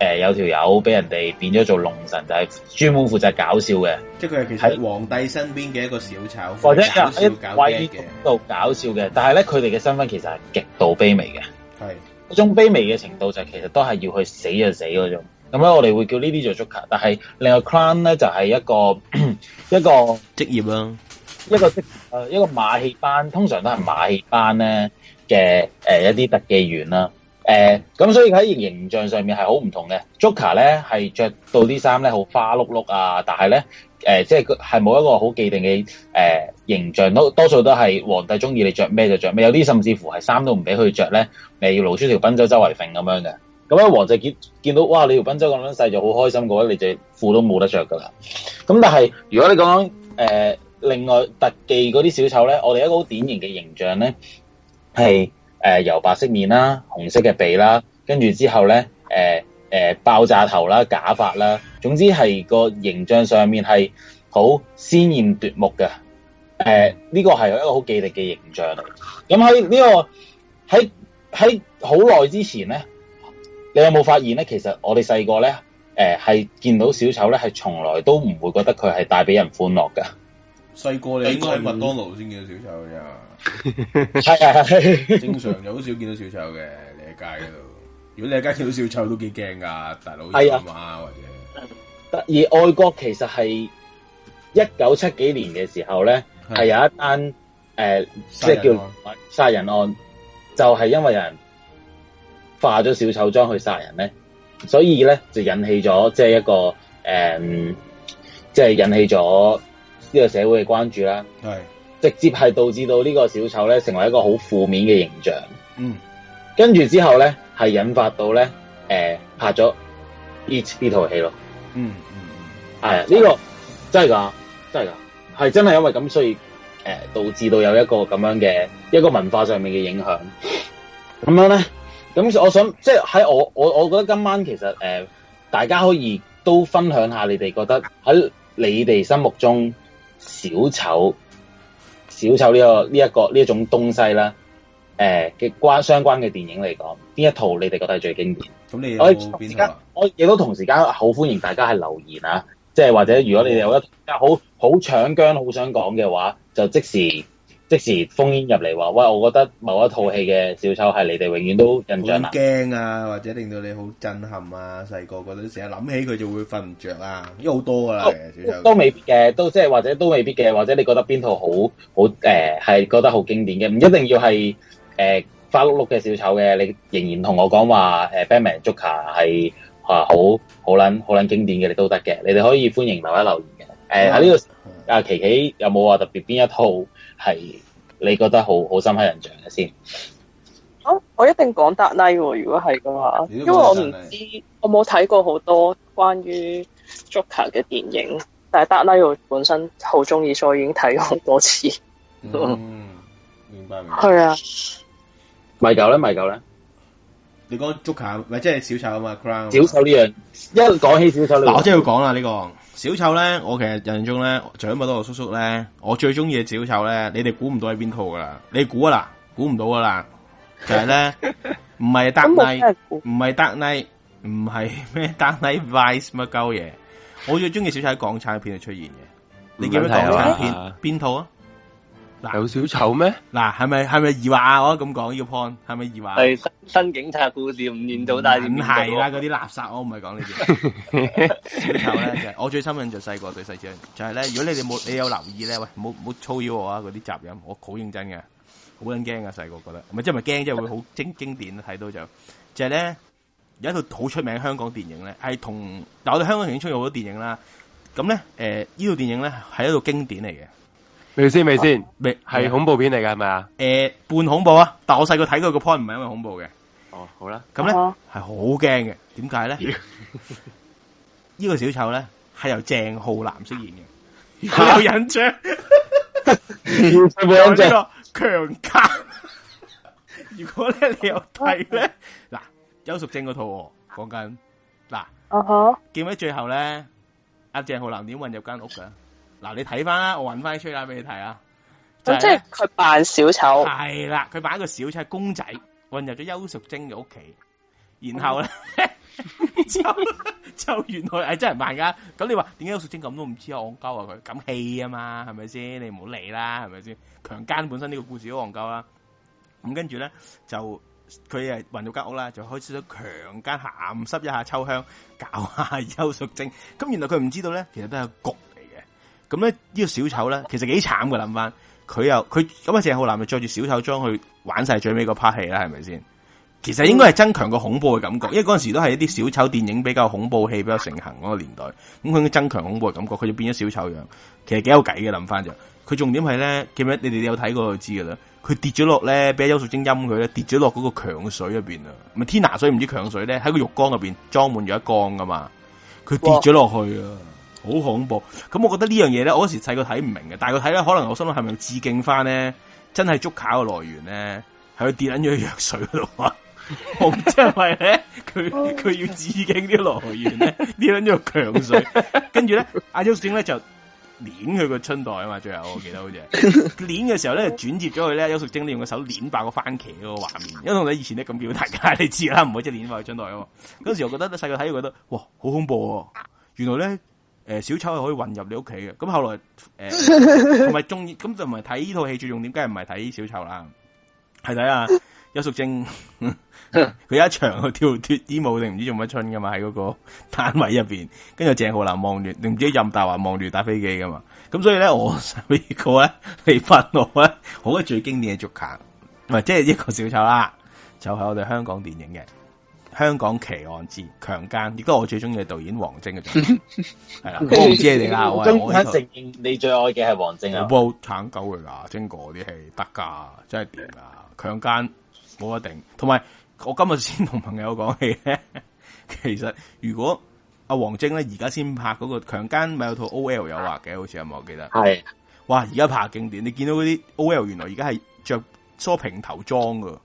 呃、有條友俾人哋變咗做弄臣，就係、是、專門負責搞笑嘅。即係喺皇帝身邊嘅一個小丑，是或者喺啲度搞笑嘅。但係咧，佢哋嘅身份其實係極度卑微嘅。係是，一種卑微嘅程度就是、其實都係要去死就死嗰種。咁咧，我哋會叫呢啲做 Joker，但係另外 clown 咧就係、是、一個一個職業啦，一個職誒、啊、一,一個馬戲班，通常都係馬戲班咧嘅誒一啲特技員啦。誒、呃，咁所以喺形象上面係好唔同嘅。Joker 咧係着到啲衫咧好花碌碌啊，但係咧誒即係係冇一個好既定嘅誒、呃、形象，多多數都係皇帝中意你着咩就着咩，有啲甚至乎係衫都唔俾佢着咧，你要露出條賓周周圍揈咁樣嘅。咁咧，黃就杰見，見到哇，你條賓州咁樣細就好開心嘅話，你隻褲都冇得着噶啦。咁但係，如果你講誒、呃、另外特技嗰啲小丑咧，我哋一個好典型嘅形象咧，係誒由白色面啦，紅色嘅鼻啦，跟住之後咧，誒、呃呃、爆炸頭啦，假髮啦，總之係個形象上面係好鮮豔奪目嘅。誒、呃、呢、這個係一個好記力嘅形象。咁喺呢個喺喺好耐之前咧。你有冇發現咧？其實我哋細個咧，誒、呃、係見到小丑咧，係從來都唔會覺得佢係帶俾人歡樂噶。細個你應該係麥當勞先見到小丑噶咋，係啊，正常就好少見到小丑嘅。你喺街嗰度，如果你喺街見到小丑都幾驚噶，大佬，啊、問問下或者，而外國其實係一九七幾年嘅時候咧，係 有一單誒，即、呃、係叫殺人案，就係、係、因為人。化咗小丑妝去殺人咧，所以咧就引起咗即係一個誒，即、嗯、係、就是、引起咗呢個社會嘅關注啦。係的直接係導致到呢個小丑咧成為一個好負面嘅形象。嗯，跟住之後咧係引發到咧誒、呃、拍咗呢呢套戲咯。嗯嗯，係啊、哎呀，呢個的真係噶，真係噶，係真係因為咁所以誒、呃、導致到有一個咁樣嘅一個文化上面嘅影響，咁樣咧。咁我想即係喺，我我我覺得今晚其實誒、呃，大家可以都分享下你哋覺得喺你哋心目中小丑小丑呢、這個呢一、這個呢一種東西啦。誒、呃、嘅關相關嘅電影嚟講，邊一套你哋覺得係最經典？咁你有有我而家我亦都同時間好歡迎大家係留言啊！即、就、係、是、或者如果你哋有一套好好搶薑好想講嘅話，就即時。即時封煙入嚟，話，喂，我覺得某一套戲嘅小丑係你哋永遠都印象難驚啊，或者令到你好震撼啊，細個嗰陣時諗起佢就會瞓唔着呀，因為好多噶都，都未必嘅，都即係或者都未必嘅，或者你覺得邊套好好誒係、呃、覺得好經典嘅，唔一定要係誒、呃、花碌碌嘅小丑嘅，你仍然同我講話誒 Batman Joker 係啊好好捻好捻經典嘅，你都得嘅，你哋可以歡迎留一留言嘅，誒喺呢個阿琪琪有冇話特別邊一套？係你覺得好好深刻印象嘅先？我我一定講達拉喎，如果係嘅話，因為我唔知道我冇睇過好多關於 Joker 嘅電影，但係達拉我本身好中意，所以已經睇過好多次。嗯，明白未？係 啊，迷狗咧，迷狗咧，你講 Joker 咪即係小丑啊嘛？Crown、小丑呢樣，因為講起小丑，嗱 我真係要講啦呢個。小丑咧，我其實印象中咧，就咁多老叔叔咧，我最中意嘅小丑咧，你哋估唔到喺邊套噶啦？你估啊啦，估唔到噶啦，就係、是、咧，唔係 Dark Knight，唔係 Dark Knight，唔係咩 Dark Knight vice 乜鳩嘢，我最中意小丑喺港產片度出現嘅，你記記得港產片邊套啊？啦有小丑咩？嗱，係咪係咪二話啊，我咁講要判，係咪二話？係新，新警察故事唔認到，但係唔係啦，嗰啲垃圾， 我唔係講呢啲。然咧就，我最深印象細個對細只就係、是、咧，如果你哋冇你有留意咧，喂，唔好騷擾我啊？嗰啲雜音，我好認真嘅，好撚驚啊！細個覺得，唔係即係咪驚，即、就、係、是就是、會好經經典睇到就就係、是、咧，有一套好出名香港電影咧，係同但我哋香港電影出現好多電影啦。咁咧，誒、呃，呢、這、套、個、電影咧係一套經典嚟嘅。未先未先，未，係恐怖片嚟噶係咪啊？誒，半恐怖啊！但我細個睇佢個 point 唔係因為恐怖嘅。哦，好啦，咁咧係好驚嘅，點解咧？呢個小丑咧係由鄭浩南飾演嘅，有印象。有冇印象？強奸。如果咧你有睇咧，嗱邱淑貞嗰套講緊嗱，哦呵，見唔見最後咧，阿鄭浩南點混入間屋噶？嗱，你睇翻啦，我搵翻出嚟俾你睇啊！就即係佢扮小丑，係啦，佢扮一個小丑公仔，混入咗邱淑貞嘅屋企，然後咧，就就原來係真係扮噶。咁你話點解邱淑貞咁都唔知啊？戇鳩啊佢，咁氣啊嘛，係咪先？你唔好理啦，係咪先？強奸本身呢個故事都戇鳩啦。咁跟住咧就佢係混到間屋啦，就開始咗強奸鹹濕一下秋香，搞下邱淑貞。咁原來佢唔知道咧，其實都係局。咁咧呢個小丑咧，其實幾慘嘅諗翻，佢又佢咁啊，謝浩南咪着住小丑裝去玩晒最尾個 part 戲啦，係咪先？其實應該係增強個恐怖嘅感覺，因為嗰陣時都係一啲小丑電影比較恐怖戲比較盛行嗰個年代，咁佢增強恐怖嘅感覺，佢就變咗小丑樣，其實幾有計嘅諗翻就，佢重點係咧，點解你哋有睇過佢知噶啦，佢跌咗落咧，俾邱淑貞陰佢咧跌咗落嗰個強水入邊啊，天拿水唔知強水咧，喺個浴缸入邊裝滿咗一缸噶嘛，佢跌咗落去啊。好恐怖！咁我覺得呢樣嘢咧，我嗰時細個睇唔明嘅，大個睇咧，可能我心諗係咪致敬翻呢？真係 Joker 嘅來源呢，係佢跌捻咗藥水嗰度啊！即係係咧？佢、就、佢、是、要致敬啲來源咧？啲咁樣強水， 跟住咧，阿邱淑貞咧就捻佢個春袋啊嘛！最後我記得好似捻嘅時候咧，轉接咗佢咧，邱淑貞咧用個手捻爆個番茄嗰個畫面，因為我哋以前咧咁表大家，你知啦，唔可以即捻爆佢春袋啊！嗰時我覺得細個睇，我覺得哇，好恐怖啊！原來咧。誒、呃，小丑係可以混入你屋企嘅，咁後來誒，同埋中意，咁就唔係睇呢套戲最重點，梗係唔係睇小丑啦，係睇啊，邱淑貞佢 一場去跳脫衣舞定唔知做乜春噶嘛，喺嗰個攤位入邊，跟住鄭浩南望住，唔知任達華望住打飛機噶嘛，咁所以咧，我個呢個咧係發我咧，好最經典嘅 Joker，唔係即係一個小丑啦，就喺、是、我哋香港電影嘅。香港奇案之強奸，亦都係我最中意嘅導演王晶嘅作品，係啦。 我唔知你啦， 我係是真心承認你最愛嘅係王晶啊！我冇鏟狗嚟噶晶哥啲戲得噶真係掂噶。強奸冇一定，同埋我今日先同朋友講起咧。其實如果阿王晶咧、那個，而家先拍嗰個強奸，咪有套 O L 有話嘅，好似有冇？我記得？係的哇，而家拍經典，你見到嗰啲 O L 原來而家係着。梳平頭裝噶，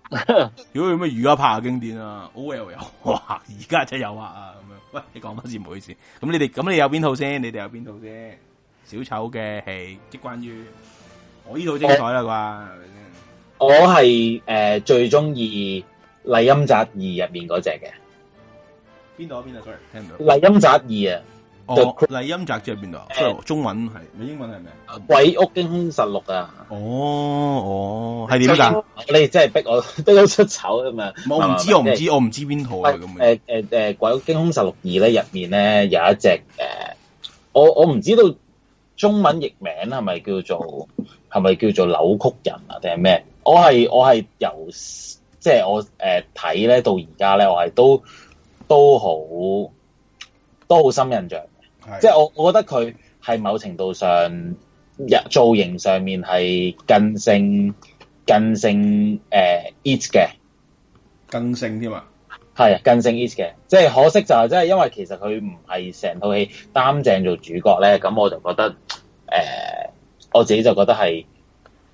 如果咩而家拍經典啊，O L 又哇，而家真係有拍啊咁樣。喂，你講先，唔好意思。咁你哋，咁你有邊套先？你哋有邊套先？小丑嘅戲，即、就是、關關於我呢套精彩啦啩，係咪先？是是我係誒、呃、最中意《厲陰宅2》入面嗰隻嘅。邊度邊啊？sorry，聽唔到。《厲陰宅2》啊。麗、哦、The 音集即係邊度？即、呃、中文係，你英文係咩？鬼屋驚空實錄啊！哦哦，係點噶？你真係逼我逼我出醜咁啊！我唔知，我唔知，我唔知邊套咁。誒誒誒，鬼屋驚空實錄二咧，入面咧有一隻誒、呃，我我唔知道中文譯名係咪叫做係咪叫做扭曲人啊？定係咩？我係我係由即係我誒睇咧到而家咧，我係、就是呃、都都好都好深印象。即係我，我覺得佢係某程度上，造型上面係更勝更勝誒，it 嘅更勝添啊。係更勝 it 嘅，即係可惜就係，即係因為其實佢唔係成套戲擔正做主角咧，咁我就覺得誒、呃，我自己就覺得係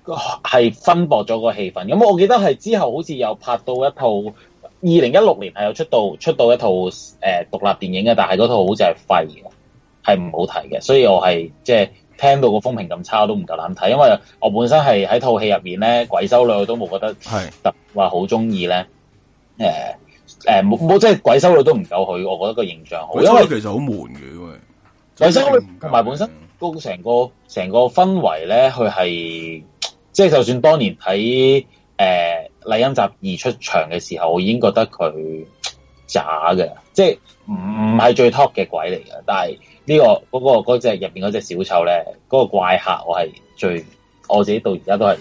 係分薄咗個氣氛。咁我記得係之後好似有拍到一套二零一六年係有出到出到一套誒獨立電影嘅，但係套好似係廢嘅。係唔好睇嘅。所以我係即係聽到個風評咁差我都唔夠膽睇，因為我本身係喺套戲入邊咧，鬼修女我都冇覺得係話好中意咧。誒誒，冇、呃、冇、呃、即係鬼修女都唔夠佢，我覺得個形象好，因為鬼其實好悶嘅。因鬼修女同埋本身嗰成個成個氛圍咧，佢係即係就算當年喺誒厲陰宅二出場嘅時候，我已經覺得佢渣嘅，即係唔係最 top 嘅鬼嚟嘅，但係。呢、這個嗰、那個隻入邊嗰隻小丑咧，嗰、那個怪客我係最我自己到而家都係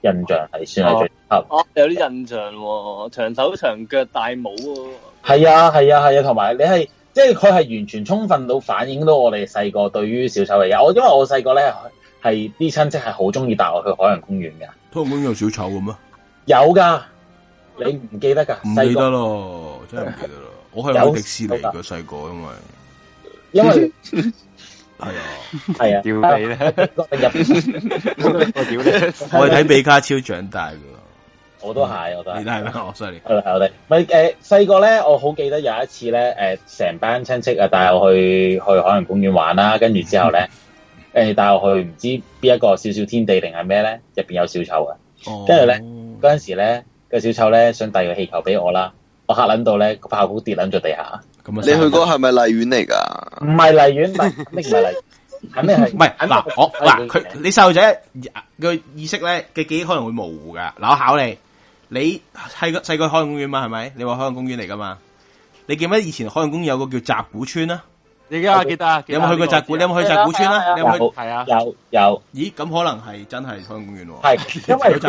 印象係、啊、算係最深刻、啊，有啲印象、哦、長手長腳大帽、哦，係啊係啊係啊，同埋、啊啊、你係即係佢係完全充分到反映到我哋細個對於小丑嘅，我因為我細個咧係啲親戚係好中意帶我去海洋公園嘅，海洋公園有小丑嘅咩？有噶，你唔記得噶？唔記得咯，時真係唔記得咯， 我係去迪士尼嘅細個，因為。因為係啊，對啊，啊嘔嘔呢，係啊，吊地咧，入邊屌我係睇比卡超長大噶，我都係、啊，我都係、啊啊，嗯喔欸嗯、我 sorry，係我哋咪誒，細個咧，我好記得有一次咧，誒，成班親戚啊，帶我去去海洋公園玩啦，跟住之後咧，誒，帶我去唔知邊一個小小天地定係咩咧，入邊有小丑啊，跟住咧，嗰陣時咧，個小丑咧想帶個氣球俾我啦，我吓撚到咧，個炮鼓跌撚咗地下。是你去嗰係咪荔園嚟噶？唔係荔園，唔係荔，係咩荔？唔係，嗱我嗱佢，你細路仔嘅意識咧，嘅記憶可能會模糊噶。嗱，我考你，你係個細個海洋公園嘛？係咪？你話海洋公園嚟噶嘛？你記唔記得以前海洋公園有個叫集古村啊？你而家幾多？有冇去過集古？有冇去集古村啦？有冇？係啊，有有。咦，咁可能係真係香港公園喎。係，因為集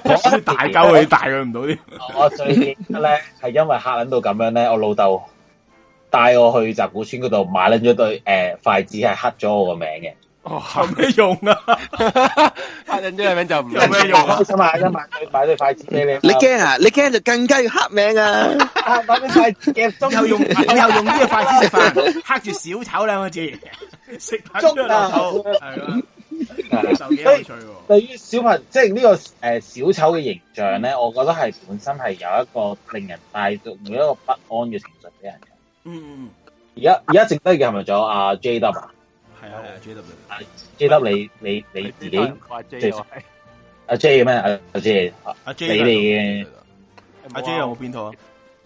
古村就大鳩，你大佢唔到啲。我最記得咧，係 因為吓卵到咁樣咧，我老豆帶我去集古村嗰度買咗一對誒筷子，係刻咗我個名嘅。有咩用啊？吓人啫，名就唔有咩用啊！想買就買，買對筷子俾你。你驚啊？你驚就更加要刻名啊！又用又用呢嘅筷子食飯，刻住小丑兩個字，食竹啊！啊，所以對於小朋，即係呢個誒小丑嘅形象咧，我覺得係本身係有一個令人帶到每一個不安嘅情緒俾人嘅。嗯嗯。而家而家剩低嘅係咪仲有阿 JW？係啊，J 粒，阿 J 得，你你你自己，阿 J 啊，阿 J 咩？阿阿 J，阿 J 你嘅阿 J 有冇邊套啊？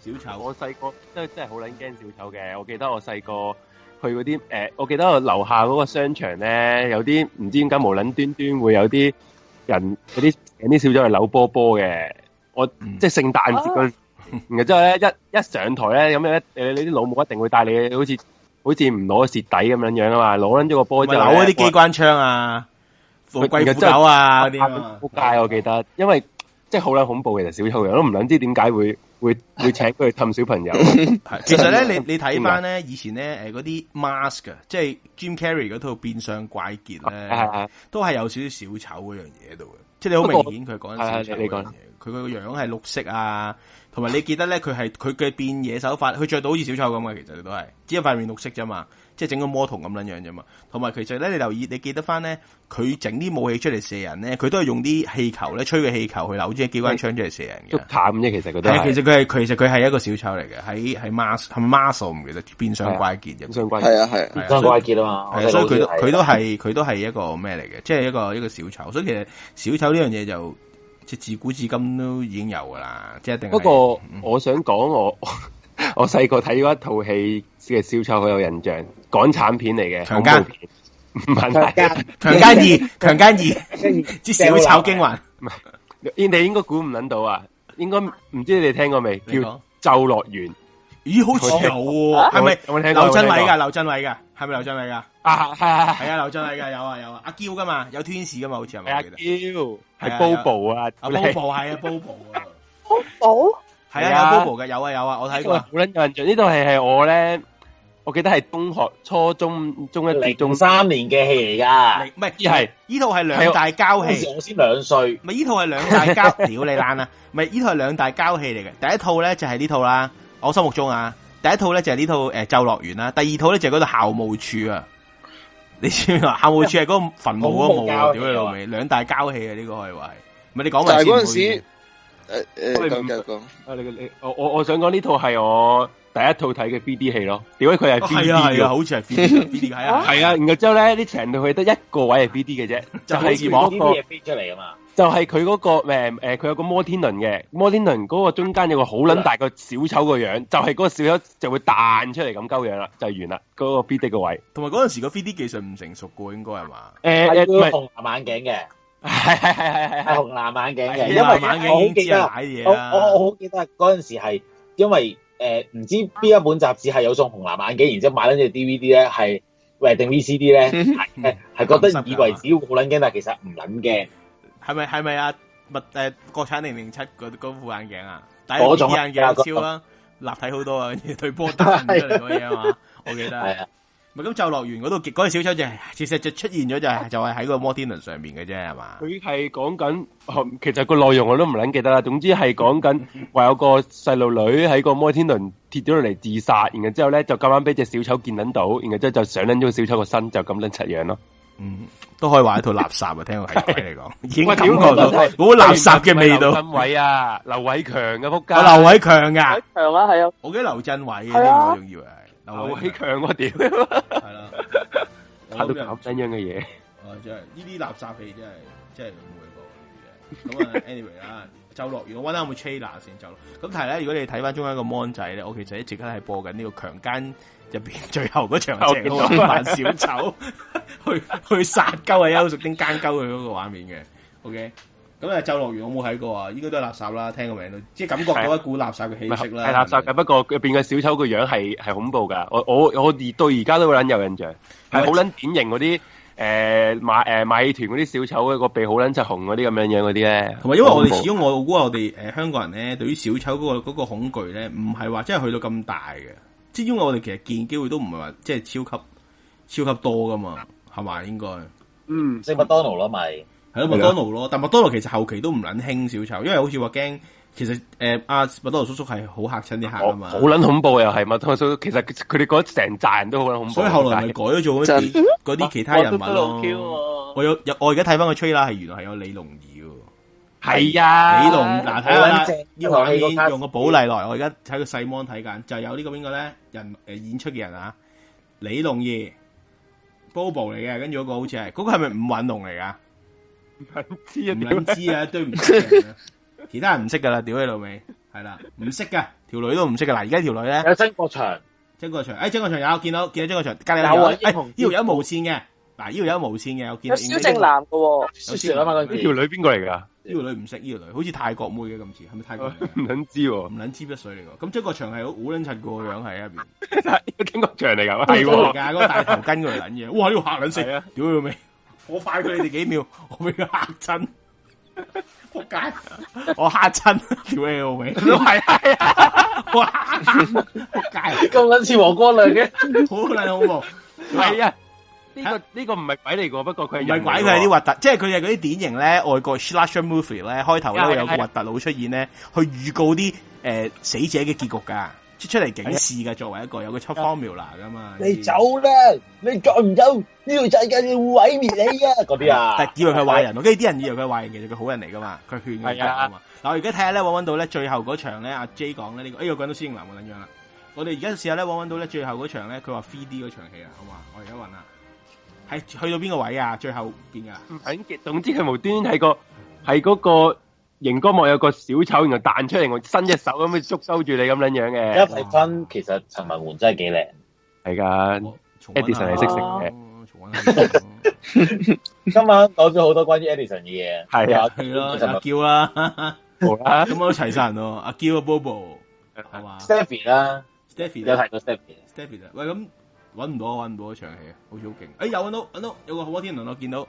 小丑，我細個真真係好捻驚小丑嘅。我記得我細個去嗰啲誒，我記得樓下嗰個商場咧有啲唔知點解無捻端端會有啲人嗰啲嗰啲小丑係扭波波嘅。我即係聖誕節嗰時，然後之後咧一一上台咧咁樣咧，你你啲老母一定會帶你好似。好似唔攞蝕底咁樣樣啊嘛，攞捻咗個波之後咧，攞嗰啲機關槍啊，富貴手啊嗰啲，撲街我記得，因為即係好捻恐怖其實小丑樣，都唔捻知點解會會會請佢去氹小朋友。其實咧你你睇翻咧以前咧誒嗰啲 mask，啊，即係 Jim Carrey 嗰套變相怪傑咧，都係有少少小丑嗰樣嘢喺度嘅，即係你好明顯佢講小丑嘅嘢，佢個樣係綠色啊。同埋你記得咧，佢係佢嘅變野手法，佢着到好似小丑咁嘅，其實佢都係只一塊面綠色啫嘛，即係整個魔童咁撚樣啫嘛。同埋其實咧，你留意你記得翻咧，佢整啲武器出嚟射人咧，佢都係用啲氣球咧，吹個氣球去扭住機關槍出嚟射人嘅。慘啫，其實佢都係。其實佢係其實佢係一個小丑嚟嘅，喺喺 Mas 喺 Mask 其實變相怪傑嘅，變相怪傑。啊係，變相怪傑啊嘛、啊以啊。所以佢佢都係佢都係一個咩嚟嘅？即係一個一個小丑。所以其實小丑呢樣嘢就。自古至今都已經有噶啦，即係一定。不過我想講，我我細個睇過一套戲嘅《小丑》，好有印象，港產片嚟嘅。強姦唔係強姦，強姦二，強姦二，之《小丑驚魂》你。你應該估唔諗到啊！應該唔知你哋聽過未？叫《咒樂園》。咦，好似有喎，係咪？有冇聽劉振偉噶？劉振偉噶，係咪劉振偉噶？啊，係係係啊，劉振偉噶有啊有啊，阿嬌噶嘛，有天使噶嘛，好似係咪？阿嬌係 Bobo 啊，阿 Bobo 係啊，Bobo 啊，Bobo 係啊，Bobo 噶有啊有啊，我睇過好撚有印象。呢套戲係我咧，我記得係中學、初中、中一年、仲三年嘅戲嚟噶，唔係，係呢套係兩大交戲。我先兩歲，唔係呢套係兩大交，屌你卵啊！唔係呢套係兩大交戲嚟嘅，第一套咧就係呢套啦。我心目中啊，第一套咧就係呢套誒《咒樂園》啦，第二套咧就係嗰套校、啊《校務處墓》嗯嗯嗯、啊。你知唔知啊？校務處係嗰個墳墓嗰個墓啊，屌你老味，兩大交氣啊！呢個可以話，唔係你講埋就係嗰陣時，誒我我我想講呢套係我第一套睇嘅 B D 戲咯。點解佢係 B D 啊？啊啊 好似係 B D B 啊，係啊。然後之後咧，啲場度佢得一個位係 B D 嘅啫， 就係冇啲嘢飛出嚟啊嘛。就係佢嗰個誒誒，佢、呃、有個摩天輪嘅摩天輪嗰個中間有個好撚大個小丑個樣，的就係嗰個小丑就會彈出嚟咁鳩的樣啦，就是，完啦。嗰，那個 3D 嘅位置，同埋嗰陣時個 3D 技術唔成熟個，應該係嘛？誒、呃、係、呃、紅藍眼鏡嘅，係係係係係紅藍眼鏡嘅。因為我好記得，買我我好記得嗰陣時係因為誒唔知邊一本雜誌係有送紅藍眼鏡，然之後買翻隻 DVD 咧，係喂定 VCD 咧，係 覺得以為只要好藍鏡，但係 其實唔捻嘅。係咪係咪阿物誒國產零零七嗰副眼鏡啊？嗰種眼鏡、啊啊、超啦，立體好多啊， 對波彈出嚟嗰嘢嘛， 我記得係啊。咁， 咁就樂園嗰度極嗰個小丑就係、其實就出現咗就就係喺個摩天輪上面嘅啫係嘛。佢係講緊，其實個內容我都唔捻記得啦。總之係講緊話有個細路女喺個摩天輪跌咗落嚟自殺，然後之後咧就咁啱俾隻小丑見捻到，然後之後就想捻咗小丑個身就咁捻出樣咯。嗯，都可以話一套垃圾啊！聽佢喺度嚟講，已經感覺到好垃圾嘅味道。俊偉啊，劉偉強嘅仆街，劉偉強啊，強啊，係啊，我記得劉鎮偉啊，仲以為係劉偉強啊，屌！係啦，喺度搞真真嘅嘢，哦，真係呢啲垃圾戲真係真係冇嘢講嘅。咁啊，anyway 啦，就落雨，我搵下有冇 trailer 先就。咁但係咧，如果你睇翻中間個 Mon 仔咧，我其實一直喺播緊呢個強奸。入邊最後嗰場正話扮小丑 去 去殺鳩啊，休息 丁奸鳩佢嗰個畫面嘅，OK 有有。咁啊，周樂園我冇睇過啊，應該都係垃圾啦，聽個名都即係感覺到一股垃圾嘅氣息啦，係垃圾嘅。是不，是不過入邊嘅小丑個樣係係恐怖噶，我我我而對而家都好撚有印象，係好捻典型嗰啲誒賣誒馬戲團嗰啲小丑嘅個鼻好捻就紅嗰啲咁樣樣嗰啲咧。同埋因為我哋始終我估我哋誒香港人咧，對於小丑嗰，嗰個、嗰個恐懼咧，唔係話真係去到咁大嘅。因為我哋其實見機會都唔係話即係超級超級多噶嘛，係嘛應該嗯，即麥當勞咯，咪係咯麥當勞咯，但麥當勞其實後期都唔捻興小丑，因為好似話驚，其實誒阿、呃、麥當勞叔叔係好吓親啲客噶嘛，好捻恐怖又係麥當勞叔叔，其實佢哋覺得成扎人都好捻恐怖，所以後來咪改咗做嗰啲嗰啲其他人物咯。我、啊、我有我而家睇翻個吹啦，係原來係有李龍儀。係啊，李龍，嗱睇下啦，呢條片用個寶麗來，我而家睇個細芒睇緊，就有呢個邊個咧人誒演出嘅人啊，李龍二 Bobo 嚟嘅，跟住嗰個好似係，嗰個係咪伍允龍嚟噶？唔知啊，唔知啊，一唔識，其他人唔識噶啦，屌你老味，係啦，唔識噶，條女都唔識噶啦，而家條女咧，有曾國祥，曾國祥，哎曾國祥有，見到見到曾國祥，隔籬呢條有無線嘅，嗱呢條有無線嘅，我見到，有蕭正楠嘅，呢條女邊個嚟噶？呢個女唔識呢個女，好似泰國妹嘅咁似，係咪泰國？唔捻知喎，唔捻知乜水嚟噶，咁張國祥係好撚襯個樣喺一邊，係張國祥嚟噶，係噶，嗰個大頭巾嗰嚟捻嘢，哇呢個嚇卵死啊！屌你咪，我快過你哋幾秒，我俾佢嚇親，仆街，我嚇親，屌你咪，都係啊，哇，咁捻似黃光亮嘅，好靚好模，係啊。呢、這個呢、這個唔係鬼嚟噶，不過佢係唔係鬼？佢係啲核突，即係佢係嗰啲典型咧外國 slasher movie 咧，開頭咧有個核突佬出現咧，去預告啲誒、呃、死者嘅結局噶，出出嚟警示噶，作為一個有一個出 formula 噶嘛。你走啦，嗯、你再唔走呢個世界要毀滅你啊！嗰啲啊，以為佢係壞人，跟住啲人以為佢係壞人，其實佢好人嚟噶嘛，佢勸佢。嗱的我而家睇下咧，搵搵到咧最後嗰場咧，阿、啊、J 講咧呢個，呢我搵到施盈南咁樣啦？我哋而家試下咧搵到咧最後嗰場咧，佢話 3D 嗰場戲啊。好嘛？我而家搵下。去到邊個位啊？最後邊啊？總之佢無端端睇過，喺嗰個熒光幕有個小丑，然後彈出嚟，伸隻手咁去捉收住你咁樣樣嘅。而家睇翻，其實陳文媛真係幾靚，係噶、哦。Edison 係識食嘅。 今晚講咗好多關於 Edison 嘅嘢，係啊，去咯 吧，阿嬌啦、啊，啦，咁我都齊晒人咯。阿嬌啊，Bobo，好嘛？Stephy 啦，Stephy，又睇到 Stephy，Stephy，喂咁。搵唔到、啊到、啊到、啊欸、到，搵唔到嗰場戲啊，好似好勁！哎，又搵到，搵到有個摩天輪我見到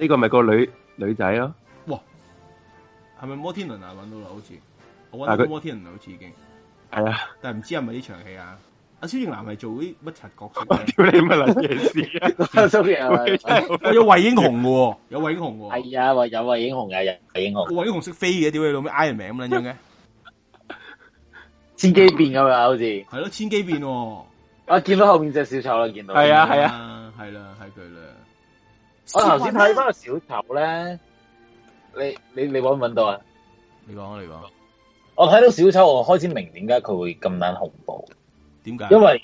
呢個咪個女女仔啊？哇，係咪摩天輪啊？搵到啦，好似我搵到摩天輪，好似已經係啊，但係唔知係咪呢場戲啊？阿蕭正南係做啲乜柒角色？屌 你咪諗嘢事、啊 哎、呀有衛英雄嘅，有衛英雄嘅，係啊，有衛英、啊哎英、啊、英雄，有衛英雄，個衛英雄識飛嘅，屌你老味，嗌人名咁樣嘅，千機變咁啊，好似係咯，千機變、啊。我見到後面隻小丑啦，見到係啊係啊，係啦係佢啦。啊、我頭先睇翻個小丑咧，你你你揾唔揾到啊？你講、啊、你講，我睇到小丑，我開始明點解佢會咁捻恐怖。點解？因為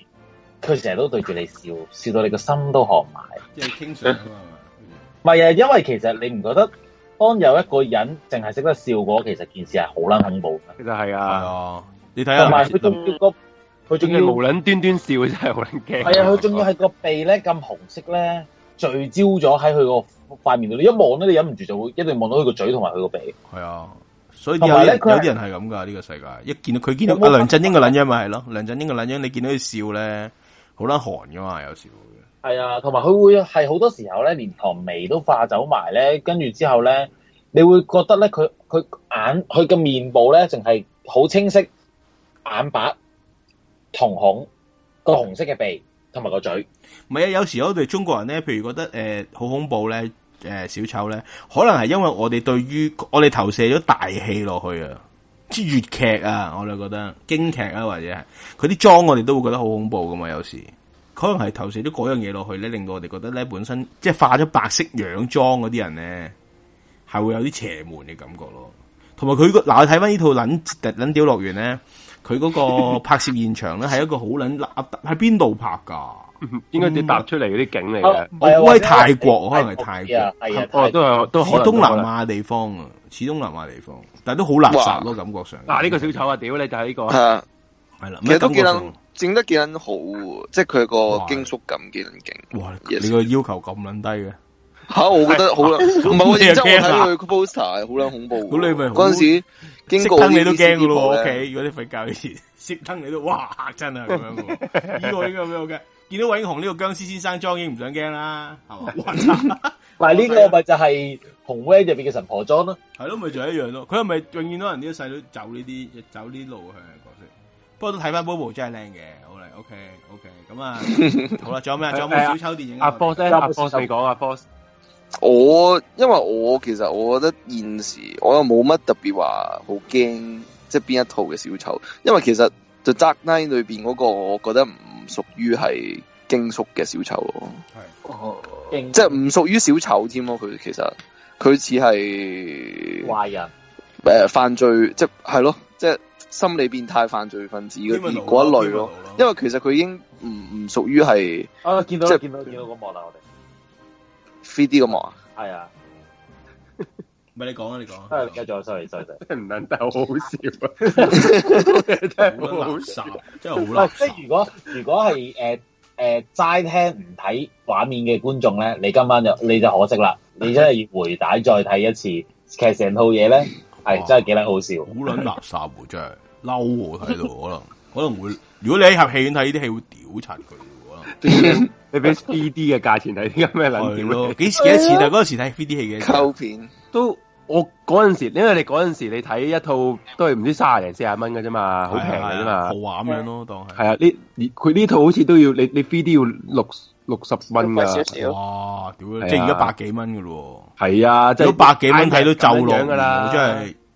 佢成日都對住你笑，笑到你個心都寒埋。即係傾水唔係啊？因為其實你唔覺得，當有一個人淨係識得笑，嘅其實件事係好捻恐怖。其實係啊，嗯哦、你睇下同埋佢中佢仲要無撚端端笑，真係好驚。係 啊，佢仲要係個鼻咧咁紅色咧，聚焦咗喺佢個塊面度。你一望咧，你忍唔住就會一定望到佢個嘴同埋佢個鼻。係啊，所以有啲人有啲人係咁噶。呢、這個世界一見到佢見到他的梁振英個捻樣咪係咯？梁振英個捻樣你見到佢笑咧，好撚寒噶嘛？有時會。係啊，同埋佢會係好多時候咧，連糖眉都化走埋咧，跟住之後咧，你會覺得咧，佢佢眼佢個面部咧，淨係好清晰眼白。瞳孔個紅色嘅鼻同埋個嘴，唔係啊！有時候我哋中國人咧，譬如覺得誒好、呃、恐怖咧，誒、呃、小丑咧，可能係因為我哋對於我哋投射咗大戲落去啊，即係粵劇啊，我哋覺得京劇啊，或者係佢啲妝我哋都會覺得好恐怖噶嘛。有時可能係投射咗嗰樣嘢落去咧，令到我哋覺得咧，本身即係化咗白色樣妝嗰啲人咧，係會有啲邪門嘅感覺咯。同埋佢嗱，我睇翻呢套《撚撚鳥樂園》咧。佢嗰個拍攝現場呢，係一個好撚垃，喺邊度拍㗎？應該啲搭出嚟嗰啲景嚟嘅。我估係泰國，可能係泰國，我都係都係東南亞地方啊，始終東南亞地方，但係都好垃圾囉。感覺上。嗱呢個小丑啊，屌你，就係呢個。係啦，其實都幾撚整得幾撚好，即係佢個驚悚感幾撚勁。哇！你個要求咁撚低嘅吓，我覺得好撚唔係我認真，我睇佢 poster 好撚恐怖。嗰陣時。食湯你都驚噶咯，OK？如果啲瞓覺以前食湯你都哇，真係咁樣。呢、這個呢個咁我嘅，見到韋英雄呢個殭屍先生裝，已經唔想驚啦，係嘛？真嗱，呢個咪就係紅威入邊嘅神婆裝咯。係咯，咪就是、一樣咯。佢係咪永遠都人啲細佬走呢啲，走呢啲路向嘅角色？不過都睇翻 Bobo 真係靚嘅。好啦，OK，OK，咁啊，好啦，仲有咩仲有冇小丑電影啊？阿 f 講阿我，因為我其實我覺得現時我又冇乜特別話好驚，即係邊一套嘅小丑，因為其實 The Dark Knight 裏邊嗰個，我覺得唔屬於係驚悚嘅小丑咯，係哦，即係唔屬於小丑添咯，佢其實佢似係壞人，誒、呃、犯罪，即係係咯，即係、就是、心理變態犯罪分子嗰嗰一類咯，因為其實佢已經唔唔屬於係啊，見到、就是、見到見到個幕啦，我哋。3D 咁幕啊，係啊，唔係你講啊，你講啊，sorry sorry，繼續，唔撚得好好笑啊，真係好垃圾，真係好嬲。即係如果如果係誒誒齋聽唔睇畫面嘅觀眾咧，你今晚就你就可惜啦，你真係要回帶再睇一次，其實成套嘢咧係真係幾得好笑，好撚垃圾喎，真係嬲我睇到，可能可能會如果你喺合戲院睇呢啲戲，會屌柒佢。你俾 3D 嘅價錢你啲咁咩冷片咧？幾幾多錢啊？嗰陣時睇 3D 戲嘅？舊片都我嗰陣時，因為你嗰陣時你睇一套都係唔知卅零四十蚊㗎啫嘛，好平㗎啫嘛，豪華咁樣咯，當係係啊！呢佢呢套好似都要你你 3D 要六六十蚊噶，哇！屌，即係而家百幾蚊嘅咯，係啊，都百幾蚊睇到皺龍噶啦，真係。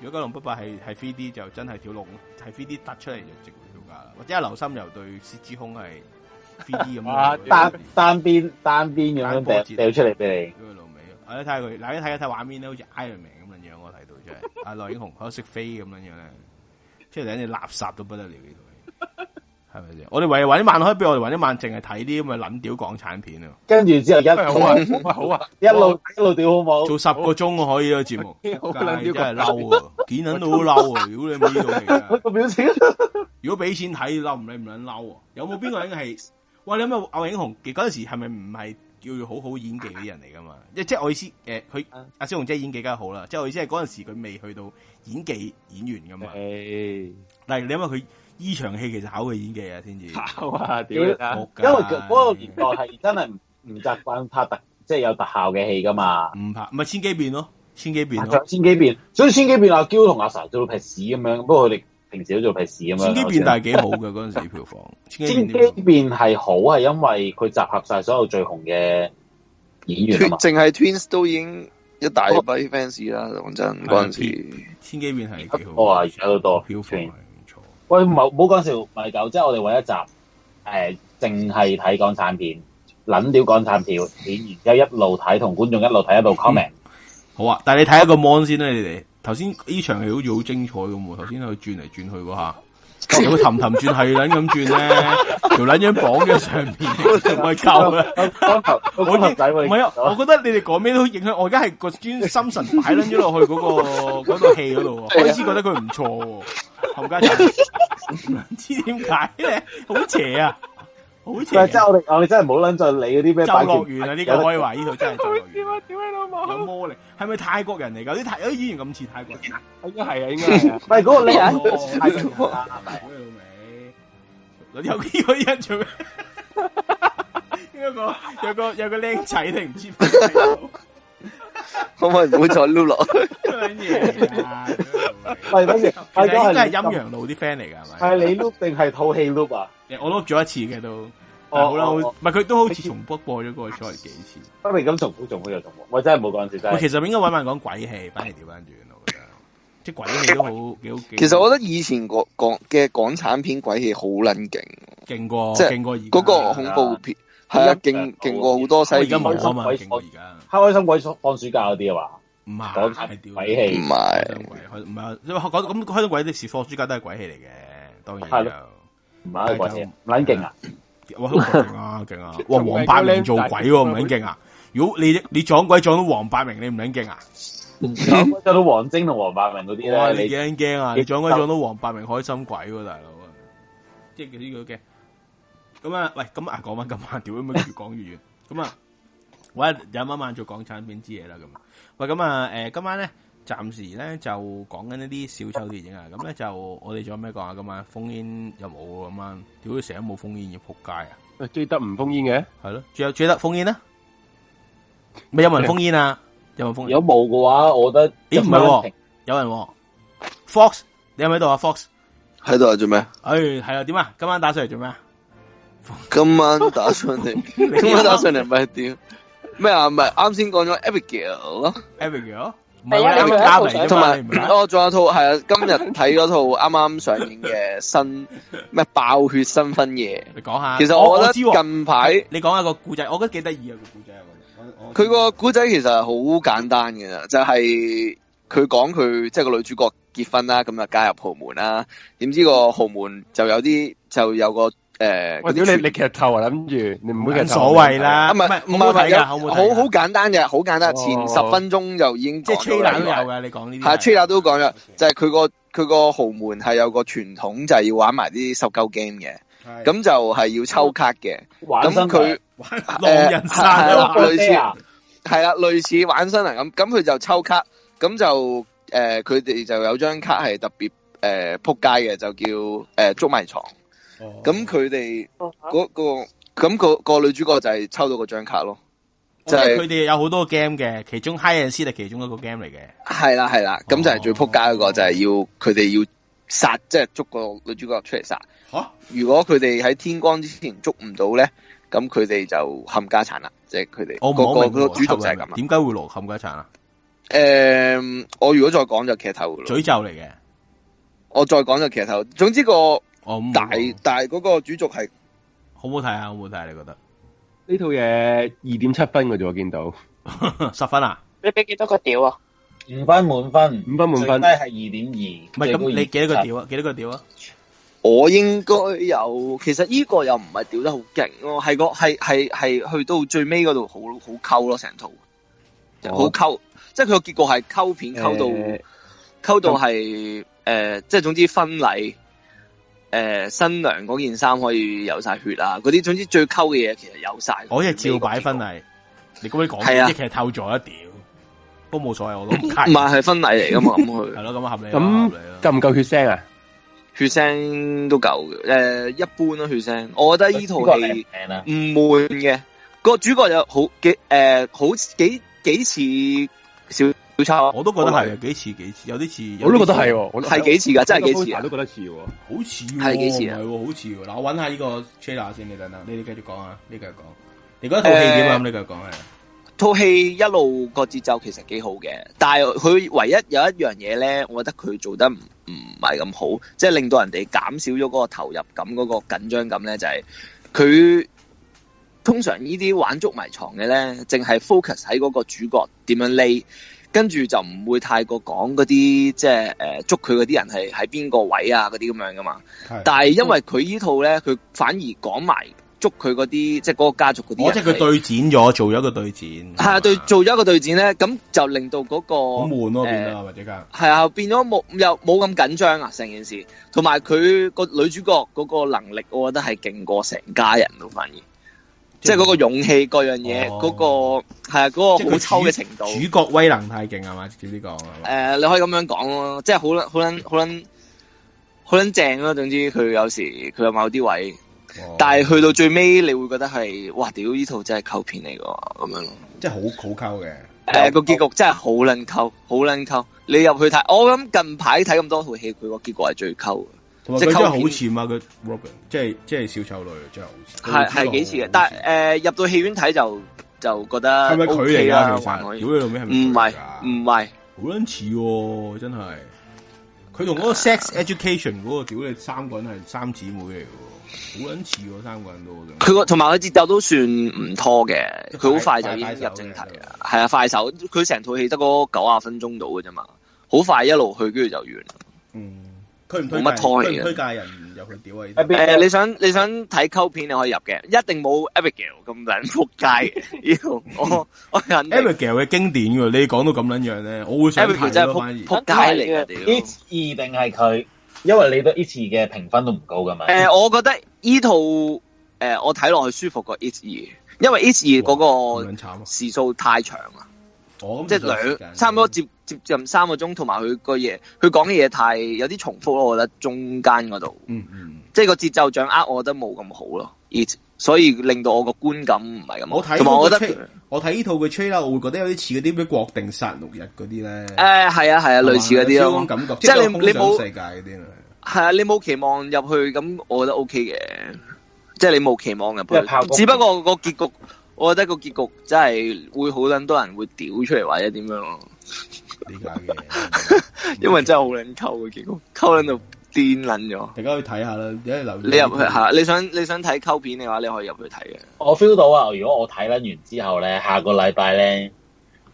如果九龍不敗係係 3D 就真係跳龍係 3D 突出嚟就值回票價啦，或者係劉心柔對薛之空係 3D 咁樣，單邊單邊單邊咁樣掉掉出嚟俾你。老尾，我哋睇下佢嗱，家睇一睇畫面咧，好似 Iron Man 咁樣樣，我睇到真係。阿羅英紅好識飛咁樣樣咧，即係真係垃圾都不得了呢！佢。係咪先？我哋唯揾啲萬開，俾我哋揾啲萬淨係睇啲咁嘅捻屌港產片啊！跟住之後一好啊，好啊，一路一路屌好冇？做十個鐘可以個節目，真係嬲啊！見人到好嬲啊！如果你冇呢度嚟嘅個表情。如果俾錢睇，嬲唔理唔捻嬲啊！有冇邊個人係？喂，你諗下，歐永雄嗰陣時係咪唔係要好好演技啲人嚟噶嘛？即係我意思，誒，佢阿小紅姐演技梗好啦。即係我意思係嗰陣時佢未去到演技演員㗎嘛。但係你諗下佢。呢場戲其實考佢演技啊，天字啊，因為嗰個年代係真係唔習習慣拍特即係有特效嘅戲噶嘛，唔拍咪千機變咯，千機變，千機變，所以千機變阿嬌同阿 sa 做劈屎咁樣。不過佢哋平時都做劈屎咁樣。千機變但係幾好嘅嗰陣時票房，千機變係好係因為佢集合晒所有最紅嘅演員啊嘛，淨係 twins 都已經一大批 fans 啦。講真嗰陣時，千機變係幾好啊！而家都多票房。喂，唔好講笑，唔係狗，即係我哋揾一集，誒、呃，淨係睇港產片，撚屌港產片，顯然有一路睇同觀眾一路睇一路 comment，嗯、好啊，但係你睇一個 mon 先啦、啊，你哋頭先呢場戲好似好精彩咁喎，頭先佢轉嚟轉去嗰下。佢氹氹轉係捻咁轉咧，條捻樣綁喺上面，唔係夠啦。 頭，我講頭仔唔係啊，我覺得你哋講咩都影響我，而家係個專心神擺捻咗落去嗰、嗰個嗰、嗰個戲嗰度。 我始覺得佢唔錯，後家仔唔知點解咧，好邪啊！好，似我哋，我哋真係唔好撚再理嗰啲咩百樂園啊！呢個可以話呢度真係百啊！點解都冇魔力？係咪泰國人嚟㗎？啲泰啲語言咁似泰國人，應該係啊，應該係啊。唔係嗰個靚，泰國。睇有幾個人做咩？有個有個靚仔你唔知？可唔可以唔好再碌落？loop 落？係乜嘢？係咁係陰陽路啲 friend 嚟噶係咪？係你碌定係套戲碌啊？我碌咗一次嘅都，好啦，唔係佢都好似重複播咗嗰個 show 幾次，不如咁重複重複又重複，我真係冇講笑其實應該搵埋講鬼戲，反而調翻轉咯。即係鬼戲都好幾好。其實我覺得以前港港嘅港產片鬼戲好撚勁，勁過即勁過恐怖片。係啊，勁勁過好多世。而家開心鬼，而家開心鬼放暑假嗰啲啊嘛，唔係，鬼戲，唔係，唔係，因咁開心鬼啲時放暑假都係鬼戲嚟嘅，當然係咯，唔係鬼事。唔撚勁啊！哇，勁啊！哇，黃百鳴做鬼，唔撚勁啊！如果你你撞鬼撞到黃百鳴，你唔撚勁啊？撞到王晶同黃百鳴嗰啲咧，你驚驚啊？你撞鬼撞到黃百鳴，開心鬼，大佬，即係呢個嘅。咁啊、嗯，喂，咁啊，講翻今晚屌點樣，越講越遠。咁啊，喂，有一 晚，晚，晚做港產片之嘢啦？咁，喂，咁啊，誒，今晚咧，暫時咧就講緊一啲小丑電影啊。咁咧就我哋仲有咩講啊？今晚，今晚，今晚封煙有冇？咁啊，屌，成日冇封煙要撲街啊！喂，最得唔封煙嘅係咯，仲有最得封煙啦。咪有冇人封煙啊？有冇封煙？有冇嘅話，我覺得咦唔係，有人、啊。Fox，你有冇喺度啊？Fox，喺度啊，做咩？哎，係啊，點啊？今晚打上嚟做咩啊？今晚打上嚟，今晚打上嚟唔係點咩啊？唔係啱先講咗 Abigail 咯，Abigail 唔係啊，加維同埋我仲有套係啊，今日睇咗套啱啱上映嘅新咩爆血新婚夜，你講下。其實我覺得近排你講下個故仔，我覺得幾得意啊個故仔。佢個古仔其實好簡單嘅，就係佢講佢即係個女主角結婚啦，咁啊加入豪門啦，點知個豪門就有啲就有個。誒，或者你你其實頭啊諗住，你唔會無所謂啦，唔係唔係唔好睇，好好簡單嘅，好簡單，前十分鐘就已經即係吹喇都有嘅，你講呢啲係吹喇都講咗，就係佢個佢個豪門係有個傳統，就係要玩埋啲十九 game 嘅，咁就係要抽卡嘅，玩狼人殺啊，類似係啦，類似玩新人咁，咁佢就抽卡，咁就誒，佢哋就有張卡係特別誒扑街嘅，就叫誒捉迷藏。咁佢哋嗰個咁個個女主角就係抽到個張卡咯，就係佢哋有好多 game 嘅，其中 Hide and Seek 就其中一個 game 嚟嘅，係啦係啦，咁就係最扑街嗰個就係要佢哋要殺，即係捉個女主角出嚟殺。吓，如果佢哋喺天光之前捉唔到咧，咁佢哋就冚家產啦，即係佢哋個個主角就係咁啊。點解會落冚家產啊？誒，我如果再講就劇透啦，詛咒嚟嘅，我再講就劇透。總之個。大大嗰個主軸係好唔好睇啊？好唔好睇？啊？你覺得呢套嘢，二點七分嘅啫，我見到十分啊？你俾幾多個屌啊？五分滿分，五分滿分，最低係二點二。唔係咁，你幾多個屌啊？幾多個屌啊？我應該有。其實呢個又唔係屌得好勁咯，係個係係係去到最尾嗰度好好溝咯，成套好溝，即係佢個結果係溝片溝到溝到係誒，即係總之婚禮。誒、呃，新娘嗰件衫可以有晒血啊！嗰啲總之最溝嘅嘢其實有晒，我亦照擺婚禮。那個、你可唔可以咁樣講？係啊、其實透咗一點，都冇所謂啊！我都唔係係婚禮嚟噶嘛，係咯咁合理。咁夠唔夠血腥啊？血腥都夠嘅，誒、呃，一般咯，血腥。我覺得呢套戲唔悶嘅，悶那個主角有好幾誒、呃，好幾幾次少。我都覺得係幾似幾似，有啲似。我都覺得係，係幾似噶，真係幾似。我都覺得似，好似係幾似，係好似。嗱，我揾下呢個 check 先，你等等，你哋繼續講啊，你繼續講。你覺得套戲點啊？咁你繼續講啊。套戲一路個節奏其實幾好嘅，但係佢唯一有一樣嘢咧，我覺得佢做得唔唔係咁好，即係令到人哋減少咗嗰個投入感、嗰個緊張感咧，就係佢通常呢啲玩捉迷藏嘅咧，淨係 focus 喺嗰個主角點樣匿。跟住就唔會太過講嗰啲即係誒捉佢嗰啲人係喺邊個位啊嗰啲咁樣噶嘛，但係因為佢依套咧，佢、嗯、反而講埋捉佢嗰啲即係嗰個家族嗰啲。即係佢對戰咗，做咗個對戰。係、啊啊、對,對做咗個對戰咧，咁、啊、就令到嗰、那個好悶咯，或者係。係、呃、啊,啊，變咗冇又冇咁緊張啊成件事，同埋佢個女主角嗰個能力，我覺得係勁過成家人都反而。即係嗰個勇氣，各樣嘢，嗰、哦那個係啊，嗰、那個好抽嘅程度主。主角威能太勁係嘛？直接講。誒、呃，你可以咁樣講咯，即係好撚，好撚，好撚，好撚正咯。總之佢有時佢有某啲位，哦、但係去到最尾，你會覺得係哇，屌呢套真係溝片嚟噶，咁樣咯。即係好好溝嘅。誒，呃嗯、個結局真係好撚溝，好撚溝。你入去睇，我諗近排睇咁多套戲，佢個結局係最溝。佢真係好似嘛，佢 Margot Robbie 即係即係小丑女，真係好似係係幾似嘅，但係誒入到戲院睇就就覺得係咪佢嚟噶？屌你老味，係咪唔係唔係好卵似真係？佢同嗰個 Sex Education 嗰個屌你三個人係三姊妹嚟嘅，好卵似喎，三個人都佢同埋佢節奏都算唔拖嘅，佢好快就已經入正題啊，係啊快手，佢成套戲得嗰九十分鐘到嘅啫嘛，好快一路去，跟住就完嗯。佢唔推冇乜拖佢推介人又佢屌啊！誒、啊呃，你想你想睇溝片你可以入嘅，一定冇 Abigail 咁撲街。要 我我緊 Abigail 嘅經典嘅，你講到咁撚樣咧，我會想睇咯。Abigail 真係撲撲街嚟嘅，It 二定係佢，因為你對 It 二嘅評分都唔高噶嘛。誒，我覺得呢套誒、呃、我睇落去舒服過 It 二，因為 It 二嗰個時數太長啦。即係兩，啊、是差唔多接接近三個鐘，同埋佢個嘢，佢講嘅嘢，太有啲重複咯，我覺得中間嗰度，嗯嗯，即係個節奏掌握，我覺得冇咁好咯。It，所以令到我個觀感唔係咁好。同埋我覺得，我睇呢套嘅 trailer 我會覺得有啲似嗰啲咩國定殺戮日嗰啲咧。誒，係啊係啊，啊啊啊類似嗰啲咯。嗯、感覺即係你冇世界啲係啊，你冇期望入去，咁我覺得 OK 嘅。 即係你冇期望入去， 只不過個結局。我覺得個結局真係會好卵多人會屌出嚟，或者點樣咯？點解？ 因為真係好卵溝嘅結局，溝卵到癲卵咗。大家去睇下啦，而家留下，這個，你入去吓？你想你想睇溝片嘅話，你可以入去睇嘅。我 feel 到啊！如果我睇卵完之後咧，下個禮拜咧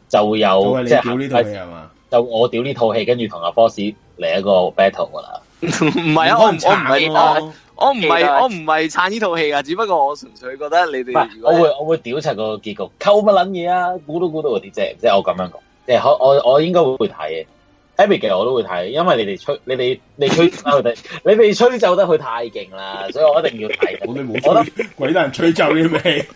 就會有即係，就我屌呢套戲，跟住同阿 boss 嚟一個 battle 噶啦。唔係 是啊，我唔係咯。我唔係我唔係撐呢套戲啊。只不過我純粹覺得你哋，我會我會屌柒個結局，溝乜捻嘢啊？估都估到嗰啲啫，即係我咁樣講，即係可我我應該會睇嘅 Abigail 我都會睇，因為你哋吹你哋你吹，你你被吹走得佢太勁啦，所以我一定要睇，我都冇，我都鬼得人吹走啲咩？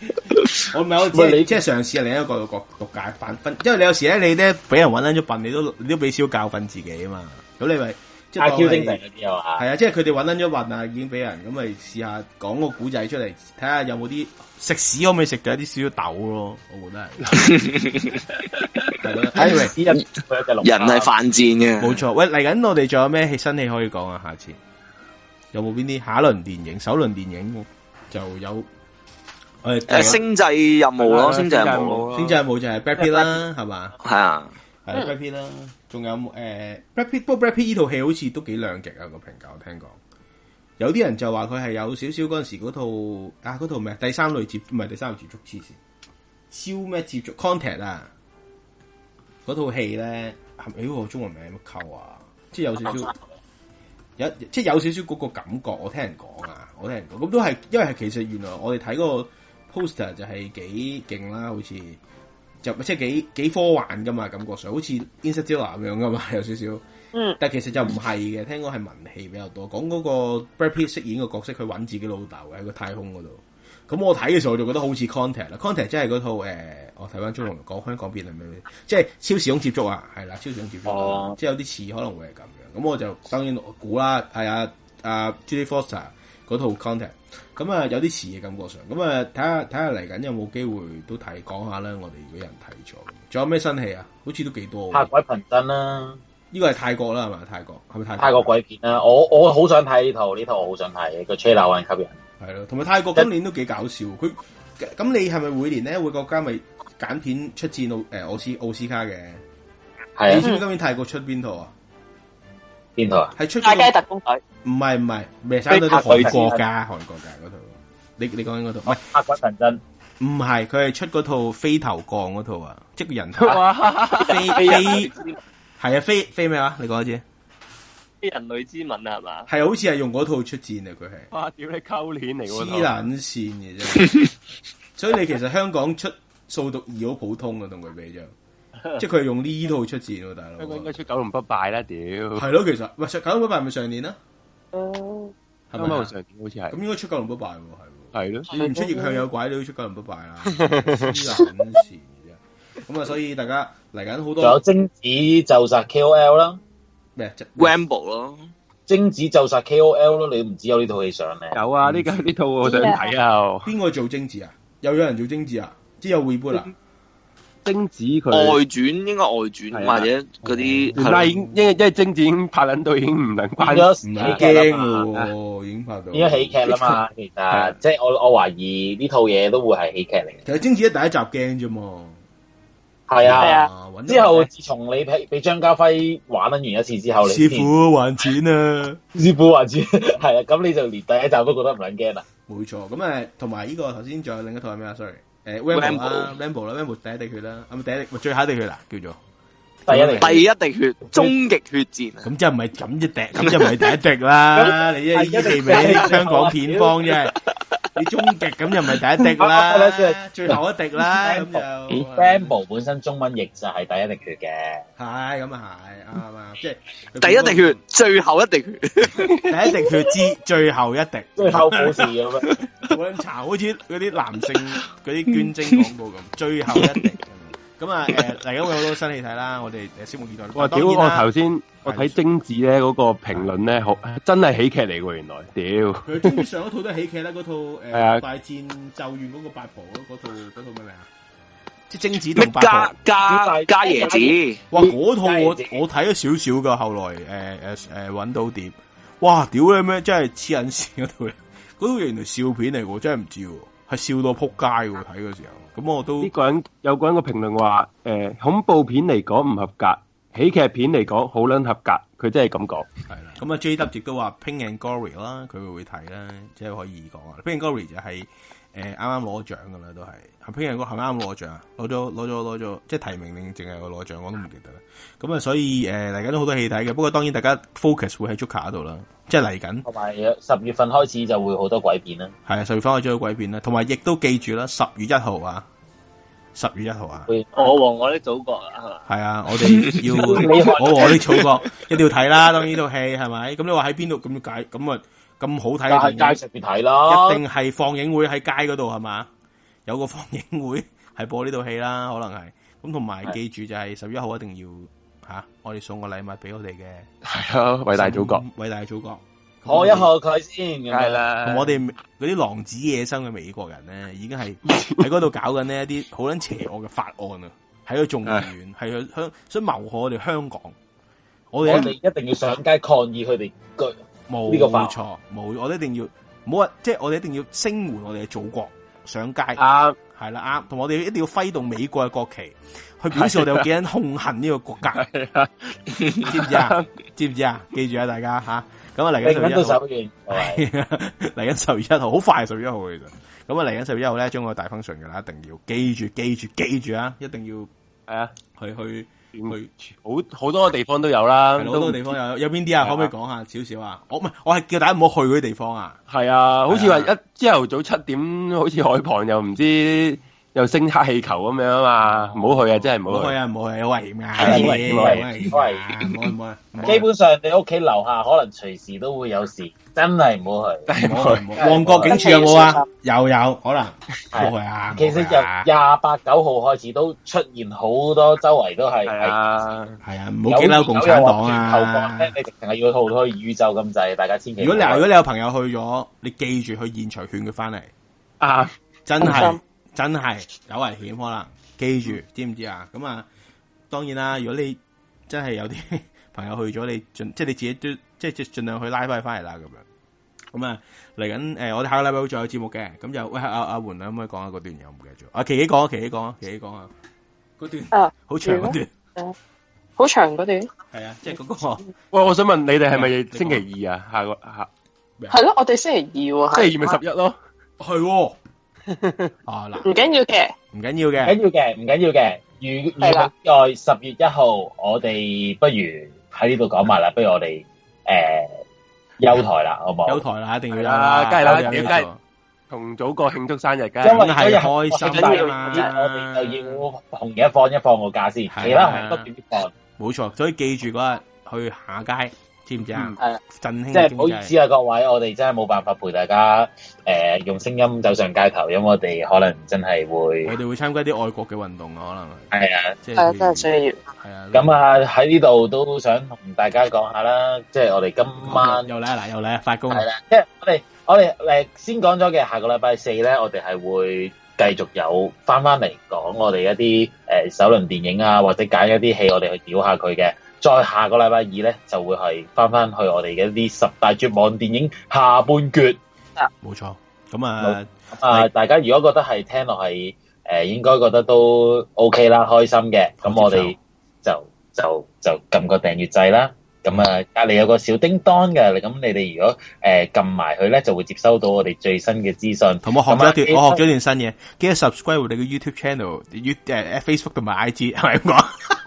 我唔係好似你即係上次另一個角度解反分，因為你有時咧你咧俾人搵緊咗笨，你都你都俾少教訓自己啊嘛？咁你咪。即係啲係啊！即係佢哋搵捻咗運啊，已經俾人咁咪試下講個古仔出嚟，睇下有冇啲食屎可唔可以食？就一啲少少抖咯，我覺得係。係人、 嗯，人係犯賤嘅，冇、哎、錯。喂，嚟緊我哋仲有咩新戲可以講啊？下次有冇邊啲下一輪電影？首輪電影就有誒星際任務咯，星際任務，星際任務就係 Brad Pitt 啦，係嘛、嗯？係吧啊，係 Brad Pitt 啦。B 仲有誒《b r a p i o 不 b r a p i o 呢套戲好似都幾兩極啊個評價，我聽講有啲人就話佢係有少少嗰陣時嗰套啊嗰套咩第三類接唔係第三類接觸黐線，超咩接觸 contact 啊？嗰套戲咧係咪？係、哎？我中文名乜扣啊？即係有少少有即係有少少嗰個感覺我，我聽人講啊，我聽人講咁都係因為係其實原來我哋睇嗰個 poster 就係幾勁啦，好似～就即係幾幾科幻噶嘛感覺上，好似 Inception 咁樣噶嘛，有少少。嗯。但係其實就唔係嘅，聽講係文戲比較多，講嗰個 Brad Pitt 飾演個角色，佢揾自己老豆喺個太空嗰度。咁我睇嘅時候，我就覺得好似 Contact 啦，Contact 真係嗰套誒、欸，我睇翻朱龍講香港片係咩？即係超時空接觸啊，係啦，超時空接觸、啊。啊、即係有啲似可能會係咁樣。咁我就當然我估啦，係啊，啊 Jodie Foster。嗰套 content 咁啊，有啲遲嘅感覺上，咁啊睇下睇下嚟緊有冇機會都睇講下咧，我哋如果有人睇咗，仲有咩新戲啊？好似都幾多嚇鬼憑真啦、啊，呢個係泰國啦，係咪泰國？係咪泰國泰國鬼片啦、啊？我我好想睇呢套，呢套我好想睇佢吹車流吸引，係咯。同埋泰國今年都幾搞笑，佢，咁你係咪每年呢會國家咪揀片出戰奧、呃、奧斯、奧斯卡嘅？係、啊。你知唔知今年泰國出邊套啊？嗯邊套啊？係出大街特工隊？唔係唔係，咩？三套都韓國噶韓國噶嗰套。你你講緊嗰套？唔係《惡棍神探》？唔係，佢係出嗰套《飛頭降》嗰套啊，即係人頭。飛飛係啊，飛飛咩啊？你講一次。飛人類之吻啊，係嘛？係好似係用嗰套出戰啊，佢係。哇！屌你溝鏈嚟，黐撚線嘅啫。所以你其實香港出掃毒二好普通啊，同佢比就。即係佢係用呢套出字咯，大佬。香港應該出九龍不敗啦，屌。係咯，其實喂，九龍不敗，係咪上年啊？哦，今上好似係。咁應該出九龍不敗喎，係。係咯，唔出葉向有鬼都出九龍不敗啦，咁啊，所以大家嚟緊好多，仲有貞子就殺 K O L 啦，咩？Rambo 咯，貞子就殺 K O L 咯，你唔知有呢套戲上嚟？有啊，呢呢套我想睇啊。邊個做貞子啊？又有人做貞子啊？即有回歸啦。貞子佢外傳應該外傳或者嗰啲，但係因為因為貞子拍撚到已經唔能拍咗，唔驚已經拍到。而家喜劇啦嘛，其實即係我我懷疑呢套嘢都會係喜劇嚟嘅。其實貞子第一集驚啫嘛，係啊，之後自從你俾俾張家輝玩撚完一次之後，師傅還錢啊，師傅還錢，係啊，咁你就連第一集都覺得唔撚驚啦。冇錯，咁誒，同埋呢個頭先仲有另一套係咩啊？Sorry。誒，Rambo 啦 Rambo 啦 Rambo 第一滴血啦、啊，咁第一，最後一滴血啦，叫做第一滴，一滴啊、第一滴血，滴血終極血戰、啊，咁即係唔係咁一滴，咁 就唔係第一滴啦， 那你依啲嚟香港片方啫。 你終極咁又唔係第一滴啦，最後一滴啦咁就。Bamboo 本身中文譯就係第一滴血嘅，係咁啊係啱啱，即係第一滴血，最後一滴血，第一滴血之最後一滴，考考事咁啊，查好似嗰啲男性嗰啲捐精廣告咁，最後一滴。咁啊，嚟緊會好多新戲睇啦，我哋拭目以待。哇，屌！我頭先我睇貞子咧嗰個評論咧，好的真係喜劇嚟喎，原來屌！佢中子上嗰套都係喜劇啦，嗰套誒、呃、的大戰咒怨嗰個八婆嗰套嗰套咩名啊？即貞子同八婆加加加椰子。椰子哇！嗰套我我睇咗少少噶，後來誒誒誒揾到碟。哇！屌你咩？真係黐緊線嗰套，嗰 套原來笑片嚟，我真係唔知。係笑到扑街喎！睇嗰時候，咁我都呢個人有個人嘅評論話，誒、欸，恐怖片嚟講唔合格，喜劇片嚟講好撚合格，佢真係咁講。係啦的，咁啊 JW 亦都話《Pink and Gory》啦，佢會睇啦，即係可以講啊，《Pink and Gory》就係、是。誒，啱啱攞獎噶啦，都係《黑片人》哥剛剛，啱啱攞獎，攞咗，攞咗，攞咗，即係提名定，淨係個攞獎，我都唔記得啦。咁啊，所以誒，大家都好多戲睇嘅。不過當然，大家 focus 會喺《Joker》度啦，即係嚟緊。同埋十月份開始就會好多鬼片啦。係啊，十月份開始有鬼片啦，同埋亦都記住啦，十月一號啊，十月一號啊，我和我的祖國啊，係係啊，我哋要 你看 我和我的祖國 一定要睇啦。當然呢套戲係咪？咁你話喺邊度？咁解咁啊？咁好睇，但街，街上面睇咯，一定係放映會喺街嗰度係嘛？有個放映會係播呢套戲啦，可能係咁，同埋是的 記住就係十一號一定要吓、啊，我哋送個禮物俾我哋嘅，係咯，偉大祖國，偉大祖國，我學一號佢先，係啦的，我哋嗰啲狼子野心嘅美國人咧，已經係喺嗰度搞緊呢一啲好捻邪惡嘅法案啊，喺個眾院係的想想謀害我哋香港，我哋一定要上街抗議佢哋。冇錯，冇我哋一定要，唔好話，即係我哋一定要聲援我哋嘅祖國上街，啱係啦，啱同我哋一定要揮動美國嘅國旗，去表示我哋有幾人痛恨呢個國家，的知唔 知啊？知唔知啊？記住啊，大家吓，咁啊嚟緊十月一號，嚟緊十月一號，好快十月一號其實，咁啊嚟緊十月一號咧，將個大封信嘅啦，一定要記住，記住，記住啊，一定要係啊的，去去。連去好好多個地方都有啦，好的多地方有，有邊啲啊？可唔是、啊、可以講下少少啊？我唔係，我係叫大家唔好去嗰啲地方啊！係啊，是啊好似話一朝頭早七點，好似海傍又唔知。又升黑氣球咁樣啊嘛，唔好去啊！真係唔好去啊！唔好去，好危險啊！唔好去，唔好去，唔好去。基本上你屋企樓下可能隨時都會有事，真係唔好去。唔好去，旺角警署有冇啊？有有，可能唔好去啊！其實由廿八九號開始都出現好多，周圍都係係啊，係啊，冇幾樓共產黨啊！頭先咧，你淨係要套開宇宙咁滯，大家千祈。如果如果你有朋友去咗，你記住去現場勸佢翻嚟啊！真係。真係有危險可能，記住知唔知啊？咁啊，當然啦。如果你真係有啲朋友去咗，你盡即係你自己都即係盡量去拉翻翻嚟啦。咁樣，咁啊嚟緊誒，我哋下個禮拜會再有節目嘅。咁就喂阿阿媛，可唔可以講下嗰段嘢？我唔記得咗。啊，琪琪講，琪琪講，琪琪講啊，嗰段啊好長嗰段，好長嗰段係啊，即係嗰個。喂、嗯哦，我想問你哋係咪星期二啊？下，下個下係咯，我哋星期二、哦、個啊，個啊星期二咪十一咯，係、啊。哦嗱，唔緊要嘅，唔緊要嘅，緊要嘅，唔緊要嘅。如如果在十月一號，我哋不如喺呢度講埋啦，不如我哋誒休台啦，好唔好？休台啦，一定要啦，梗係啦，點解？同祖國慶祝生日，因為係開心啦，我哋就要同嘢，放一放個假先，其他係不斷放。冇錯，所以記住嗰日去下街。知唔知啊？誒、嗯，振興，即係唔好意思啊，各位，我哋真係冇辦法陪大家誒、呃、用聲音走上街頭，因為我哋可能真係會，我哋會參加啲愛國嘅運動啊，可能係啊，即係的，係需要係啊。咁啊，喺呢度都想同大家講下、就是、啦，即係我哋今晚又嚟嗱，又咧發功係啦，即係我哋我哋誒先講咗嘅下個禮拜四咧，我哋係會繼續有翻翻嚟講我哋一啲誒首輪電影啊，或者揀一啲戲我哋去屌下佢嘅。再下個禮拜二咧，就會係翻翻去我哋嘅一啲十大絕望電影下半卷。得，冇錯。咁啊，啊，大家如果覺得係聽落係，誒，應該覺得都 OK 啦，開心嘅。咁我哋就就就撳個訂閱掣啦。咁啊，隔籬有個小叮噹嘅，咁你哋如果誒撳埋佢咧，就會接收到我哋最新嘅資訊。同我學咗一段，哎、我學咗段新嘢。記得 subscribe 我哋嘅 YouTube channel、You 誒、Facebook 同埋 IG 係咪咁講？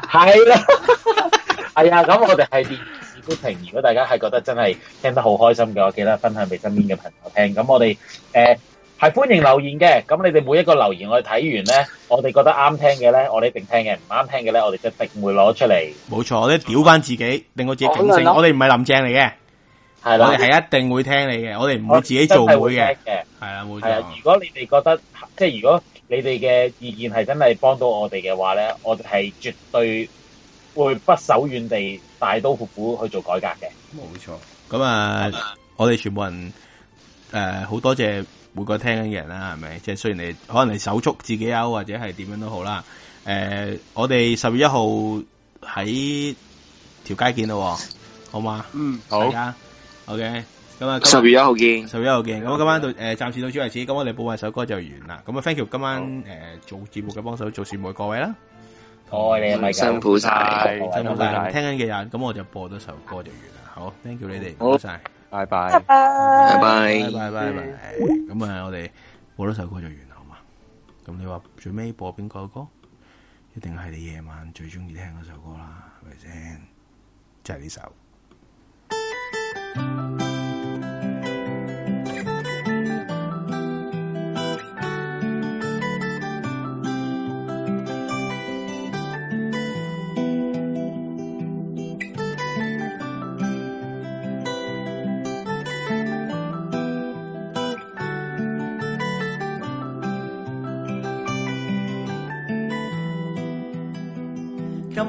係啦了。 係啊，咁我哋係電視批評。如果大家係覺得真係聽得好開心嘅，我記得分享俾身邊嘅朋友聽。咁我哋誒係歡迎留言嘅。咁你哋每一個留言我哋睇完咧，我哋覺得啱聽嘅咧，我哋一定聽嘅；唔啱聽嘅咧，我哋就一定會攞出嚟。冇錯，我哋屌翻自己，令我自己警醒。我哋唔係林鄭嚟嘅，係啦，我哋係一定會聽你嘅。我哋唔會自己做會嘅。係啊，冇錯。如果你哋覺得即係，如果你哋嘅意見係真係幫到我哋嘅話咧，我哋係絕對。會不手軟地大刀闊斧去做改革嘅。冇錯，咁啊，我哋全部人誒，好、呃、多謝每個聽緊嘅人啦，係咪？即係雖然你可能你手足自己有，或者係點樣都好啦。誒、呃，我哋十月一號喺條街見咯，好嘛？嗯，好啊。OK，咁啊，十月一號見，十月一號見。咁對今晚到誒，暫、呃、時到此為止。咁我哋播埋首歌就完啦。咁啊，thank you，今晚誒做節目嘅幫手、做節目、做節目各位啦。我哋係咪辛苦晒？對辛苦晒。聽緊嘅人，咁我就播多首歌就完啦。好，thank you 好你哋，好晒，拜拜，拜拜，拜拜，拜拜。咁啊，我哋播多首歌就完啦，好嗎？咁你話最尾播邊個歌？一定係你夜晚最中意聽嗰首歌啦，係咪先？就係、是、呢首。嗯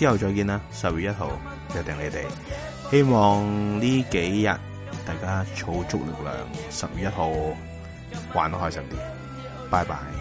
之後再見啦！十月一號約定你哋，希望呢幾日大家儲足足力量，十月一號玩得開心啲。拜拜。